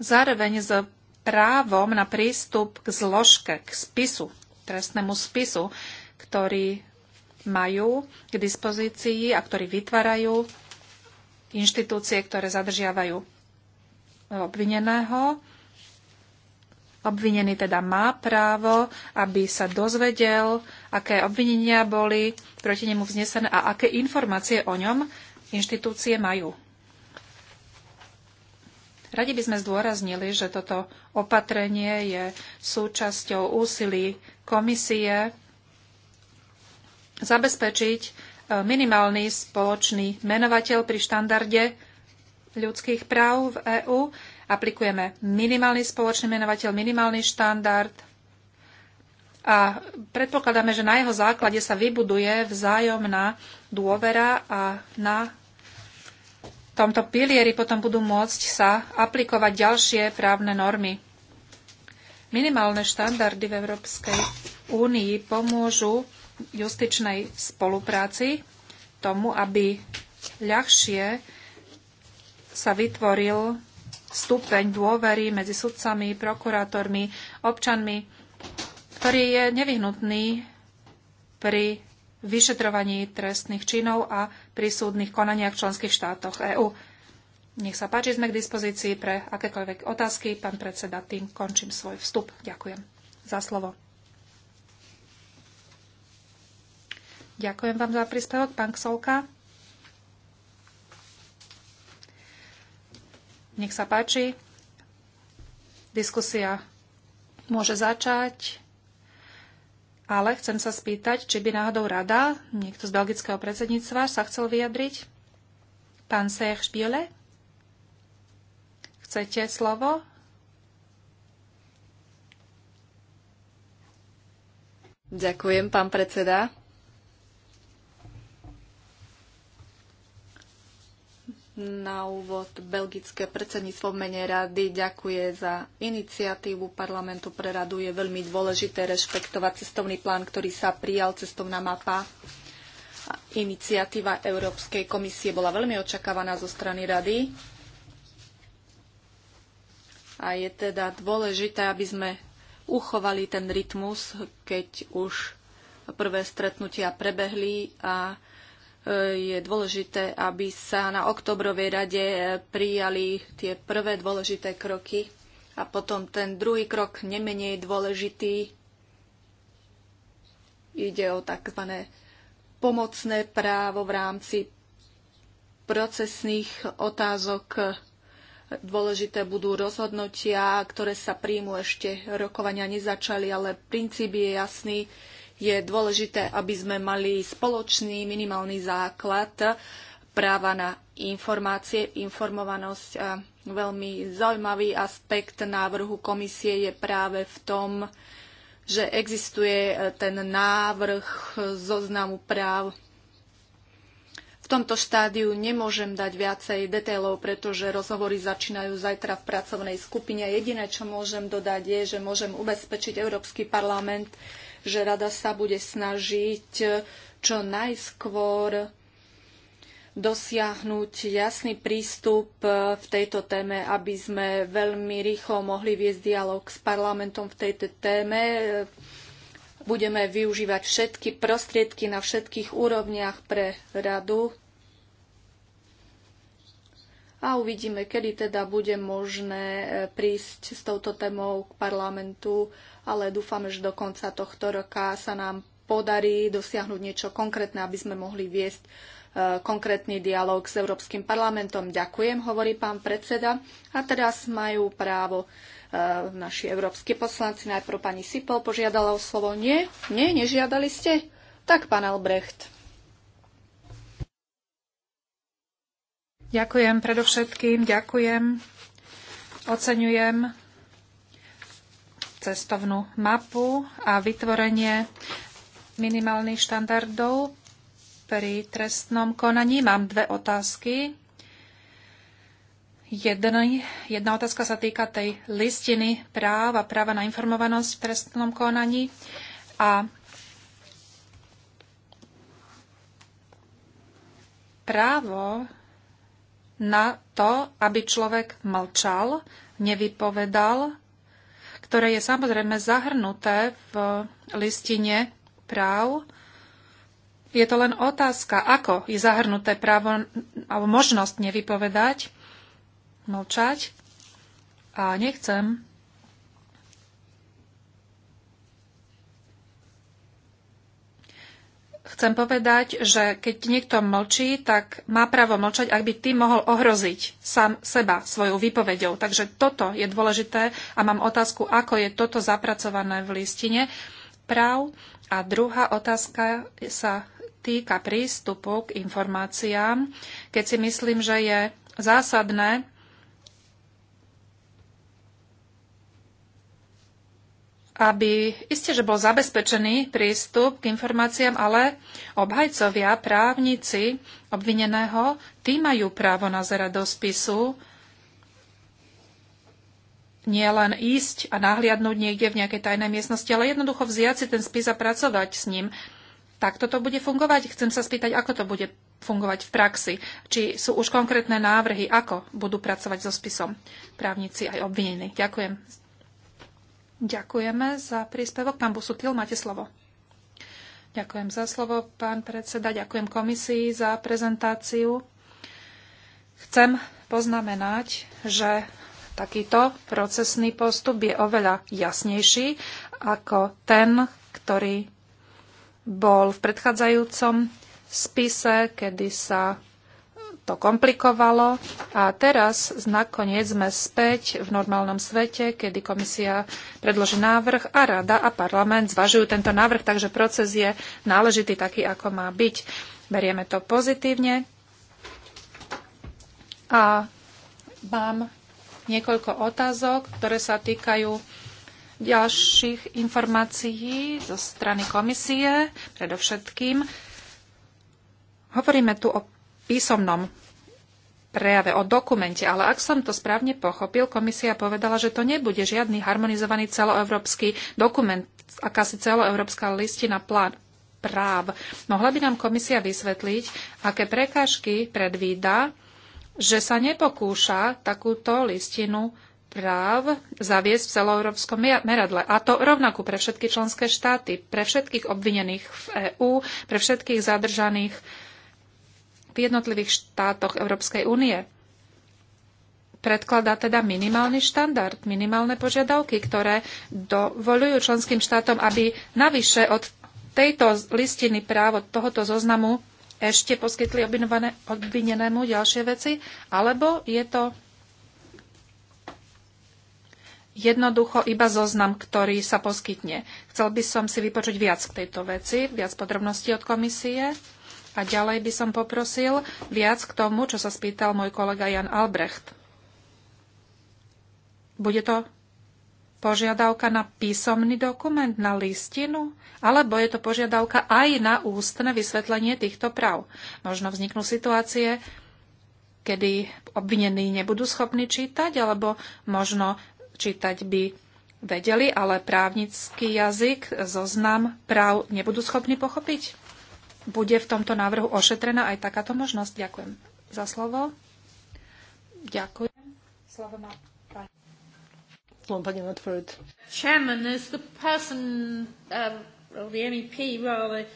Zároveň s právom na prístup k zložke, k spisu, trestnému spisu, ktorý majú k dispozícii a ktorý vytvárajú inštitúcie, ktoré zadržiavajú obvineného. Obvinený teda má právo, aby sa dozvedel, aké obvinenia boli proti nemu vznesené a aké informácie o ňom inštitúcie majú. Radi by sme zdôraznili, že toto opatrenie je súčasťou úsilí komisie zabezpečiť e, minimálny spoločný menovateľ pri štandarde ľudských práv v EÚ. Aplikujeme minimálny spoločný menovateľ, minimálny štandard a predpokladáme, že na jeho základe sa vybuduje vzájomná dôvera a na tomto pilieri potom budú môcť sa aplikovať ďalšie právne normy. Minimálne štandardy v Európskej únii pomôžu justičnej spolupráci tomu, aby ľahšie sa vytvoril stupeň dôvery medzi sudcami, prokurátormi, občanmi, ktorý je nevyhnutný pri vyšetrovaní trestných činov a pri súdnych konaniach v členských štátoch EÚ. Nech sa páči, sme k dispozícii pre akékoľvek otázky. Pán predseda, tým končím svoj vstup. Ďakujem za slovo. Ďakujem vám za príspevok, pán Ksolka. Nech sa páči. Diskusia môže začať. Ale chcem sa spýtať, či by náhodou rada, niekto z belgického predsedníctva, sa chcel vyjadriť? Pán Sech Špiele? Chcete slovo? Ďakujem, pán predseda. na úvod belgické predsedníctvo v mene rady ďakuje za iniciatívu parlamentu pre radu. Je veľmi dôležité rešpektovať cestovný plán, ktorý sa prijal, cestovná mapa. Iniciatíva Európskej komisie bola veľmi očakávaná zo strany rady. A je teda dôležité, aby sme uchovali ten rytmus, keď už prvé stretnutia prebehli a je dôležité, aby sa na oktobrovej rade eh, prijali tie prvé dôležité kroky a potom ten druhý krok nemenej dôležitý. Ide o tzv. pomocné právo v rámci procesných otázok. Dôležité budú rozhodnutia, ktoré sa príjmu ešte rokovania nezačali, ale princíp je jasný je dôležité, aby sme mali spoločný minimálny základ práva na informácie, informovanosť. A veľmi zaujímavý aspekt návrhu komisie je práve v tom, že existuje e, ten návrh zoznamu práv tomto štádiu nemôžem dať viacej detailov, pretože rozhovory začínajú zajtra v pracovnej skupine. Jediné, čo môžem dodať, je, že môžem ubezpečiť Európsky parlament, že rada sa bude snažiť čo najskôr dosiahnuť jasný prístup v tejto téme, aby sme veľmi rýchlo mohli viesť dialog s parlamentom v tejto téme Budeme využívať všetky prostriedky na všetkých úrovniach pre radu a uvidíme, kedy teda bude možné eh, prísť s touto témou k parlamentu, ale dúfame, že do konca tohto roka sa nám podarí dosiahnuť niečo konkrétne, aby sme mohli viesť eh, konkrétny dialog s Európskym parlamentom. Ďakujem, hovorí pán predseda. A teraz majú právo Eh, naši európsky poslanci. Najprv pani Sipol požiadala o slovo. Nie, nie, nežiadali ste? Tak, pán Albrecht. Ďakujem predovšetkým, ďakujem. Oceňujem cestovnú mapu a vytvorenie minimálnych štandardov pri trestnom konaní. Mám dve otázky Jedný, jedna otázka sa týka tej listiny práv a práva na informovanosť v trestnom konaní a právo na to, aby človek mlčal, nevypovedal, ktoré je samozrejme zahrnuté v listine práv. Je to len otázka, ako je zahrnuté právo alebo možnosť nevypovedať mlčať a nechcem chcem povedať, že keď niekto mlčí, tak má právo mlčať, ak by tým mohol ohroziť sám seba svojou výpovedou. Takže toto je dôležité a mám otázku, ako je toto zapracované v listine práv. A druhá otázka sa týka prístupu k informáciám, keď si myslím, že je zásadné aby iste, že bol zabezpečený prístup k informáciám, ale obhajcovia, právnici obvineného, tí majú právo nazerať do spisu, nie len ísť a nahliadnúť niekde v nejakej tajnej miestnosti, ale jednoducho vziať si ten spis a pracovať s ním. Tak toto bude fungovať? Chcem sa spýtať, ako to bude fungovať v praxi. Či sú už konkrétne návrhy, ako budú pracovať so spisom právnici aj obvinení. Ďakujem Ďakujeme za príspevok. Pán Busutil, máte slovo. Ďakujem za slovo, pán predseda. Ďakujem komisii za prezentáciu. Chcem poznamenať, že takýto procesný postup je oveľa jasnejší ako ten, ktorý bol v predchádzajúcom spise, kedy sa to komplikovalo a teraz nakoniec sme späť v normálnom svete, kedy komisia predloží návrh a rada a parlament zvažujú tento návrh, takže proces je náležitý taký, ako má byť. Berieme to pozitívne a mám niekoľko otázok, ktoré sa týkajú ďalších informácií zo strany komisie, predovšetkým. Hovoríme tu o písomnom prejave o dokumente, ale ak som to správne pochopil, komisia povedala, že to nebude žiadny harmonizovaný celoevropský dokument, akási celoevropská listina plán práv. Mohla by nám komisia vysvetliť, aké prekážky predvída, že sa nepokúša takúto listinu práv zaviesť v celoeurópskom meradle. A to rovnako pre všetky členské štáty, pre všetkých obvinených v EÚ, pre všetkých zadržaných v jednotlivých štátoch Európskej únie. Predkladá teda minimálny štandard, minimálne požiadavky, ktoré dovolujú členským štátom, aby navyše od tejto listiny právo tohoto zoznamu ešte poskytli obvinenému ďalšie veci, alebo je to jednoducho iba zoznam, ktorý sa poskytne. Chcel by som si vypočuť viac k tejto veci, viac podrobností od komisie. A ďalej by som poprosil viac k tomu, čo sa spýtal môj kolega Jan Albrecht. Bude to požiadavka na písomný dokument, na listinu? Alebo je to požiadavka aj na ústne vysvetlenie týchto práv? Možno vzniknú situácie, kedy obvinení nebudú schopní čítať, alebo možno čítať by vedeli, ale právnický jazyk, zoznam práv nebudú schopní pochopiť? bude v tomto návrhu ošetrená aj takáto možnosť? Ďakujem za slovo. Ďakujem. Slovo má pani. Slovo pani Watford. Chairman is the person, um, or the MEP rather,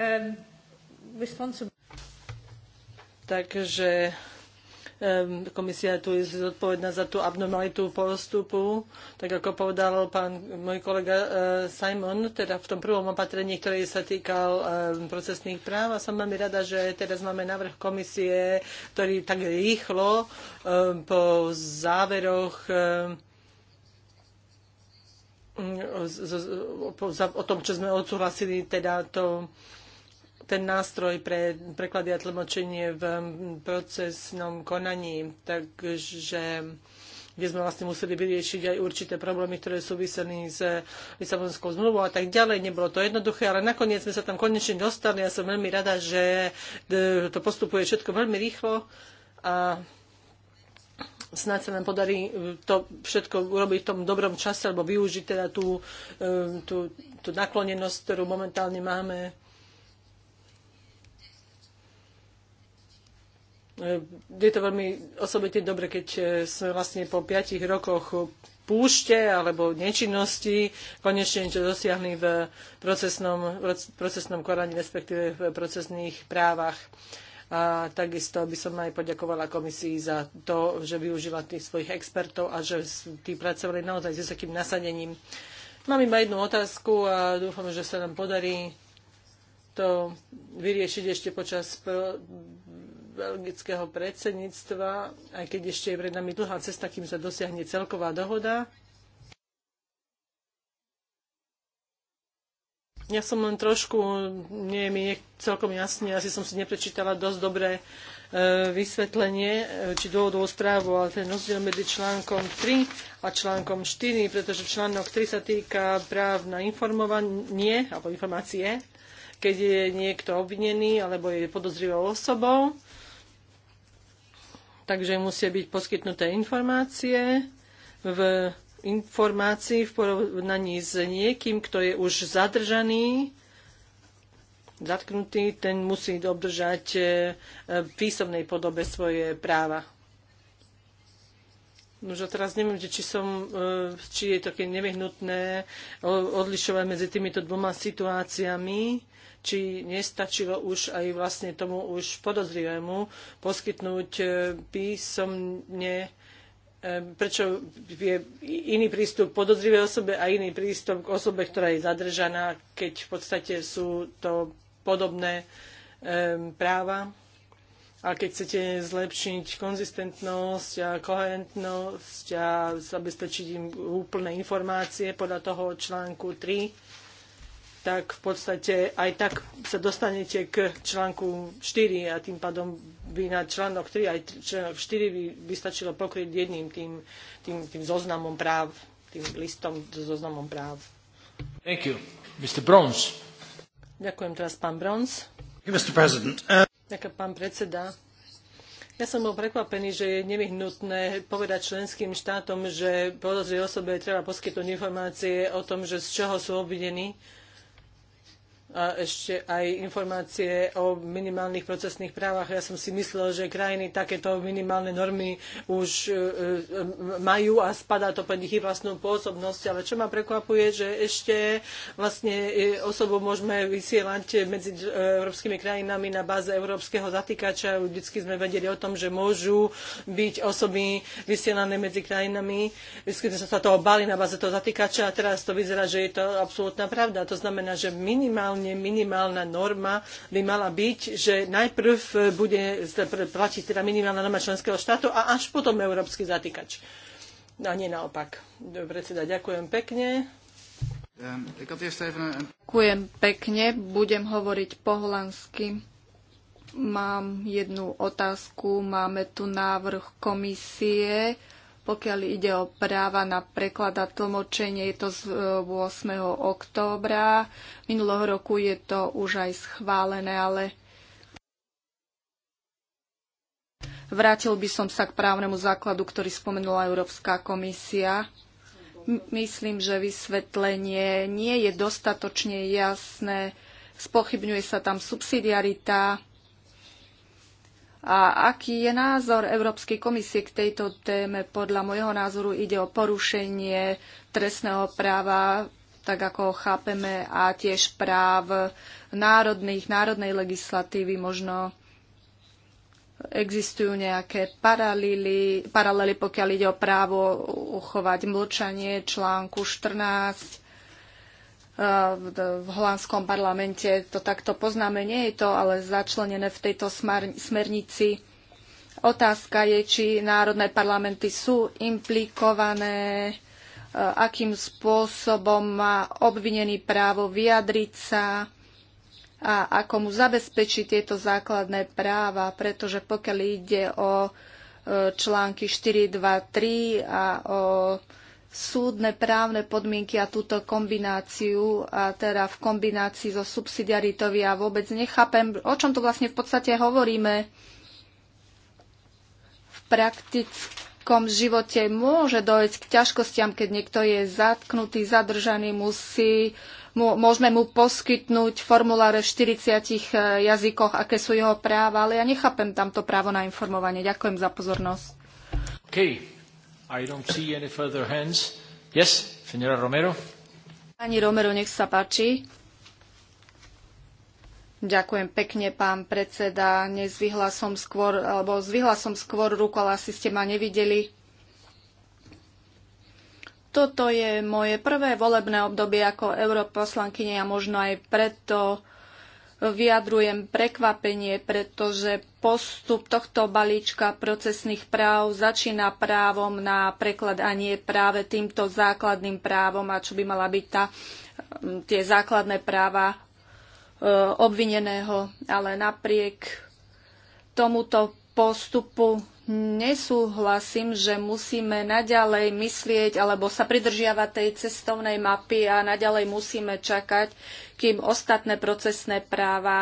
um, responsible. Takže Komisia tu je zodpovedná za tú abnormalitu postupu, tak ako povedal pán môj kolega eh, Simon, teda v tom prvom opatrení, ktorý sa týkal procesných práv. A som veľmi rada, že teraz máme návrh komisie, ktorý tak rýchlo po záveroch o tom, čo sme odsúhlasili, teda to ten nástroj pre preklady a tlmočenie v procesnom konaní. Takže kde sme vlastne museli vyriešiť aj určité problémy, ktoré súviseli s Lisabonskou zmluvou a tak ďalej. Nebolo to jednoduché, ale nakoniec sme sa tam konečne dostali. Ja som veľmi rada, že e, to postupuje všetko veľmi rýchlo a snáď sa nám podarí e, to všetko urobiť v tom dobrom čase, alebo využiť teda tú, e, tú, tú naklonenosť, ktorú momentálne máme je to veľmi osobitne dobre, keď e, sme vlastne po piatich rokoch púšte alebo nečinnosti konečne niečo dosiahli v procesnom, procesnom koraní, respektíve v procesných právach. A takisto by som aj poďakovala komisii za to, že využila tých svojich expertov a že tí pracovali naozaj s vysokým nasadením. Mám iba jednu otázku a dúfam, že sa nám podarí to vyriešiť ešte počas belgického predsedníctva, aj keď ešte je pred nami dlhá cesta, kým sa dosiahne celková dohoda. Ja som len trošku, nie je mi celkom jasne, asi som si neprečítala dosť dobré e, vysvetlenie e, či dôvodovú správu, ale ten rozdiel medzi článkom 3 a článkom 4, pretože článok 3 sa týka práv na informovanie alebo informácie, keď je niekto obvinený alebo je podozrivou osobou takže musia byť poskytnuté informácie v informácii v porovnaní s niekým, kto je už zadržaný, zatknutý, ten musí obdržať e, v písomnej podobe svoje práva. Nože teraz neviem, či, som, e, či je také nevyhnutné odlišovať medzi týmito dvoma situáciami či nestačilo už aj vlastne tomu už podozrivému poskytnúť e, písomne e, prečo je iný prístup k podozrivej osobe a iný prístup k osobe, ktorá je zadržaná, keď v podstate sú to podobné e, práva. A keď chcete zlepšiť konzistentnosť a koherentnosť a zabezpečiť im úplné informácie podľa toho článku 3, tak v podstate aj tak sa dostanete k článku 4 a tým pádom by na článok 3 aj článok 4 by, by stačilo pokryť jedným tým, tým, tým zoznamom práv, tým listom so zoznamom práv. Thank you. Mr. Brons. Ďakujem teraz pán Brons. Mr. President. Uh, Ďakujem pán predseda. Ja som bol prekvapený, že je nevyhnutné povedať členským štátom, že podozrie osobe treba poskytnúť informácie o tom, že z čoho sú obvinení a ešte aj informácie o minimálnych procesných právach. Ja som si myslel, že krajiny takéto minimálne normy už e, e, majú a spadá to pod ich vlastnú pôsobnosť, ale čo ma prekvapuje, že ešte vlastne e, osobu môžeme vysielať medzi európskymi krajinami na báze európskeho zatýkača. Vždycky sme vedeli o tom, že môžu byť osoby vysielané medzi krajinami. Vždycky sme sa toho báli na báze toho zatýkača a teraz to vyzerá, že je to absolútna pravda. To znamená, že minimálne minimálne minimálna norma by mala byť, že najprv eh, bude platiť teda minimálna norma členského štátu a až potom európsky zatýkač. A nie naopak. Dobre, teda ďakujem pekne. Ďakujem pekne. Budem hovoriť po holandsky. Mám jednu otázku. Máme tu návrh komisie pokiaľ ide o práva na preklad a tlmočenie, je to z 8. E, októbra. Minulého roku je to už aj schválené, ale vrátil by som sa k právnemu základu, ktorý spomenula Európska komisia. Myslím, že vysvetlenie nie je dostatočne jasné. Spochybňuje sa tam subsidiarita a aký je názor Európskej komisie k tejto téme? Podľa môjho názoru ide o porušenie trestného práva, tak ako ho chápeme, a tiež práv národných, národnej legislatívy. Možno existujú nejaké paralely, paralely pokiaľ ide o právo uchovať mlčanie článku 14 v holandskom parlamente to takto poznáme, nie je to ale začlenené v tejto smernici. Otázka je, či národné parlamenty sú implikované, eh, akým spôsobom má obvinený právo vyjadriť sa a ako mu zabezpečiť tieto základné práva, pretože pokiaľ ide o eh, články 4.23 a o súdne právne podmienky a túto kombináciu, a teda v kombinácii so subsidiaritou ja vôbec nechápem, o čom tu vlastne v podstate hovoríme. V praktickom živote môže dojsť k ťažkostiam, keď niekto je zatknutý, zadržaný, musí, mu, môžeme mu poskytnúť formuláre v 40 e, jazykoch, aké sú jeho práva, ale ja nechápem tamto právo na informovanie. Ďakujem za pozornosť. Okay. I don't see any further hands. Yes, señora Romero. Pani Romero, nech sa páči. Ďakujem pekne, pán predseda. Nezvihla som skôr, alebo zvihla som skôr ruku, ale asi ste ma nevideli. Toto je moje prvé volebné obdobie ako europoslankyne a možno aj preto vyjadrujem prekvapenie, pretože postup tohto balíčka procesných práv začína právom na preklad a nie práve týmto základným právom a čo by mala byť tá, tie základné práva e, obvineného. Ale napriek tomuto postupu nesúhlasím, že musíme naďalej myslieť alebo sa pridržiavať tej cestovnej mapy a naďalej musíme čakať, kým ostatné procesné práva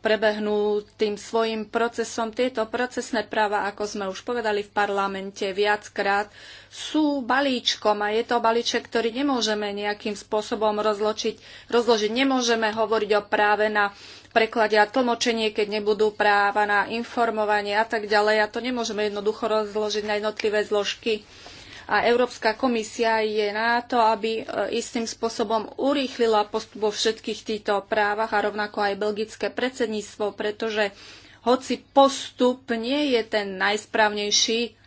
prebehnú tým svojim procesom. Tieto procesné práva, ako sme už povedali v parlamente viackrát, sú balíčkom a je to balíček, ktorý nemôžeme nejakým spôsobom rozločiť, rozložiť. Nemôžeme hovoriť o práve na preklade a tlmočenie, keď nebudú práva na informovanie a tak ďalej. A to nemôžeme jednoducho rozložiť na jednotlivé zložky a Európska komisia je na to, aby e, istým spôsobom urýchlila postup vo všetkých týchto právach a rovnako aj belgické predsedníctvo, pretože hoci postup nie je ten najsprávnejší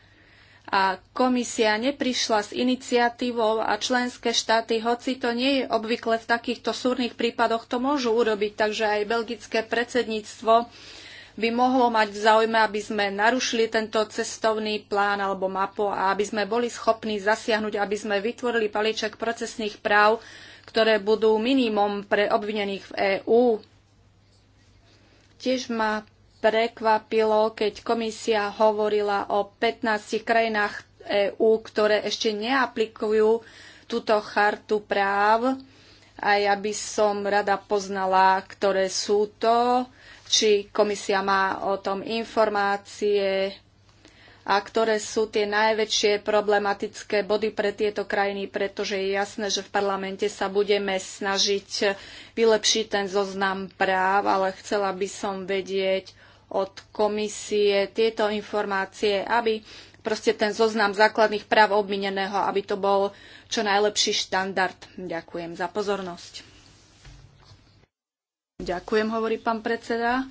a komisia neprišla s iniciatívou a členské štáty, hoci to nie je obvykle v takýchto súrnych prípadoch, to môžu urobiť. Takže aj belgické predsedníctvo by mohlo mať v záujme, aby sme narušili tento cestovný plán alebo mapu a aby sme boli schopní zasiahnuť, aby sme vytvorili palíček procesných práv, ktoré budú minimum pre obvinených v EÚ. Tiež ma prekvapilo, keď komisia hovorila o 15 krajinách EÚ, ktoré ešte neaplikujú túto chartu práv. A ja by som rada poznala, ktoré sú to či komisia má o tom informácie a ktoré sú tie najväčšie problematické body pre tieto krajiny, pretože je jasné, že v parlamente sa budeme snažiť vylepšiť ten zoznam práv, ale chcela by som vedieť od komisie tieto informácie, aby proste ten zoznam základných práv obmineného, aby to bol čo najlepší štandard. Ďakujem za pozornosť. Ďakujem, hovorí pán predseda.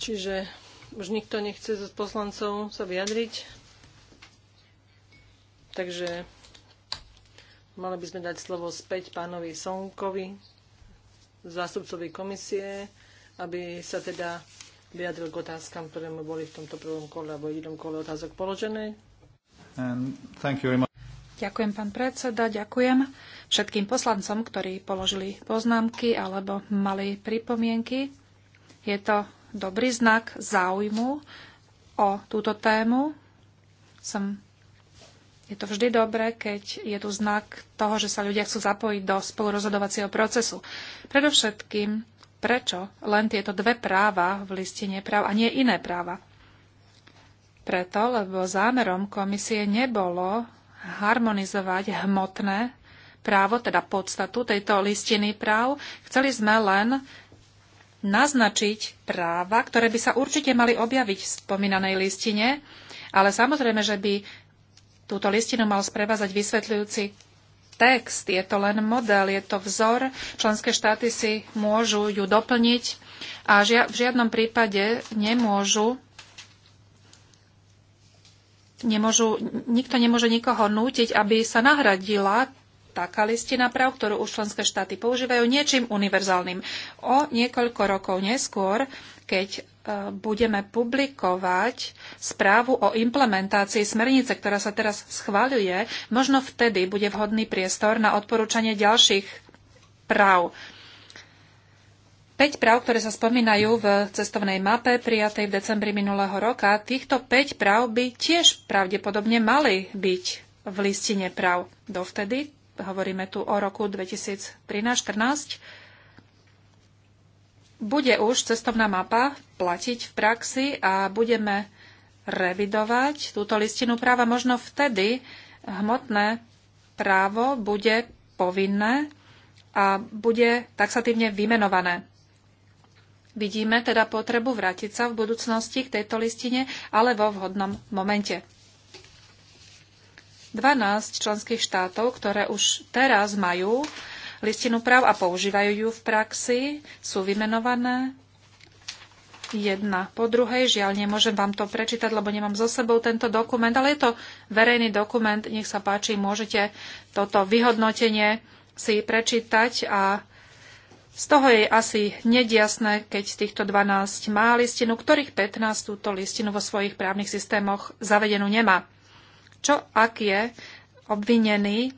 Čiže už nikto nechce z poslancov sa vyjadriť. Takže mali by sme dať slovo späť pánovi Sonkovi, zástupcovi komisie, aby sa teda vyjadril k otázkam, ktoré mu boli v tomto prvom kole alebo jednom kole otázok položené. Um, Ďakujem, pán predseda, ďakujem všetkým poslancom, ktorí položili poznámky alebo mali pripomienky. Je to dobrý znak záujmu o túto tému. Som je to vždy dobré, keď je tu znak toho, že sa ľudia chcú zapojiť do spolurozhodovacieho procesu. Predovšetkým, prečo len tieto dve práva v listine práv a nie iné práva? Preto, lebo zámerom komisie nebolo harmonizovať hmotné právo, teda podstatu tejto listiny práv. Chceli sme len naznačiť práva, ktoré by sa určite mali objaviť v spomínanej listine, ale samozrejme, že by túto listinu mal sprevázať vysvetľujúci text. Je to len model, je to vzor. Členské štáty si môžu ju doplniť a v žiadnom prípade nemôžu nemôžu, nikto nemôže nikoho nútiť, aby sa nahradila taká listina práv, ktorú už členské štáty používajú, niečím univerzálnym. O niekoľko rokov neskôr, keď e, budeme publikovať správu o implementácii smernice, ktorá sa teraz schváľuje, možno vtedy bude vhodný priestor na odporúčanie ďalších práv. 5 práv, ktoré sa spomínajú v cestovnej mape prijatej v decembri minulého roka, týchto 5 práv by tiež pravdepodobne mali byť v listine práv. Dovtedy, hovoríme tu o roku 2013-14, bude už cestovná mapa platiť v praxi a budeme revidovať túto listinu práva. Možno vtedy hmotné právo bude povinné a bude taxatívne vymenované. Vidíme teda potrebu vrátiť sa v budúcnosti k tejto listine, ale vo vhodnom momente. 12 členských štátov, ktoré už teraz majú listinu práv a používajú ju v praxi, sú vymenované jedna po druhej. Žiaľ, nemôžem vám to prečítať, lebo nemám so sebou tento dokument, ale je to verejný dokument. Nech sa páči, môžete toto vyhodnotenie si prečítať a z toho je asi nediasné, keď z týchto 12 má listinu, ktorých 15 túto listinu vo svojich právnych systémoch zavedenú nemá. Čo ak je obvinený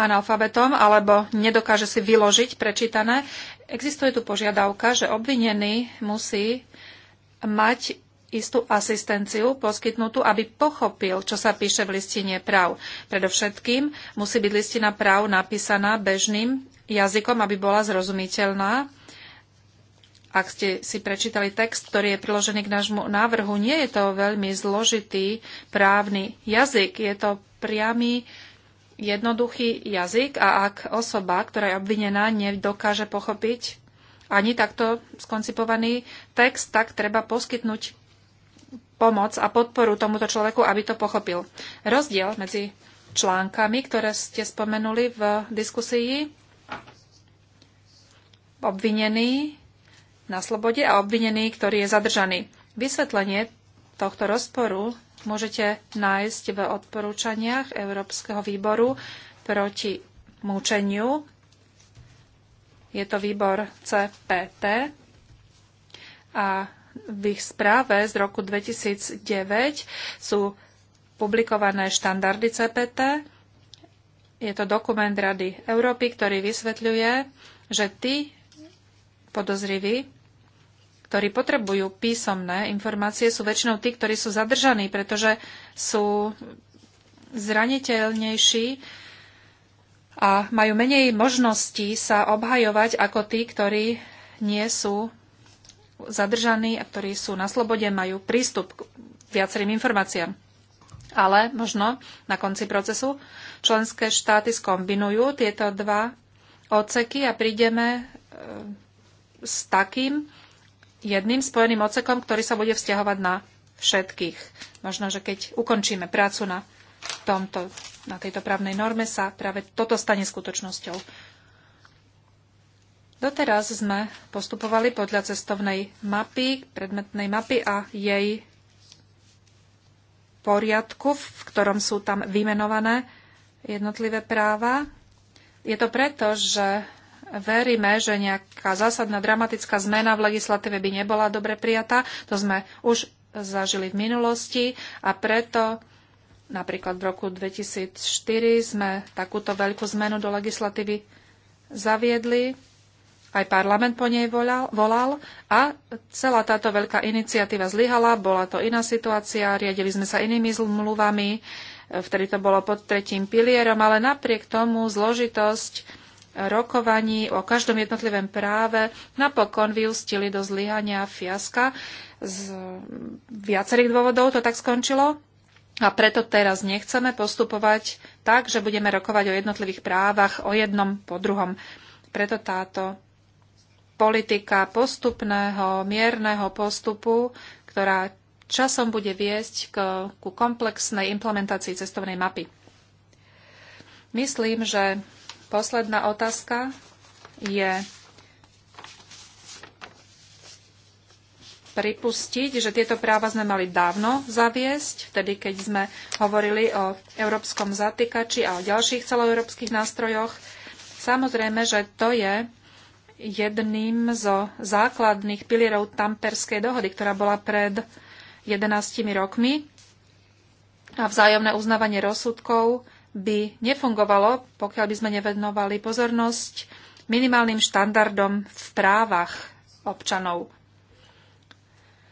analfabetom alebo nedokáže si vyložiť prečítané, existuje tu požiadavka, že obvinený musí mať istú asistenciu poskytnutú, aby pochopil, čo sa píše v listine práv. Predovšetkým musí byť listina práv napísaná bežným jazykom, aby bola zrozumiteľná. Ak ste si prečítali text, ktorý je priložený k nášmu návrhu, nie je to veľmi zložitý právny jazyk. Je to priamy, jednoduchý jazyk a ak osoba, ktorá je obvinená, nedokáže pochopiť ani takto skoncipovaný text, tak treba poskytnúť pomoc a podporu tomuto človeku, aby to pochopil. Rozdiel medzi článkami, ktoré ste spomenuli v diskusii, obvinený na slobode a obvinený, ktorý je zadržaný. Vysvetlenie tohto rozporu môžete nájsť v odporúčaniach Európskeho výboru proti mučeniu. Je to výbor CPT a v ich správe z roku 2009 sú publikované štandardy CPT. Je to dokument Rady Európy, ktorý vysvetľuje, že tí podozriví, ktorí potrebujú písomné informácie, sú väčšinou tí, ktorí sú zadržaní, pretože sú zraniteľnejší a majú menej možností sa obhajovať ako tí, ktorí nie sú zadržaní a ktorí sú na slobode, majú prístup k viacerým informáciám. Ale možno na konci procesu členské štáty skombinujú tieto dva odseky a prídeme e, s takým jedným spojeným ocekom, ktorý sa bude vzťahovať na všetkých. Možno, že keď ukončíme prácu na, tomto, na tejto právnej norme, sa práve toto stane skutočnosťou. Doteraz sme postupovali podľa cestovnej mapy, predmetnej mapy a jej poriadku, v ktorom sú tam vymenované jednotlivé práva. Je to preto, že veríme, že nejaká zásadná dramatická zmena v legislatíve by nebola dobre prijatá. To sme už zažili v minulosti a preto napríklad v roku 2004 sme takúto veľkú zmenu do legislatívy zaviedli. Aj parlament po nej volal, volal a celá táto veľká iniciatíva zlyhala, bola to iná situácia, riadili sme sa inými zmluvami, vtedy to bolo pod tretím pilierom, ale napriek tomu zložitosť rokovaní o každom jednotlivom práve napokon vyústili do zlyhania fiaska. Z viacerých dôvodov to tak skončilo. A preto teraz nechceme postupovať tak, že budeme rokovať o jednotlivých právach, o jednom po druhom. Preto táto politika postupného, mierneho postupu, ktorá časom bude viesť k, ku komplexnej implementácii cestovnej mapy. Myslím, že Posledná otázka je pripustiť, že tieto práva sme mali dávno zaviesť, vtedy keď sme hovorili o európskom zatýkači a o ďalších celoeurópskych nástrojoch. Samozrejme, že to je jedným zo základných pilierov Tamperskej dohody, ktorá bola pred 11 rokmi a vzájomné uznávanie rozsudkov by nefungovalo, pokiaľ by sme nevednovali pozornosť minimálnym štandardom v právach občanov.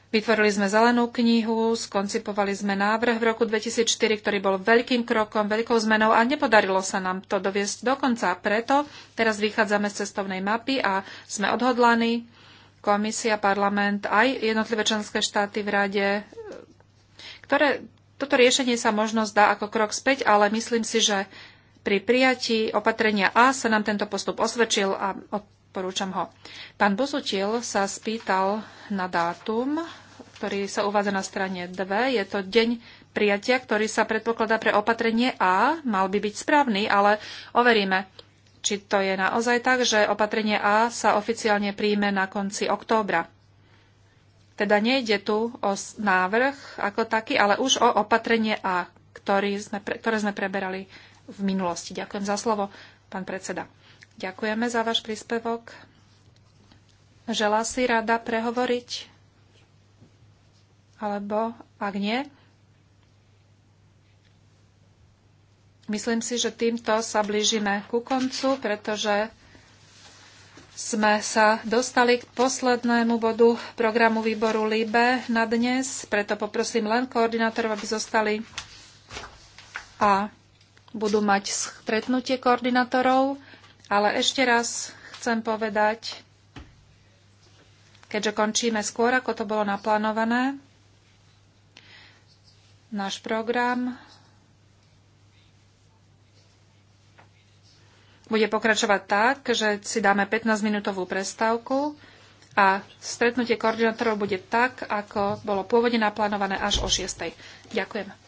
Vytvorili sme zelenú knihu, skoncipovali sme návrh v roku 2004, ktorý bol veľkým krokom, veľkou zmenou a nepodarilo sa nám to doviesť do konca. Preto teraz vychádzame z cestovnej mapy a sme odhodlaní. Komisia, parlament, aj jednotlivé členské štáty v rade, ktoré toto riešenie sa možno zdá ako krok späť, ale myslím si, že pri prijatí opatrenia A sa nám tento postup osvedčil a odporúčam ho. Pán Bozutil sa spýtal na dátum, ktorý sa uvádza na strane 2. Je to deň prijatia, ktorý sa predpokladá pre opatrenie A. Mal by byť správny, ale overíme, či to je naozaj tak, že opatrenie A sa oficiálne príjme na konci októbra. Teda nejde tu o návrh ako taký, ale už o opatrenie A, ktorý sme, ktoré sme preberali v minulosti. Ďakujem za slovo, pán predseda. Ďakujeme za váš príspevok. Želá si rada prehovoriť? Alebo ak nie? Myslím si, že týmto sa blížime ku koncu, pretože sme sa dostali k poslednému bodu programu výboru LIBE na dnes, preto poprosím len koordinátorov, aby zostali a budú mať stretnutie koordinátorov, ale ešte raz chcem povedať, keďže končíme skôr, ako to bolo naplánované, náš program bude pokračovať tak, že si dáme 15-minútovú prestávku a stretnutie koordinátorov bude tak, ako bolo pôvodne naplánované až o 6. Ďakujem.